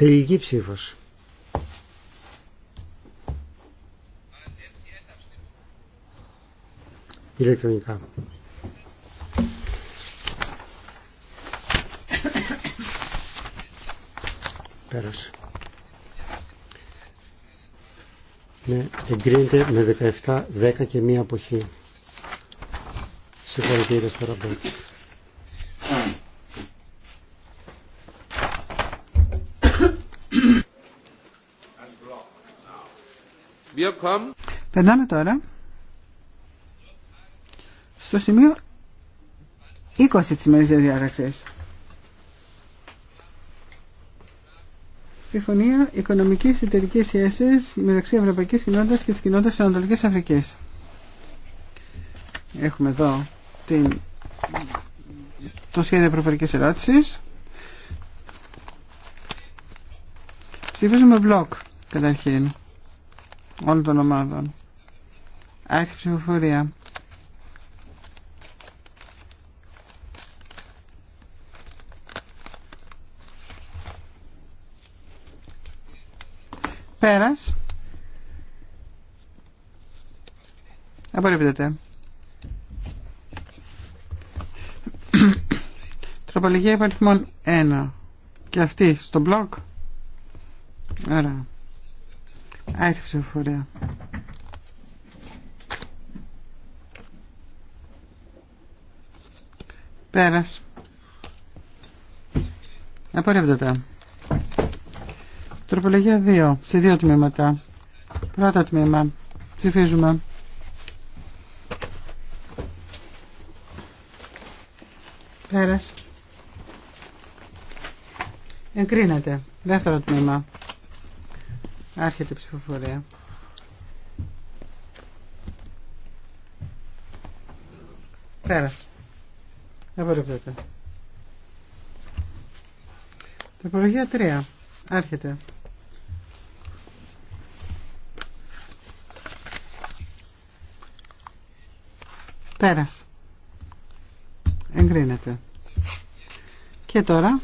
Τελική ψήφος. Ηλεκτρονικά. Πέρασε. Ναι, εγκρίνεται με 17, 10 και μία αποχή. Συγχαρητήρια στο ραμπέτσι Περνάμε τώρα στο σημείο 20 της ημερησίας διάταξης. Συμφωνία Οικονομικής Εταιρικής σχέση μεταξύ Ευρωπαϊκής Κοινότητας και της Κοινότητας της Ανατολικής Αφρικής. Έχουμε εδώ την... το σχέδιο Ευρωπαϊκής Ερώτηση. Ψηφίζουμε μπλοκ καταρχήν όλων των ομάδων. Άρχισε ψηφοφορία. Πέρας. Απορρίπτεται. Τροπολογία υπαριθμών 1. Και αυτή στο μπλοκ. Ωραία. Άρχισε ψηφοφορία. Πέρας. Απορρίπτεται. Τροπολογία 2. Σε δύο τμήματα. Πρώτο τμήμα. Ψηφίζουμε. Πέρας. Εγκρίνεται. Δεύτερο τμήμα. Άρχεται η ψηφοφορία. Πέρας. Απορρίπτεται. Τροπολογία 3. Άρχεται. Πέρα. Εγκρίνεται. Και τώρα,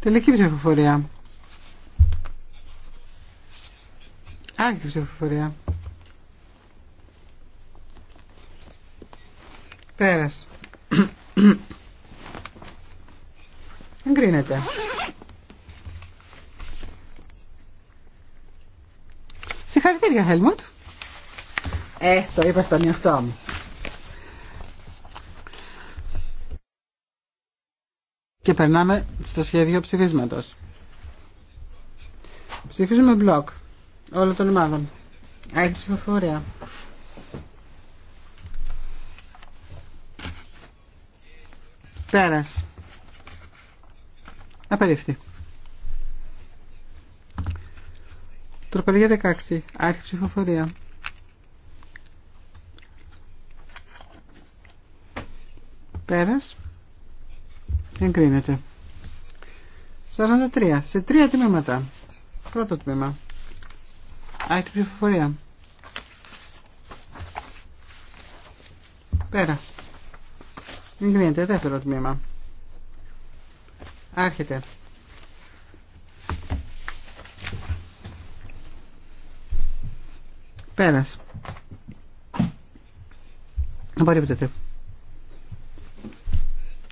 τελική ψηφοφορία. Άρχισε η ψηφοφορία. Πέρας. Εγκρίνεται. Συγχαρητήρια, Χέλμουτ. Ε, το είπα στον εαυτό μου. Και περνάμε στο σχέδιο ψηφίσματος. Ψηφίζουμε μπλοκ όλων των ομάδων. άρχιψη ψηφοφορία. Πέρας. Απερίφθη. Τροπολογία 16. Άρχη ψηφοφορία. Πέρας. Εγκρίνεται. 43. Σε τρία τμήματα. Πρώτο τμήμα την ψηφοφορία. Πέρας. γίνεται δεύτερο τμήμα. Άρχεται. Πέρας. Απορρίπτεται.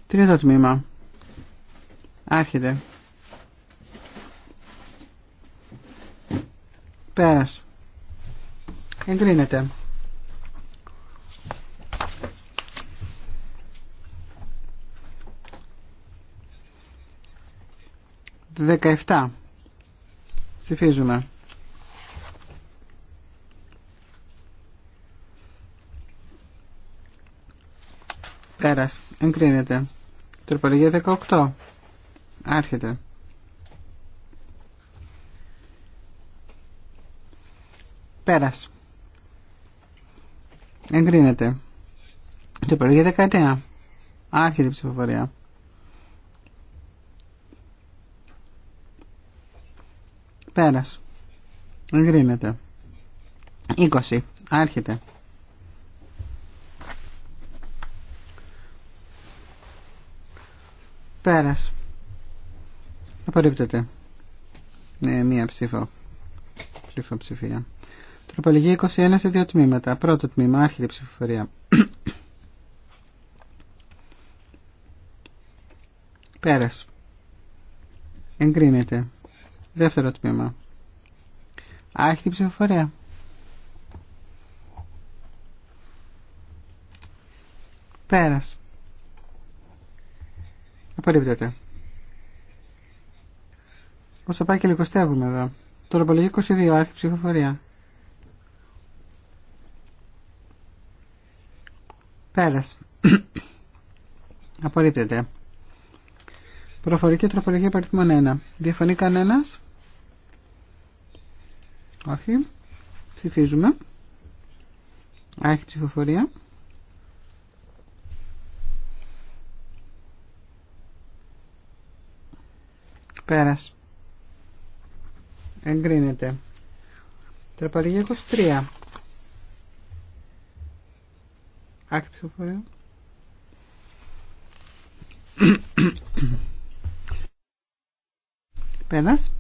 Τρίτο τμήμα. Άρχεται. Πέρας. Εγκρίνεται. Δεκαεφτά. Ψηφίζουμε. Πέρας. Εγκρίνεται. Τροπολογία 18. Άρχεται. Πέρας. Εγκρίνεται. για 19. Άρχεται η ψηφοφορία. Πέρας. Εγκρίνεται. 20. Άρχεται. Πέρας. Απορρίπτεται. Ναι, μία ψήφο. Ψήφο ψηφία. Τροπολογία 21 σε δύο τμήματα. Πρώτο τμήμα, άρχιτη ψηφοφορία. Πέρας. Εγκρίνεται. Δεύτερο τμήμα. Άρχιτη ψηφοφορία. Πέρας. Απορρίπτεται. Όσο πάει και λιγοστεύουμε εδώ. Τροπολογία 22, άρχιτη ψηφοφορία. Πέρας. Απορρίπτεται. Προφορική τροπολογία παριθμών 1. Διαφωνεί κανένας. Όχι. Ψηφίζουμε. Άχι ψηφοφορία. Πέρας. Εγκρίνεται. Τροπολογία 23. Άκρη ψηφοφορία. Πένας.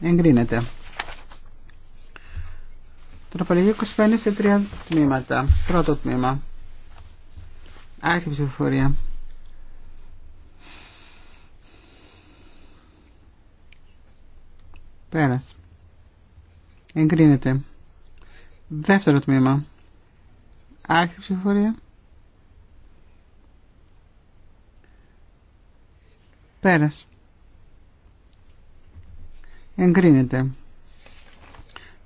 Εγκρίνεται. Τροπολογία 25 σε τρία τμήματα. Πρώτο τμήμα. Άρχη ψηφοφορία. Πέρας. Εγκρίνεται. Δεύτερο τμήμα. Άρχισε ψηφοφορία. Πέρας. Εγκρίνεται.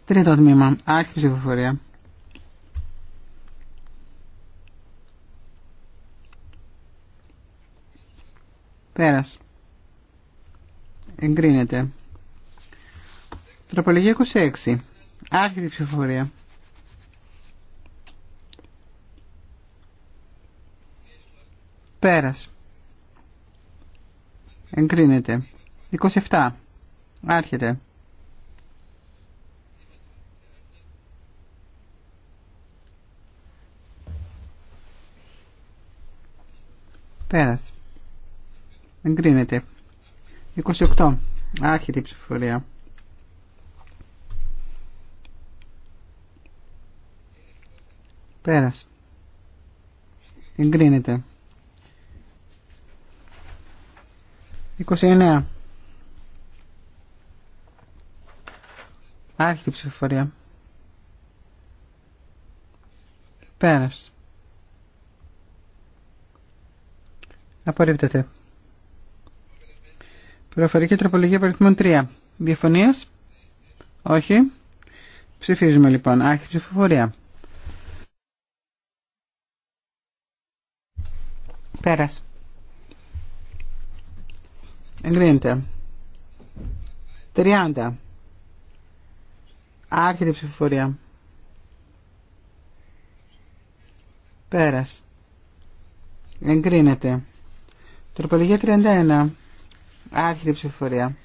Τρίτο τμήμα. Άρχισε ψηφοφορία. Πέρας. Εγκρίνεται. Τροπολογία 26. Άρχισε ψηφοφορία. Πέρας. Εγκρίνεται. 27. Άρχεται. Πέρας. Εγκρίνεται. 28. Άρχεται η ψηφοφορία. Πέρας. Εγκρίνεται. 29. Άρχιτη ψηφοφορία. Πέρας. Απορρίπτεται. Προφορική τροπολογία παριθμών 3. Διαφωνίες. Όχι. Ψηφίζουμε λοιπόν. Άρχιτη ψηφοφορία. Πέρας. Εγκρίνεται. 30. Άρχεται ψηφοφορία. Πέρας. Εγκρίνεται. Τροπολογία 31. Άρχεται ψηφοφορία.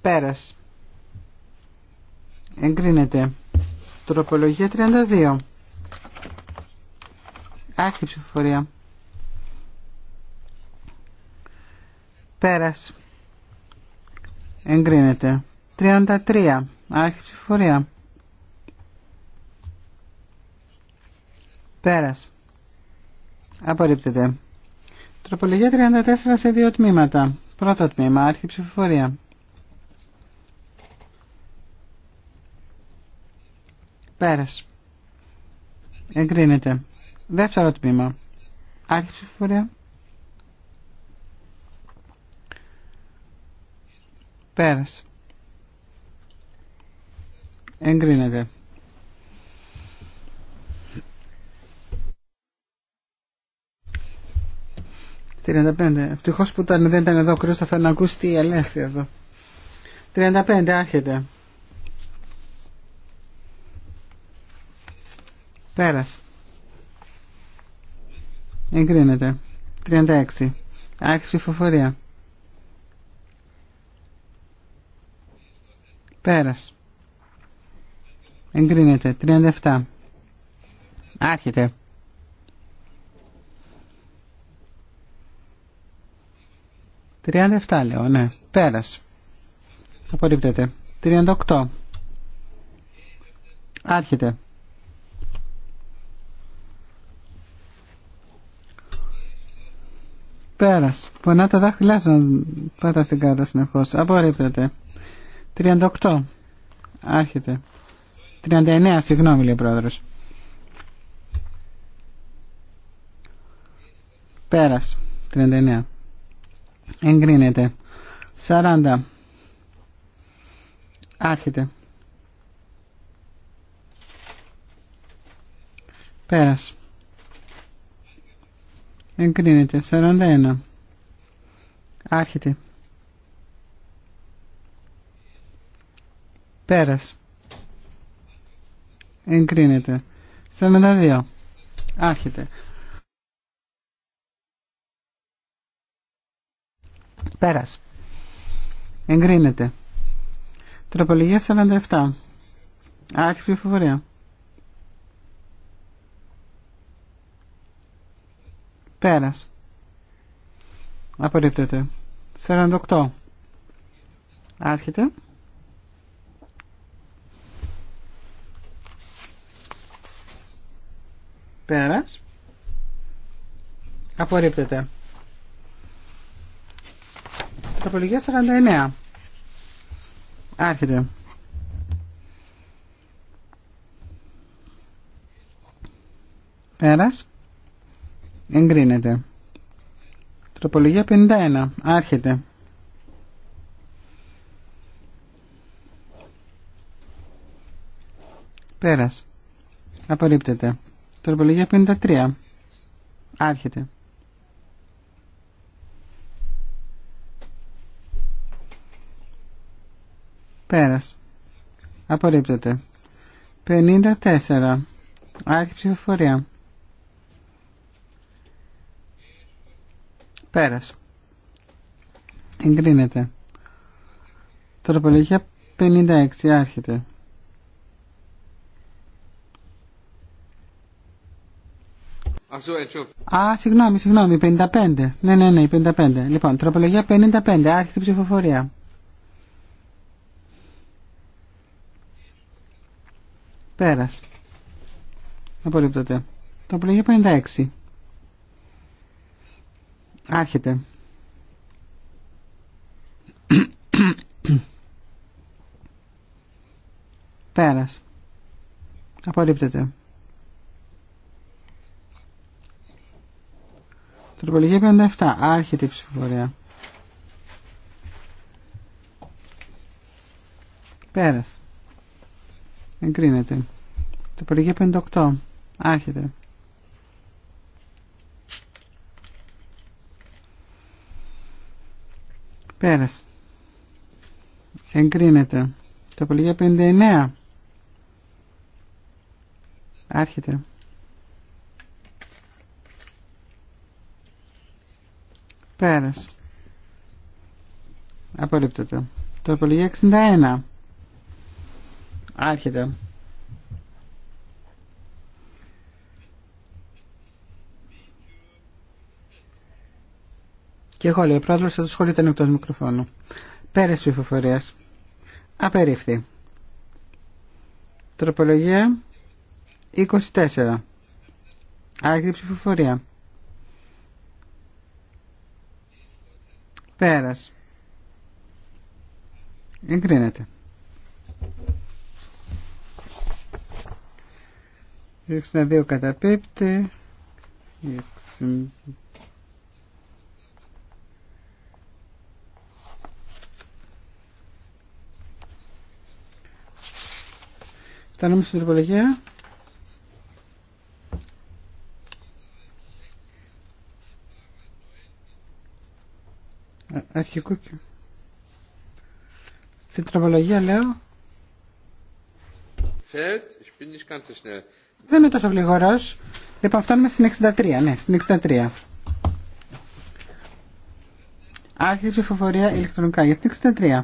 Πέρας. Εγκρίνεται. Τροπολογία 32. Άρχεται η ψηφοφορία. Πέρας. Εγκρίνεται. 33. Άρχη ψηφορία. Πέρας. Απορρίπτεται. Τροπολογία 34 σε δύο τμήματα. Πρώτο τμήμα. Άρχη ψηφοφορία. Πέρας. Εγκρίνεται. Δεύτερο τμήμα. Άρχη ψηφοφορία. Πέρασε. Εγκρίνεται. Ευτυχώ που ήταν, δεν ήταν εδώ ο Κρίστοφερ να ακούσει τι ελέγχθη εδώ. 35 άρχεται. Πέρας. Εγκρίνεται. 36. Άρχισε φοφορία. φοφορία. Πέρας. Εγκρίνεται. 37. Άρχεται. 37 λέω, ναι. Πέρας. Απορρίπτεται. 38. Άρχεται. Πέρας. Πονά τα δάχτυλά σου πάτα στην κάρτα συνεχώς. Απορρίπτεται. 38. Άρχεται. 39, συγγνώμη λέει ο πρόεδρο. Πέρα. 39. Εγκρίνεται. 40. Άρχεται. Πέρα. Εγκρίνεται. 41. Άρχεται. Πέρας. Εγκρίνεται. 42. Άρχεται. Πέρας. Εγκρίνεται. Τροπολογία 47. Άρχη φοβορία. Πέρας. Απορρίπτεται. 48. Άρχεται. Πέρας. Απορρίπτεται. Τροπολογία 49. Άρχεται. Πέρας. Εγκρίνεται. Τροπολογία 51. Άρχεται. Πέρας. Απορρίπτεται. Τροπολογία 53. Άρχεται. Πέρας. Απορρίπτεται. 54. Άρχη ψηφοφορία. Πέρας. Εγκρίνεται. Τροπολογία 56. Άρχεται. Α, συγγνώμη, συγγνώμη, 55. Ναι, ναι, ναι, 55. Λοιπόν, τροπολογία 55, η ψηφοφορία. Πέρας. Απορρίπτεται. Τροπολογία 56. Άρχεται. Πέρας. Απορρίπτεται. Τροπολογία 57. Άρχεται η ψηφοφορία. Πέρας. Εγκρίνεται. Τροπολογία 58. Άρχεται. Πέρας. Εγκρίνεται. Τροπολογία 59. Άρχεται. Πέρας. Το Τροπολογία 61. Άρχεται. Και εγώ λέω, πρόεδρος θα το σχολείο ήταν εκτός μικροφόνου. Πέρας ψηφοφορίας. Απερίφθη. Τροπολογία 24. Άρχεται ψηφοφορία. Πέρας. Εγκρίνεται. δύο καταπίπτει. Φτάνουμε στην Στην τροπολογία λέω. Δεν είμαι τόσο βληγορό. Λοιπόν, φτάνουμε στην 63. Ναι, στην 63. Άρχισε η ψηφοφορία ηλεκτρονικά για την 63.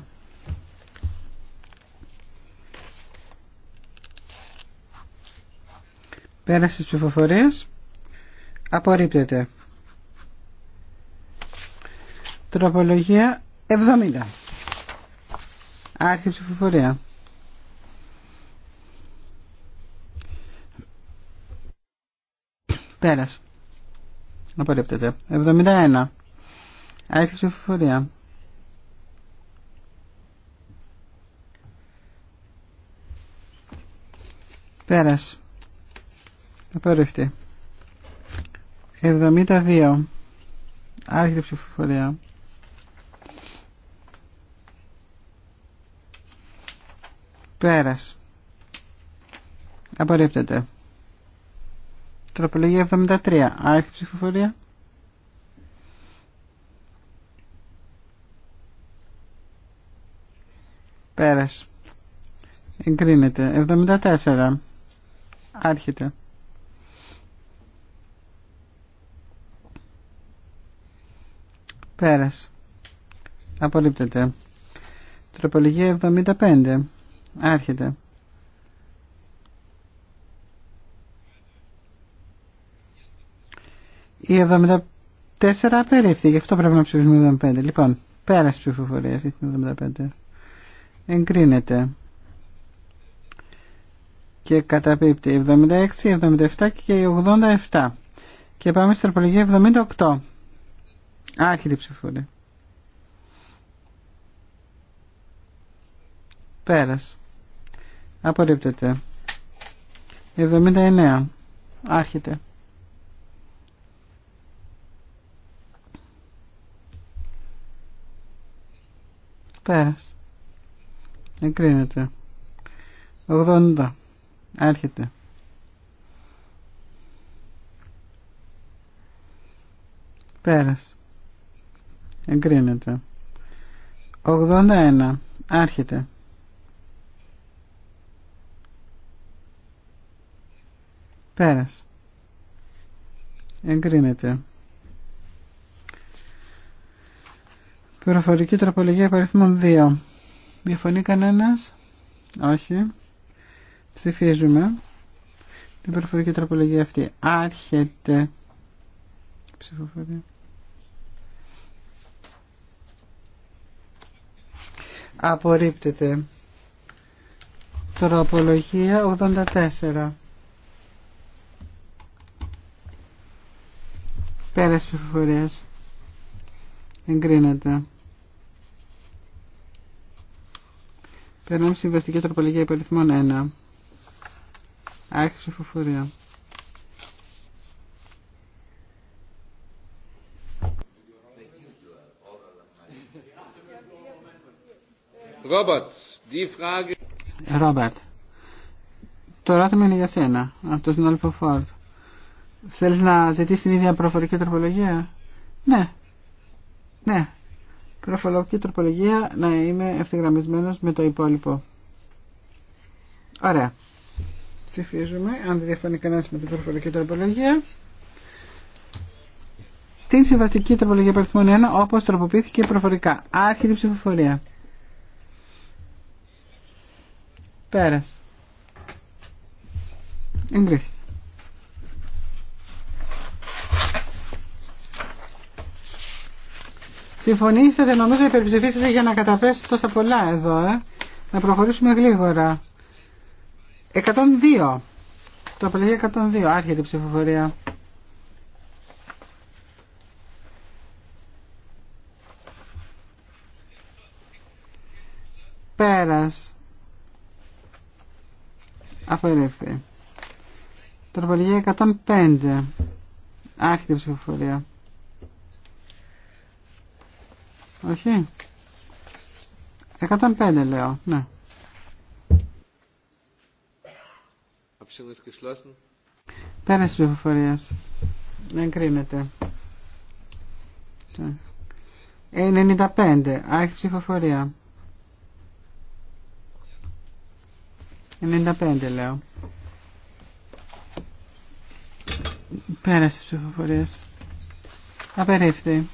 Πέρασε τη ψηφοφορία. Απορρίπτεται. Τροπολογία 70. Άρχη ψηφοφορία. Πέρας. Απορρίπτεται. 71. Άρχη ψηφοφορία. Πέρας. Απορρίπτεται. 72. Άρχιψη ψηφοφορία. Πέρας. Απορρίπτεται. Τροπολογία 73. Άρχη ψηφοφορία. Πέρας. Εγκρίνεται. 74. Άρχεται. Πέρας. Απορρίπτεται. Τροπολογία 75. Άρχεται. Η 74 απερίφθη, γι' αυτό πρέπει να ψηφίσουμε 75. Λοιπόν, πέρασε ψηφοφορία για 75. Εγκρίνεται. Και καταπίπτει 76, 77 και 87. Και πάμε στην τροπολογία 78. Άρχεται η ψηφοφορία. Πέρασε. Απορρίπτεται. 79. Άρχεται. Πέρας. Εγκρίνεται. 80. Άρχεται. Πέρας. Εγκρίνεται. 81. Άρχεται. Πέρας. Εγκρίνεται. Προφορική τροπολογία παριθμών 2. Διαφωνεί κανένας? Όχι. Ψηφίζουμε. Την πληροφορική τροπολογία αυτή. Άρχεται. Ψηφοφορία. Απορρίπτεται. Τροπολογία 84. Πέρας ψηφοφορίας. Εγκρίνεται. Περνάμε στη βασική τροπολογία υπαριθμών 1. Άρχισε ψηφοφορία. Ρόμπερτ, το ερώτημα είναι για σένα, από είναι συνάδελφο Φόρτ. Θέλεις να ζητήσεις την ίδια προφορική τροπολογία. Ναι. Ναι. Προφορική τροπολογία να είμαι ευθυγραμμισμένος με το υπόλοιπο. Ωραία. Ψηφίζουμε, αν δεν διαφωνεί κανένας με την προφορική τροπολογία. Την συμβαστική τροπολογία παριθμών 1, όπως τροποποιήθηκε προφορικά. Άρχινη ψηφοφορία. Πέρας. Εγκρίθηκε. Συμφωνήσατε, νομίζω υπερψηφίσατε για να καταπέσουν τόσα πολλά εδώ, ε. Να προχωρήσουμε γλίγορα. 102. Το 102. Άρχεται η ψηφοφορία. Πέρας. Το Τροπολογία 105. Άρχεται η ψηφοφορία. Όχι. 105 λέω. Ναι. Πέρασε ναι. ε, ψηφοφορία. Δεν κρίνεται. 95. Άρχισε ψηφοφορία. 95 λέω. Πέρασε ψηφοφορία. Απερίφθη.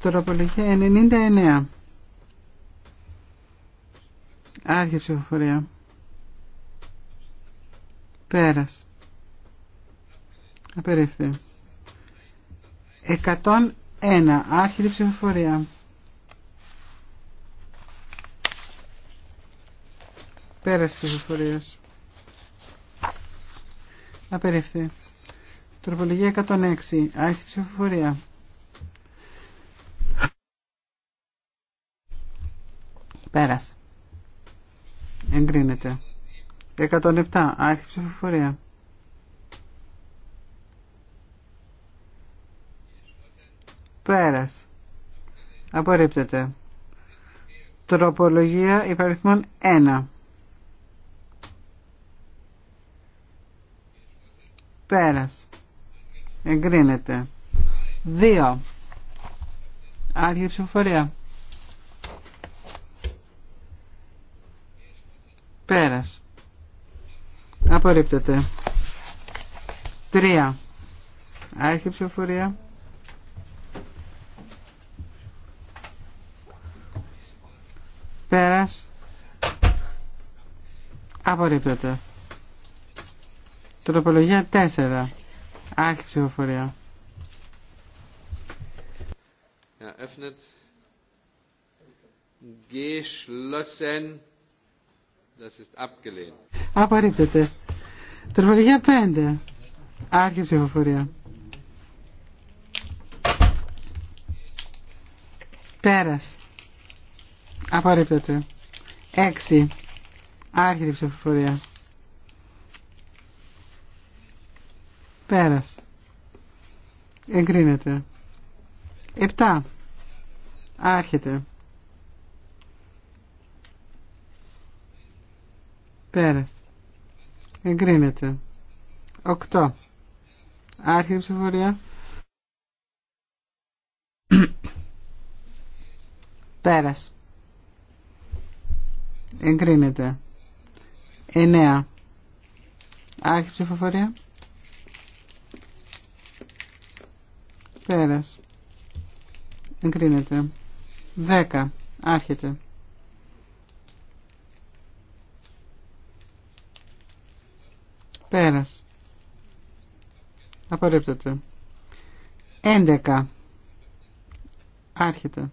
Τροπολογία 99. Άρχη ψηφοφορία. Πέρας. Απερίφθη. 101. Άρχη ψηφοφορία. Πέρας ψηφοφορίας. Απερίφθη. Τροπολογία 106. Άρχη ψηφοφορία. Πέρας. Εγκρίνεται. 107. Άρχη ψηφοφορία. Πέρας. Απορρίπτεται. Τροπολογία υπαριθμών 1. Πέρας. Εγκρίνεται. 2. Άρχιε ψηφοφορία. Πέρας. Απορρίπτεται. Τρία. Άρχιψη ψηφοφορία. Πέρας. Απορρίπτεται. Τροπολογία τέσσερα. Άρχιε ψηφοφορία. Geschlossen. Απορρίπτεται. Τροπολογία 5. Άρχη ψηφοφορία. Πέρας. Απορρίπτεται. 6. Άρχη ψηφοφορία. Πέρας. Εγκρίνεται. 7. Άρχεται. Πέρας. Εγκρίνεται. 8. Άρχη ψηφοφορία. Πέρας. Εγκρίνεται. 9. Άρχη ψηφοφορία. Πέρας. Εγκρίνεται. 10. Άρχεται. Πέρας. Απορρίπτεται. 11. Άρχεται.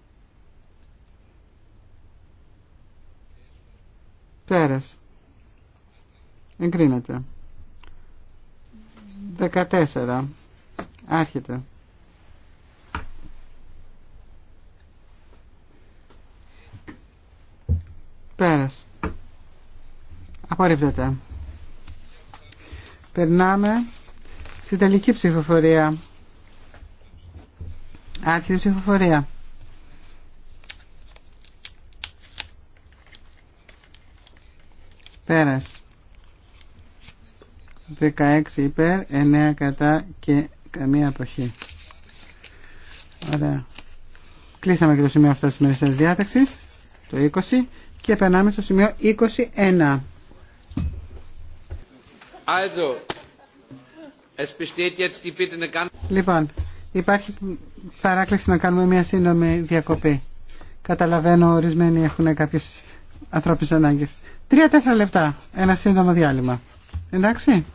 Πέρας. Εγκρίνεται. 14. Άρχεται. Πέρας. Απορρίπτεται. Περνάμε στην τελική ψηφοφορία. Άρχιτη ψηφοφορία. Πέρας. 16 υπέρ, 9 κατά και καμία αποχή. Ωραία. Κλείσαμε και το σημείο αυτό της μερικής διάταξης, το 20, και περνάμε στο σημείο 21. Λοιπόν, υπάρχει παράκληση να κάνουμε μια σύντομη διακοπή. Καταλαβαίνω ορισμένοι έχουν κάποιε ανθρώπινε ανάγκες. Τρία-τέσσερα λεπτά, ένα σύντομο διάλειμμα. Εντάξει.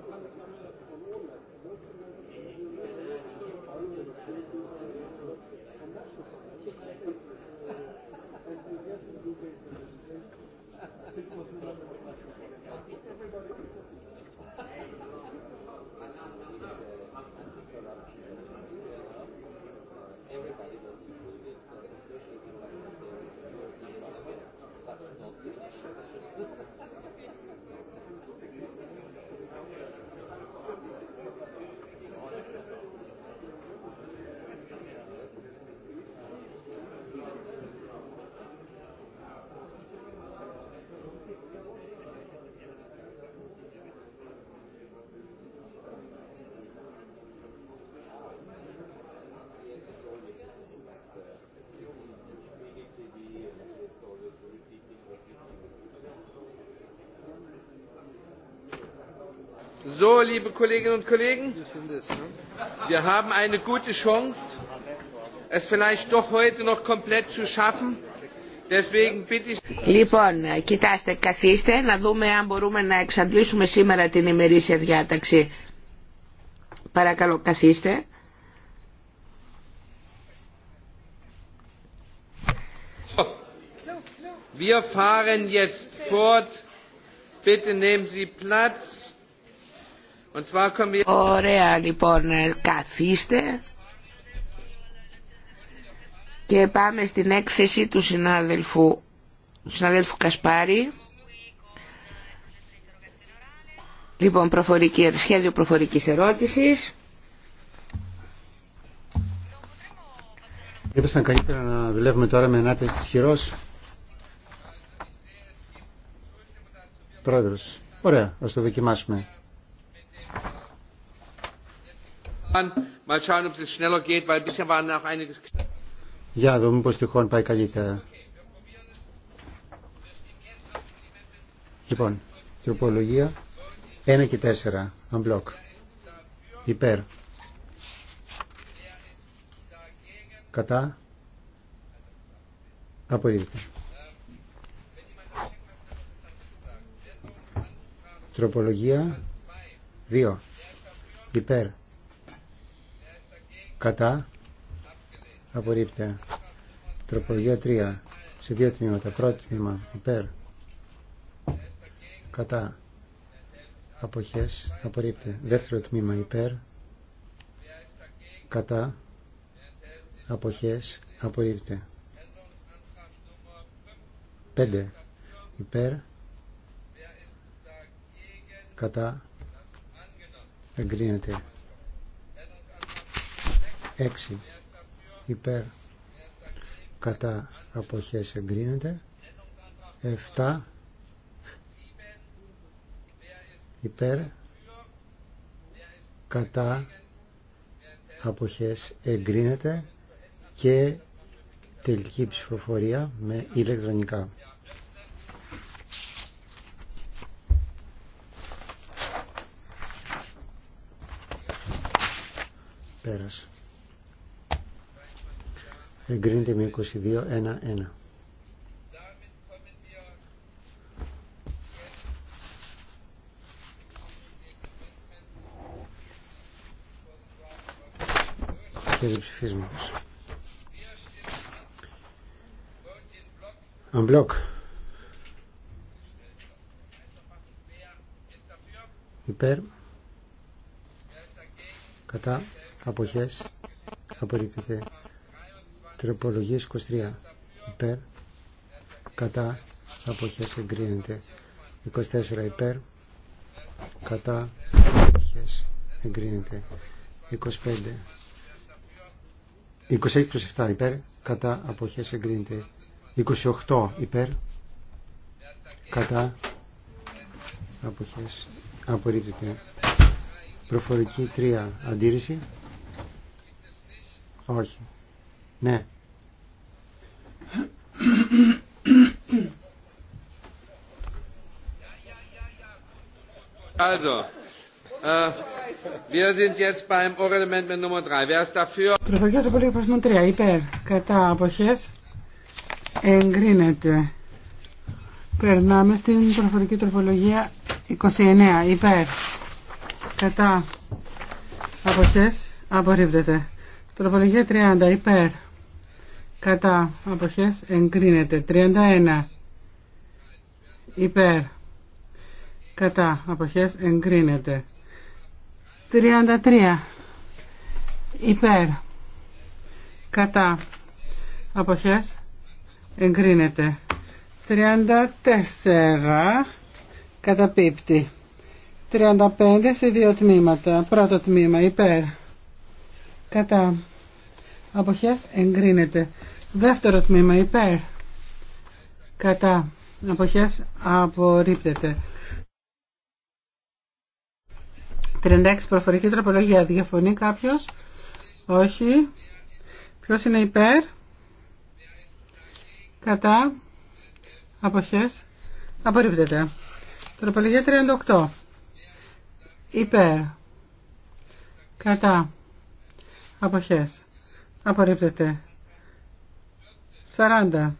Ευχαριστώ. So, liebe Kolleginnen und Kollegen, wir haben eine gute Chance, es vielleicht doch heute noch komplett zu schaffen. Deswegen bitte ich... Λοιπόν, κοιτάστε, καθίστε να δούμε αν μπορούμε να εξαντλήσουμε σήμερα την ημερήσια διάταξη. Παρακαλώ, καθίστε. Wir fahren jetzt fort. Bitte nehmen Sie Platz. Ωραία λοιπόν ε, καθίστε και πάμε στην έκθεση του συνάδελφου, του συνάδελφου Κασπάρη. Λοιπόν, προφορική, σχέδιο προφορικής ερώτησης. Έπεσαν καλύτερα να δουλεύουμε τώρα με ανάτες της χειρός. Πρόεδρος. Ωραία, ας το δοκιμάσουμε. Για να δούμε πώ τυχόν πάει καλύτερα. Λοιπόν, τροπολογία 1 και 4, αμπλοκ. Υπέρ. Κατά. Απολύτω. Τροπολογία 2 υπέρ κατά Απορρίπτε. τροπολογία 3 σε δύο τμήματα πρώτο τμήμα υπέρ κατά αποχές Απορρίπτε. δεύτερο τμήμα υπέρ κατά αποχές Απορρίπτε. 5 υπέρ κατά εγκρίνεται 6 υπέρ κατά αποχές εγκρίνεται 7 υπέρ κατά αποχές εγκρίνεται και τελική ψηφοφορία με ηλεκτρονικά. Πέρας. Εγκρίνεται με 22-1-1. σχέδιο ψηφίσματος. Αμπλοκ. Υπέρ. Κατά αποχές απορρίπτεται τροπολογίες 23 υπέρ κατά αποχές εγκρίνεται 24 υπέρ κατά αποχές εγκρίνεται 25 26-27 υπέρ κατά αποχές εγκρίνεται 28 υπέρ κατά αποχές απορρίπτεται προφορική 3 αντίρρηση όχι. Ναι. Also, äh, wir sind jetzt beim Nummer 3. Wer ist dafür? Τροπολογία του 3. Υπέρ. Κατά αποχές. Εγκρίνεται. Περνάμε στην προφορική τροπολογία 29. Υπέρ. Κατά αποχές. Απορρίπτεται. Τροπολογία 30 υπέρ. Κατά αποχές εγκρίνεται. 31 υπέρ. Κατά αποχές εγκρίνεται. 33 υπέρ. Κατά αποχές εγκρίνεται. 34 καταπίπτει. 35 σε δύο τμήματα. Πρώτο τμήμα υπέρ κατά αποχές εγκρίνεται δεύτερο τμήμα υπέρ κατά αποχές απορρίπτεται 36 προφορική τροπολογία διαφωνεί κάποιος όχι ποιος είναι υπέρ κατά αποχές απορρίπτεται τροπολογία 38 υπέρ κατά Αποχές. Απορρίπτεται. 40.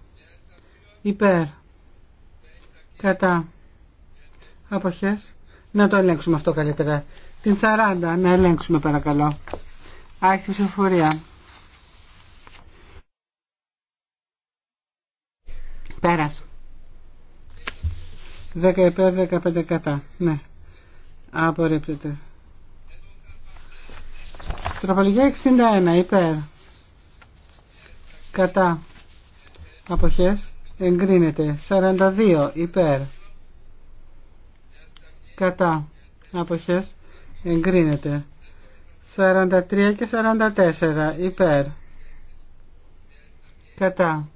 Υπέρ. Κατά. Αποχές. Να το ελέγξουμε αυτό καλύτερα. Την 40 να ελέγξουμε παρακαλώ. Άρχισε ψηφοφορία. Πέρας. 10 υπέρ, 15 κατά. Ναι. Απορρίπτεται. Τροπολογία 61 υπέρ. Κατά. Αποχές. Εγκρίνεται. 42 υπέρ. Κατά. Αποχές. Εγκρίνεται. 43 και 44 υπέρ. Κατά.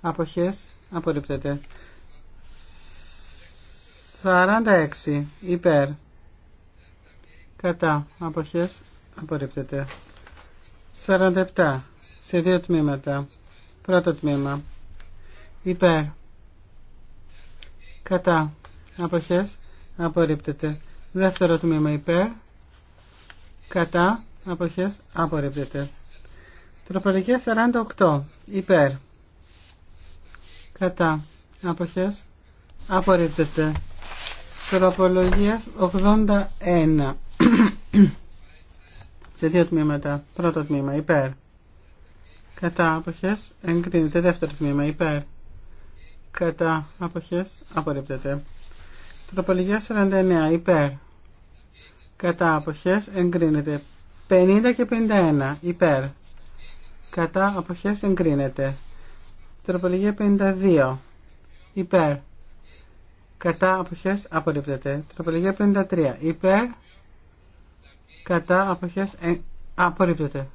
Αποχές. Απορρίπτεται. 46 υπέρ. Κατά. Αποχές απορρίπτεται. 47 σε δύο τμήματα. Πρώτο τμήμα. Υπέρ. Κατά. Αποχές. Απορρίπτεται. Δεύτερο τμήμα υπέρ. Κατά. Αποχές. Απορρίπτεται. Τροπολογία 48. Υπέρ. Κατά. Αποχές. Απορρίπτεται. Τροπολογία 81 σε δύο τμήματα. Πρώτο τμήμα υπέρ. Κατά αποχέ, εγκρίνεται. Δεύτερο τμήμα υπέρ. Κατά αποχέ, απορρίπτεται. Τροπολογία 49 υπέρ. Κατά αποχέ, εγκρίνεται. 50 και 51 υπέρ. Κατά απόχέ, εγκρίνεται. Τροπολογία 52 υπέρ. Κατά αποχές απορρίπτεται. Τροπολογία 53 υπέρ κατά αποχές ε, απορρίπτεται.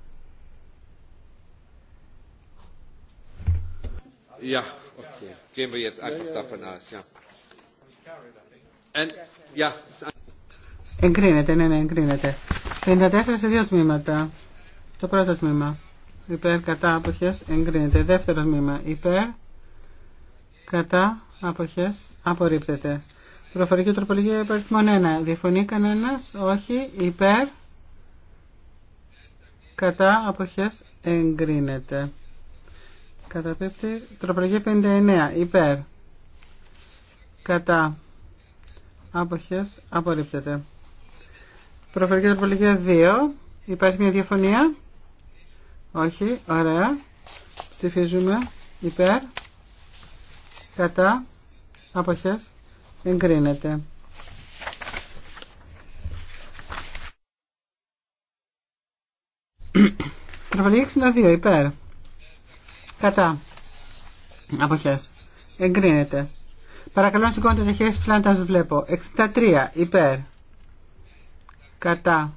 Εγκρίνεται, ναι, ναι, εγκρίνεται. 54 σε δύο τμήματα. Το πρώτο τμήμα. Υπέρ, κατά, αποχές, εγκρίνεται. Δεύτερο τμήμα. Υπέρ, κατά, αποχές, απορρίπτεται. Προφορική τροπολογία υπαριθμών 1. Διαφωνεί κανένας, όχι, υπέρ, κατά αποχές εγκρίνεται. πέπτη, τροπολογία 59 υπέρ κατά αποχές απορρίπτεται. Προφορική τροπολογία 2 υπάρχει μια διαφωνία. Όχι, ωραία. Ψηφίζουμε υπέρ κατά αποχές εγκρίνεται. Τροπολογία 62 υπέρ. Κατά. Αποχές. Εγκρίνεται. Παρακαλώ να σηκώνετε τα χέρια ψηλά να σα βλέπω. 63 υπέρ. Κατά.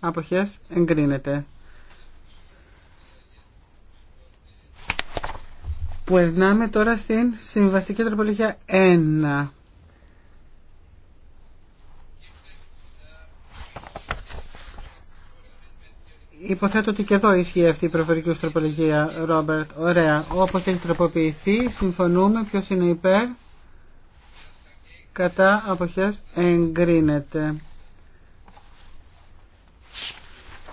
Αποχές. Εγκρίνεται. Που ερνάμε τώρα στην συμβαστική τροπολογία 1. Υποθέτω ότι και εδώ ισχύει αυτή η προφορική τροπολογία, Ρόμπερτ. Ωραία. Όπω έχει τροποποιηθεί, συμφωνούμε Ποιο είναι υπέρ. Κατά αποχές εγκρίνεται.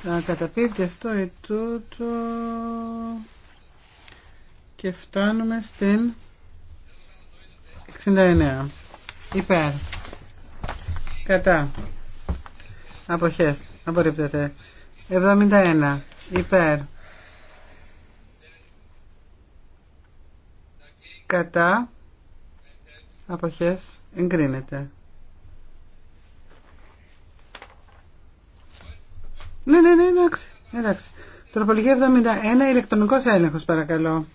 Θα καταπίπτει αυτό ή τούτο. Και φτάνουμε στην 69. Υπέρ. Κατά. Αποχές. Απορρίπτεται. 71 υπέρ κατά αποχές εγκρίνεται. Ναι, ναι, ναι, εντάξει. εντάξει. Τροπολογία 71, ηλεκτρονικός έλεγχος παρακαλώ.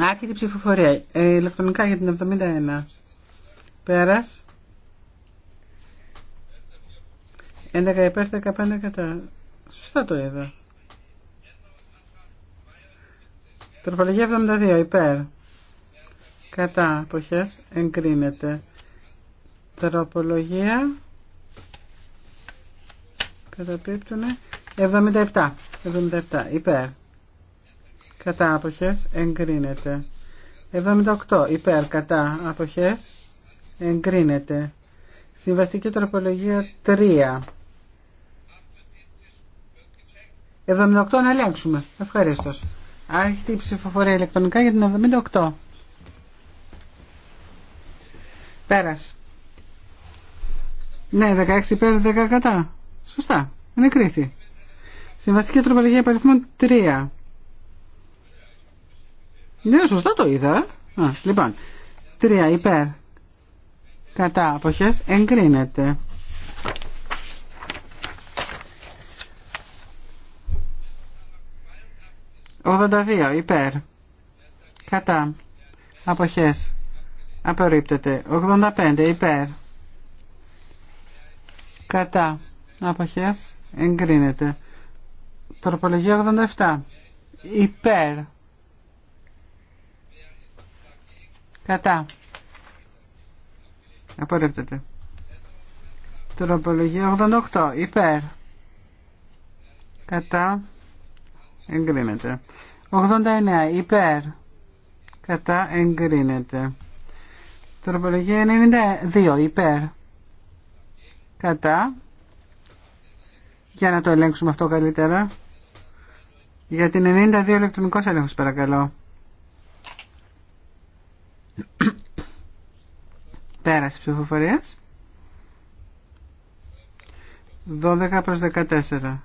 Άρχεται η ψηφοφορία ε, ηλεκτρονικά για την 71. Πέρας. 11 υπέρ 15 κατά. Σωστά το είδα. Τροπολογία 72 υπέρ. Κατά αποχές εγκρίνεται. Τροπολογία καταπίπτουνε 77. 77 υπέρ. Κατά αποχές εγκρίνεται. 78 υπέρ κατά αποχές εγκρίνεται. Συμβαστική τροπολογία 3. 78 να ελέγξουμε. Ευχαρίστω. Άρχεται η ψηφοφορία ηλεκτρονικά για την 78. Πέρας. Ναι, 16 υπέρ 10 κατά. Σωστά. Είναι κρίθη. Συμβαστική τροπολογία υπαριθμών 3. Ναι, σωστά το είδα. Α, λοιπόν, 3 υπέρ κατά αποχές εγκρίνεται. 82, υπέρ κατά αποχές απορρίπτεται. 85 υπέρ κατά αποχές εγκρίνεται. Τροπολογία 87 υπέρ κατά Απορρίπτεται. Τροπολογία 88. Υπέρ. Κατά. Εγκρίνεται. 89. Υπέρ. Κατά. Εγκρίνεται. Τροπολογία 92. Υπέρ. Κατά. Για να το ελέγξουμε αυτό καλύτερα. Για την 92 ηλεκτρονικό έλεγχο παρακαλώ. Πέραση ψηφοφορία. 12 προς 14.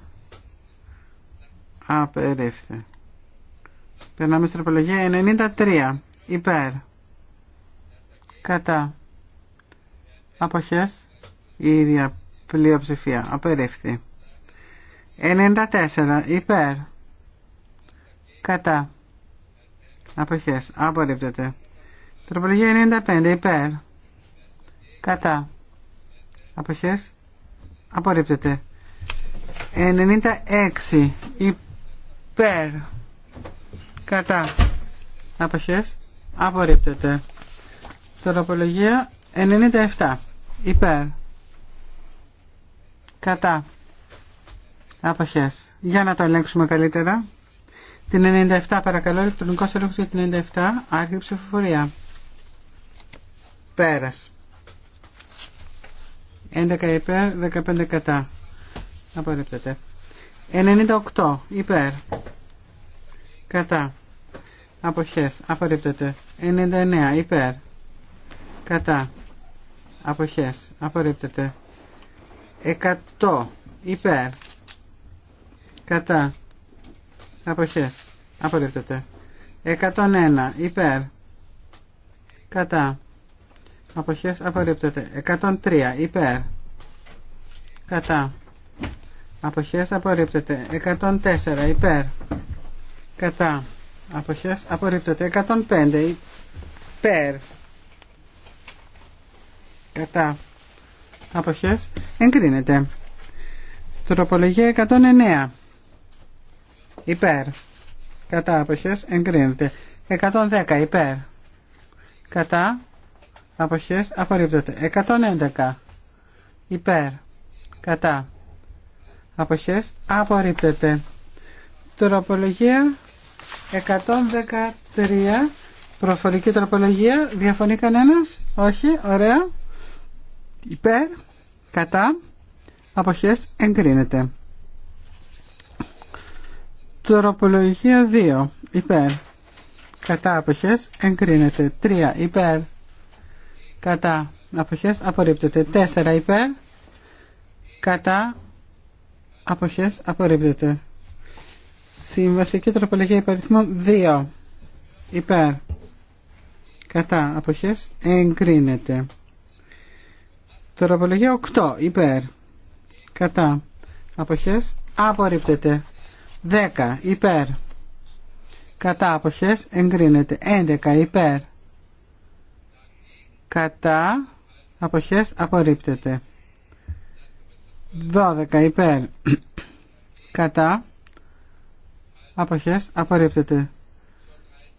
Απερίφθη. Περνάμε στην τροπολογία 93. Υπέρ. Κατά. Αποχές. Η ίδια πλειοψηφία. Απερίφθη. 94. Υπέρ. Κατά. Αποχές. Απορρίπτεται. Τροπολογία 95. Υπέρ κατά αποχές απορρίπτεται 96 υπέρ κατά αποχές απορρίπτεται τροπολογία 97 υπέρ κατά αποχές για να το ελέγξουμε καλύτερα την 97 παρακαλώ ηλεκτρονικός έλεγχος για την 97 Άρχιψη ψηφοφορία πέρας 11 υπέρ, 15 κατά. Απορρίπτεται. 98 υπέρ. Κατά. Αποχές. Απορρίπτεται. 99 υπέρ. Κατά. Αποχές. Απορρίπτεται. 100 υπέρ. Κατά. Αποχές. Απορρίπτεται. 101 υπέρ. Κατά. Αποχές απορρίπτεται. 103 υπέρ. Κατά. Αποχές απορρίπτεται. 104 υπέρ. Κατά. Αποχές απορρίπτεται. 105 υπέρ. Κατά. Αποχές εγκρίνεται. Τροπολογία 109. Υπέρ. Κατά αποχές εγκρίνεται. 110 υπέρ. Κατά αποχές απορρίπτεται 111 υπέρ κατά αποχές απορρίπτεται τροπολογία 113 προφορική τροπολογία διαφωνεί κανένας όχι ωραία υπέρ κατά αποχές εγκρίνεται τροπολογία 2 υπέρ κατά αποχές εγκρίνεται 3 υπέρ κατά αποχές απορρίπτεται 4 υπέρ κατά αποχές απορρίπτεται συμβαστική τροπολογία υπαριθμών 2 υπέρ κατά αποχές εγκρίνεται τροπολογία 8 υπέρ κατά αποχές απορρίπτεται 10 υπέρ κατά αποχές εγκρίνεται 11 υπέρ κατά αποχές απορρίπτεται 12 υπέρ κατά αποχές απορρίπτεται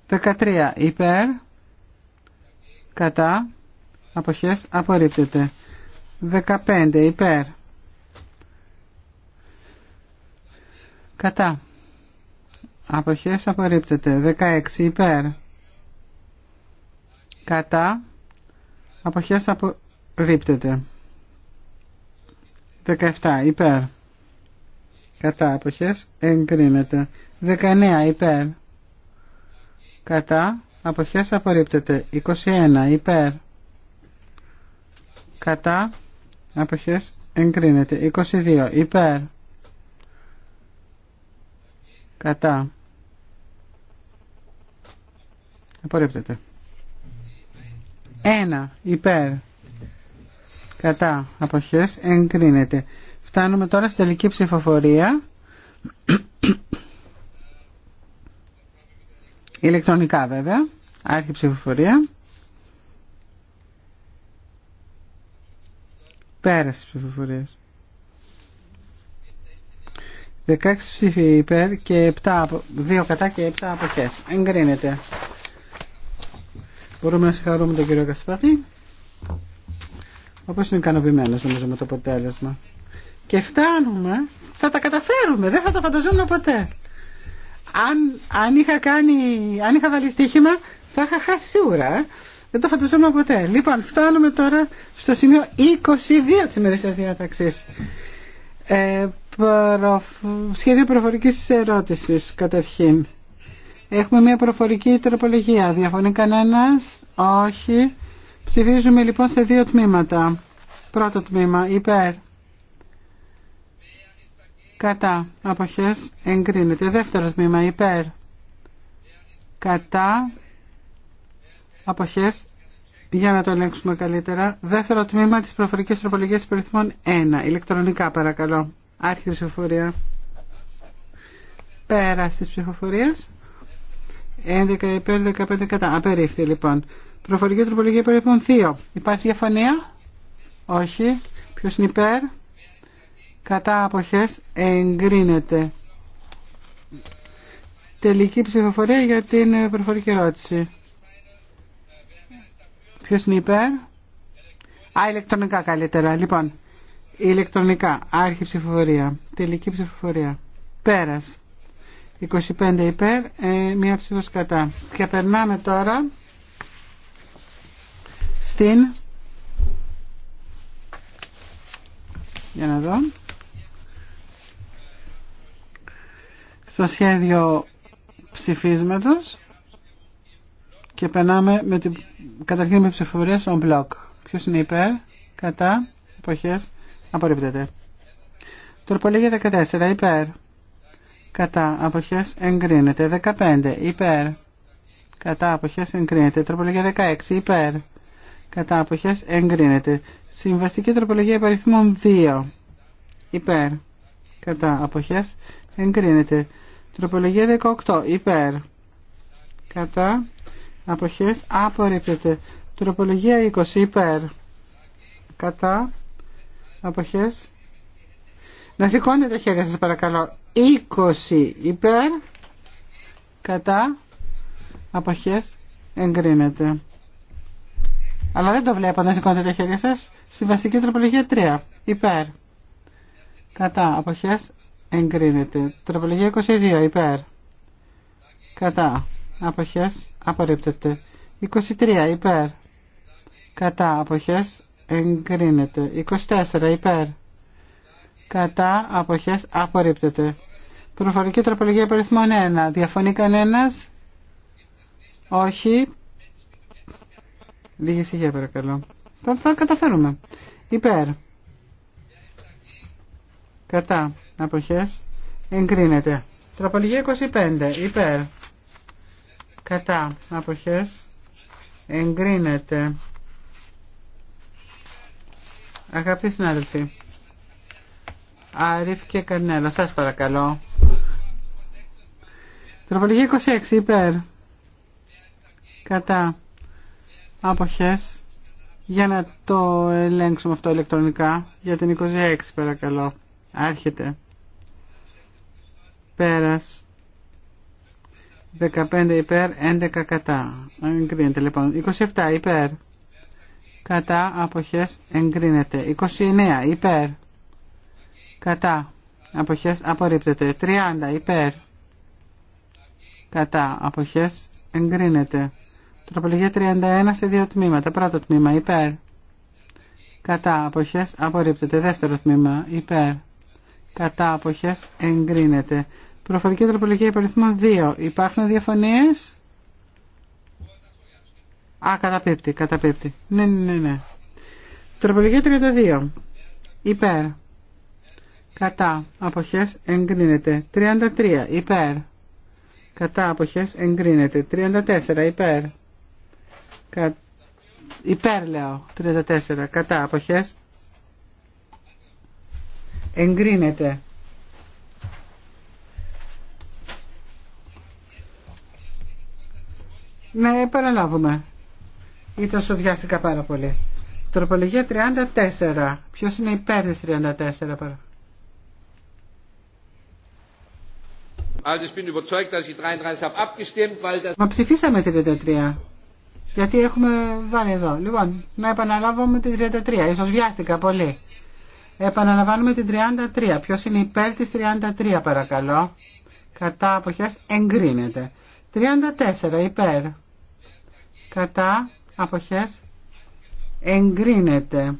13 υπέρ κατά αποχές απορρίπτεται 15 υπέρ κατά αποχές απορρίπτεται 16 υπέρ κατά Αποχές απορρίπτεται. 17. Υπέρ. Κατά αποχές εγκρίνεται. 19. Υπέρ. Κατά αποχές απορρίπτεται. 21. Υπέρ. Κατά αποχές εγκρίνεται. 22. Υπέρ. Κατά. Απορρίπτεται. Ένα υπέρ κατά αποχές εγκρίνεται. Φτάνουμε τώρα στην τελική ψηφοφορία ηλεκτρονικά βέβαια άρχη ψηφοφορία πέραση ψηφοφορία. 16 ψήφοι υπέρ και 7, 2 κατά και 7 αποχές εγκρίνεται Μπορούμε να συγχαρούμε τον κύριο Κασπαρή. Όπω είναι ικανοποιημένο νομίζω με το αποτέλεσμα. Και φτάνουμε, θα τα καταφέρουμε, δεν θα το φανταζόμουν ποτέ. Αν, αν, είχα κάνει, αν είχα βάλει στοίχημα, θα είχα χάσει σίγουρα. Ε. Δεν το φανταζόμουν ποτέ. Λοιπόν, φτάνουμε τώρα στο σημείο 22 τη ημερησία διάταξη. Ε, προ... Σχέδιο προφορική ερώτηση καταρχήν. Έχουμε μια προφορική τροπολογία. Διαφωνεί κανένα. Όχι. Ψηφίζουμε λοιπόν σε δύο τμήματα. Πρώτο τμήμα, υπέρ. Κατά. Αποχές εγκρίνεται. Δεύτερο τμήμα, υπέρ. Κατά. Αποχές. Για να το ελέγξουμε καλύτερα. Δεύτερο τμήμα της προφορικής τροπολογίας υπεριθμών 1. Ηλεκτρονικά παρακαλώ. Άρχιτη ψηφοφορία. Πέρα της ψηφοφορίας. 11 υπέρ 15 κατά. Απερίφθη λοιπόν. Προφορική τροπολογία περίπου 2. Υπάρχει διαφωνία? Όχι. Ποιος είναι υπέρ? Κατά αποχές εγκρίνεται. Τελική ψηφοφορία για την ε, προφορική ερώτηση. Ποιος είναι υπέρ? Α, ηλεκτρονικά καλύτερα. Λοιπόν, ηλεκτρονικά. Άρχη ψηφοφορία. Τελική ψηφοφορία. Πέρας. 25 υπέρ, ε, μία ψήφος κατά. Και περνάμε τώρα στην... Για να δω. Στο σχέδιο ψηφίσματος και περνάμε με την... καταρχήν με ψηφοφορία on block. Ποιος είναι υπέρ, κατά, εποχές, απορρίπτεται. Τροπολίγια 14, υπέρ κατά αποχές εγκρίνεται 15 υπέρ κατά αποχές εγκρίνεται τροπολογία 16 υπέρ κατά αποχές εγκρίνεται συμβαστική τροπολογία υπαριθμών 2 υπέρ κατά αποχές εγκρίνεται τροπολογία 18 υπέρ κατά αποχές απορρίπτεται τροπολογία 20 υπέρ κατά αποχές να σηκώνετε τα χέρια σας παρακαλώ 20 υπέρ κατά αποχές εγκρίνεται. Αλλά δεν το βλέπω, να σηκώνετε τα χέρια σας. Συμβαστική τροπολογία 3 υπέρ κατά αποχές εγκρίνεται. Τροπολογία 22 υπέρ κατά αποχές απορρίπτεται. 23 υπέρ κατά αποχές εγκρίνεται. 24 υπέρ κατά αποχές απορρίπτεται. Προφορική τροπολογία περιθμών 1. Διαφωνεί κανένα. Όχι. Λίγη ησυχία παρακαλώ. Θα τα καταφέρουμε. Υπέρ. Κατά. απόχέ. Εγκρίνεται. Τροπολογία 25. Υπέρ. Κατά. αποχέ. Εγκρίνεται. Αγαπητοί συνάδελφοι. Αρίφ και Καρνέλα, σας παρακαλώ. Τροπολογία 26 υπέρ. Κατά. Αποχές. Για να το ελέγξουμε αυτό ηλεκτρονικά. Για την 26 παρακαλώ. Άρχεται. Πέρας. 15 υπέρ, 11 κατά. Εγκρίνεται λοιπόν. 27 υπέρ. Κατά αποχές εγκρίνεται. 29 υπέρ. Κατά αποχές απορρίπτεται. 30 υπέρ κατά αποχές εγκρίνεται. Τροπολογία 31 σε δύο τμήματα. Πρώτο τμήμα υπέρ. Κατά αποχές απορρίπτεται. Δεύτερο τμήμα υπέρ. Κατά αποχές εγκρίνεται. Προφορική τροπολογία υπαριθμών 2. Υπάρχουν διαφωνίες. Α, καταπίπτει, καταπίπτει. Ναι, ναι, ναι. Τροπολογία 32. Υπέρ. Κατά αποχές εγκρίνεται. 33. Υπέρ κατά αποχές εγκρίνεται 34 υπέρ Κα... υπέρ λέω 34 κατά αποχές εγκρίνεται Ναι, παραλάβουμε. Ήταν σοβιάστηκα πάρα πολύ. Τροπολογία 34. Ποιος είναι υπέρ της 34 παρακαλώ. Μα ψηφίσαμε 33. Γιατί έχουμε βάλει εδώ. Λοιπόν, να επαναλάβουμε την 33. Ίσως βιάστηκα πολύ. Επαναλαμβάνουμε την 33. Ποιος είναι υπέρ της 33 παρακαλώ. Κατά αποχές εγκρίνεται. 34 υπέρ. Κατά αποχές εγκρίνεται.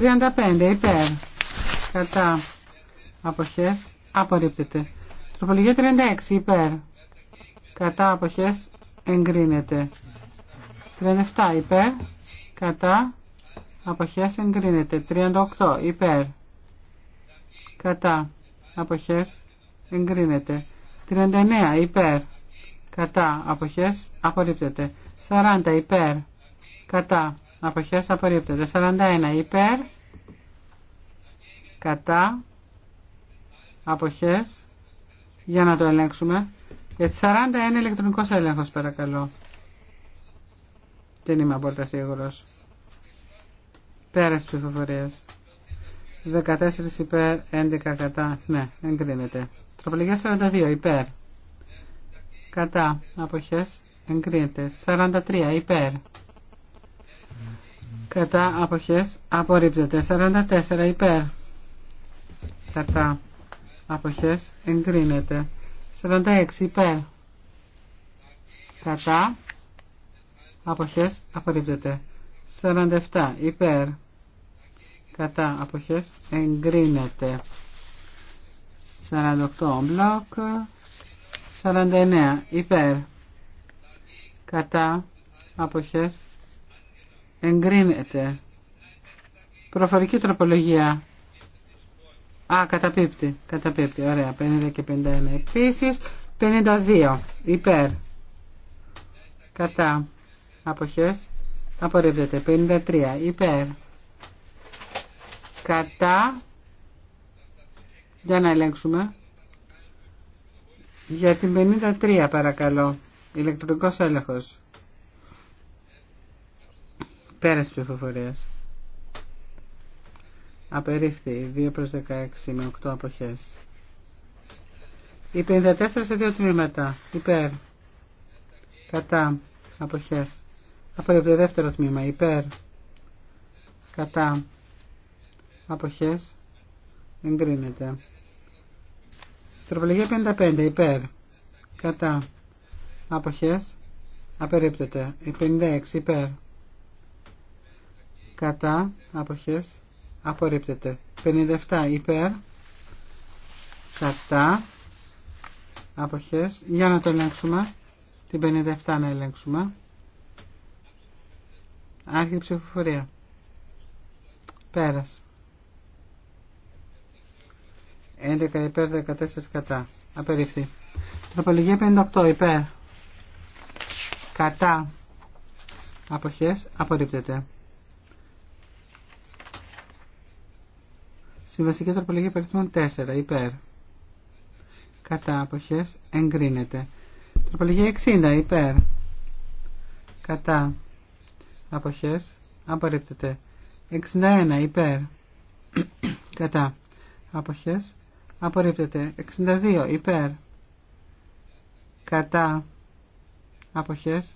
35 υπέρ. Κατά. Αποχές. Απορρίπτεται. Τροπολογία 36 υπέρ. Κατά αποχές εγκρίνεται. 37 υπέρ. Κατά αποχές εγκρίνεται. 38 υπέρ. Κατά αποχές εγκρίνεται. 39 υπέρ. Κατά αποχές απορρίπτεται. 40 υπέρ. Κατά Αποχές απορρίπτεται. 41 υπέρ. Κατά. Αποχές. Για να το ελέγξουμε. Για τη 41 ηλεκτρονικός έλεγχος παρακαλώ. Δεν είμαι απόλυτα σίγουρος. Πέρας πληροφορίες. 14 υπέρ, 11 κατά. Ναι, εγκρίνεται. Τροπολογία 42 υπέρ. Κατά. Αποχές. Εγκρίνεται. 43 υπέρ κατά αποχές απορρίπτεται 44 υπέρ κατά αποχές εγκρίνεται 46 υπέρ κατά αποχές απορρίπτεται 47 υπέρ κατά αποχές εγκρίνεται 48 μπλοκ 49 υπέρ κατά αποχές Εγκρίνεται. Προφορική τροπολογία. Α, καταπίπτει. Καταπίπτει. Ωραία. 50 και 51. Επίσης, 52. Υπέρ. Κατά. Αποχές. Απορρίπτεται. 53. Υπέρ. Κατά. Για να ελέγξουμε. Για την 53 παρακαλώ. Ηλεκτρονικός έλεγχος. Πέρας πληροφορίες, Απερίφθη 2 προς 16 με 8 αποχές. Η 54 σε δύο τμήματα. Υπέρ. Κατά. Αποχές. Απορρίπτει δεύτερο τμήμα. Υπέρ. Κατά. Αποχές. Εγκρίνεται. Τροπολογία 55. Υπέρ. Κατά. Αποχές. Απερίπτεται. Η 56. Υπέρ κατά αποχές απορρίπτεται 57 υπέρ κατά αποχές για να το ελέγξουμε την 57 να ελέγξουμε Άρχιτη ψηφοφορία πέρας 11 υπέρ 14 κατά απερίφθη τροπολογία 58 υπέρ κατά αποχές απορρίπτεται βασική τροπολογία περίπτωση 4 υπέρ. Κατά αποχές εγκρίνεται. Τροπολογία 60 υπέρ. Κατά αποχές απορρίπτεται. 61 υπέρ. Κατά αποχές απορρίπτεται. 62 υπέρ. Κατά αποχές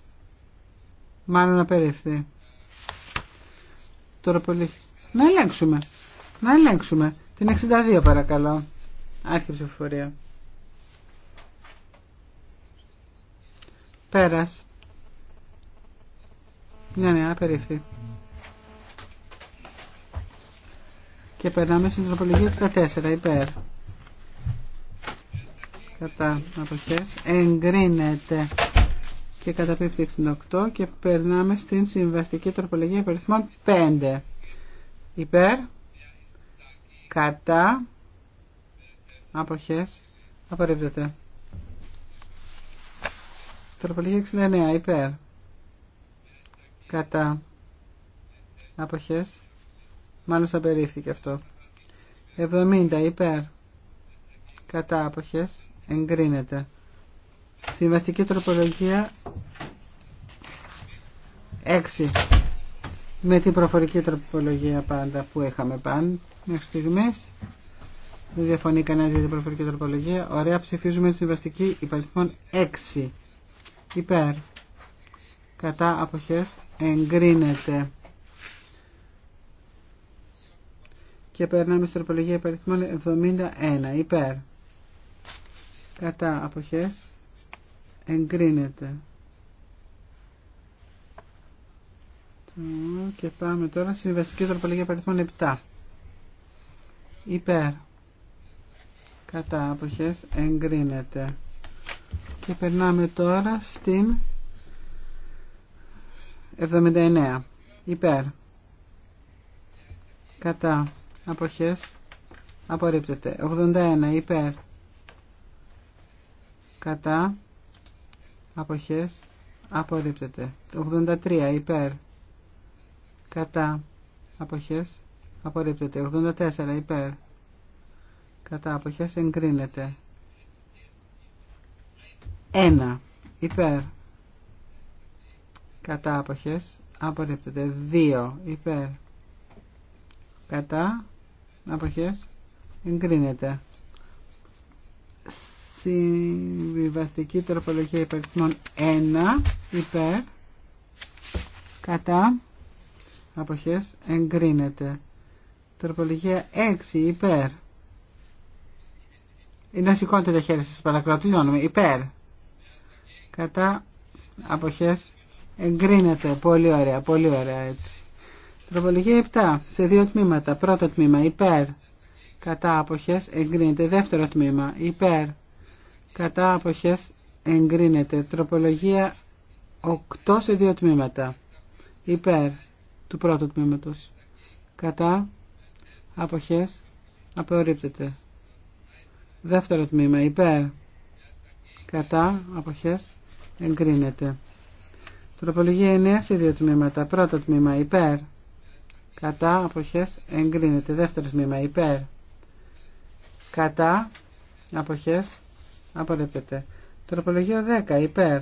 μάλλον απερίφθη. Τώρα Να ελέγξουμε. Να ελέγξουμε. Την 62 παρακαλώ. Άρχιε ψηφοφορία. Πέρας. Ναι, ναι, απερίφθη. Και περνάμε στην τροπολογία 64, υπέρ. Κατά αποχές. Εγκρίνεται και καταπίπτει 68 και περνάμε στην συμβαστική τροπολογία υπεριθμών 5. Υπέρ κατά αποχές απορρίπτεται τροπολογία 69 υπέρ κατά αποχές μάλλον απερίφθηκε αυτό 70 υπέρ κατά αποχές εγκρίνεται συμβαστική τροπολογία 6 με την προφορική τροπολογία πάντα που είχαμε παν μέχρι στιγμή. Δεν διαφωνεί κανένα για την προφορική τροπολογία. Ωραία, ψηφίζουμε τη συμβαστική υπαριθμών 6. Υπέρ. Κατά αποχές εγκρίνεται. Και περνάμε στην τροπολογία υπαριθμών 71. Υπέρ. Κατά αποχές εγκρίνεται. Και πάμε τώρα στη συμβαστική τροπολογία παριθμών 7. Υπέρ. Κατά αποχές εγκρίνεται. Και περνάμε τώρα στην 79. Υπέρ. Κατά αποχές απορρίπτεται. 81. Υπέρ. Κατά αποχές απορρίπτεται. 83. Υπέρ κατά αποχές απορρίπτεται 84 υπέρ κατά αποχές εγκρίνεται 1 υπέρ κατά αποχές απορρίπτεται 2 υπέρ κατά αποχές εγκρίνεται συμβιβαστική τροπολογία υπερθυμών 1 υπέρ κατά αποχές εγκρίνεται. Τροπολογία 6 υπέρ. Να σηκώνετε τα χέρια σας παρακαλώ, τελειώνουμε. Υπέρ. Κατά αποχές εγκρίνεται. Πολύ ωραία, πολύ ωραία έτσι. Τροπολογία 7 σε δύο τμήματα. Πρώτο τμήμα υπέρ. Κατά αποχές εγκρίνεται. Δεύτερο τμήμα υπέρ. Κατά αποχές εγκρίνεται. Τροπολογία 8 σε δύο τμήματα. Υπέρ του πρώτου τμήματος. Κατά αποχές απορρίπτεται. Δεύτερο τμήμα υπέρ. Κατά αποχές εγκρίνεται. Τροπολογία 9 σε δύο τμήματα. Πρώτο τμήμα υπέρ. Κατά αποχές εγκρίνεται. Δεύτερο τμήμα υπέρ. Κατά αποχές απορρίπτεται. Τροπολογία 10 υπέρ.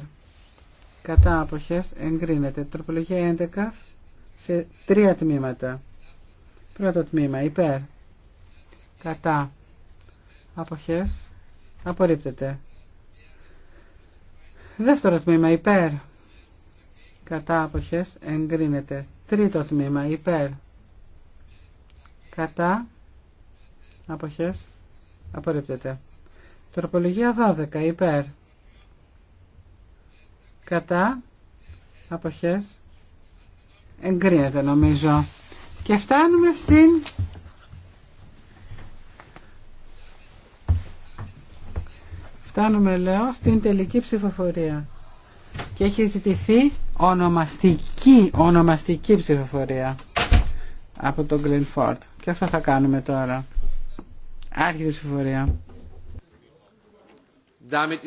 Κατά αποχές εγκρίνεται. Τροπολογία 11 σε τρία τμήματα. Πρώτο τμήμα υπέρ κατά αποχές απορρίπτεται. Δεύτερο τμήμα υπέρ κατά αποχές εγκρίνεται. Τρίτο τμήμα υπέρ κατά αποχές απορρίπτεται. Τροπολογία 12 υπέρ κατά αποχές εγκρίνεται νομίζω. Και φτάνουμε στην... Φτάνουμε λέω στην τελική ψηφοφορία. Και έχει ζητηθεί ονομαστική, ονομαστική ψηφοφορία από τον Γκλινφόρτ. Και αυτό θα κάνουμε τώρα. Άρχιτη ψηφοφορία. Δεν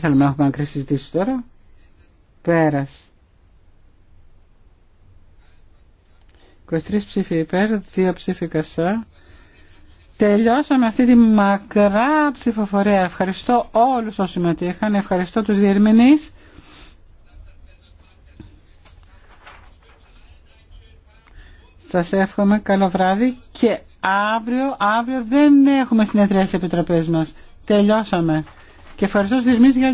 θέλουμε να έχουμε μακρύ τώρα. Πέρας. 23 ψήφοι υπέρ, 2 ψήφοι κασά. Τελειώσαμε αυτή τη μακρά ψηφοφορία. Ευχαριστώ όλους όσοι συμμετείχαν, ευχαριστώ τους διερμηνείς. Σας εύχομαι καλό βράδυ και αύριο, αύριο δεν έχουμε συνεδρία στις επιτροπές μας. Τελειώσαμε. Και ευχαριστώ τους διερμηνείς για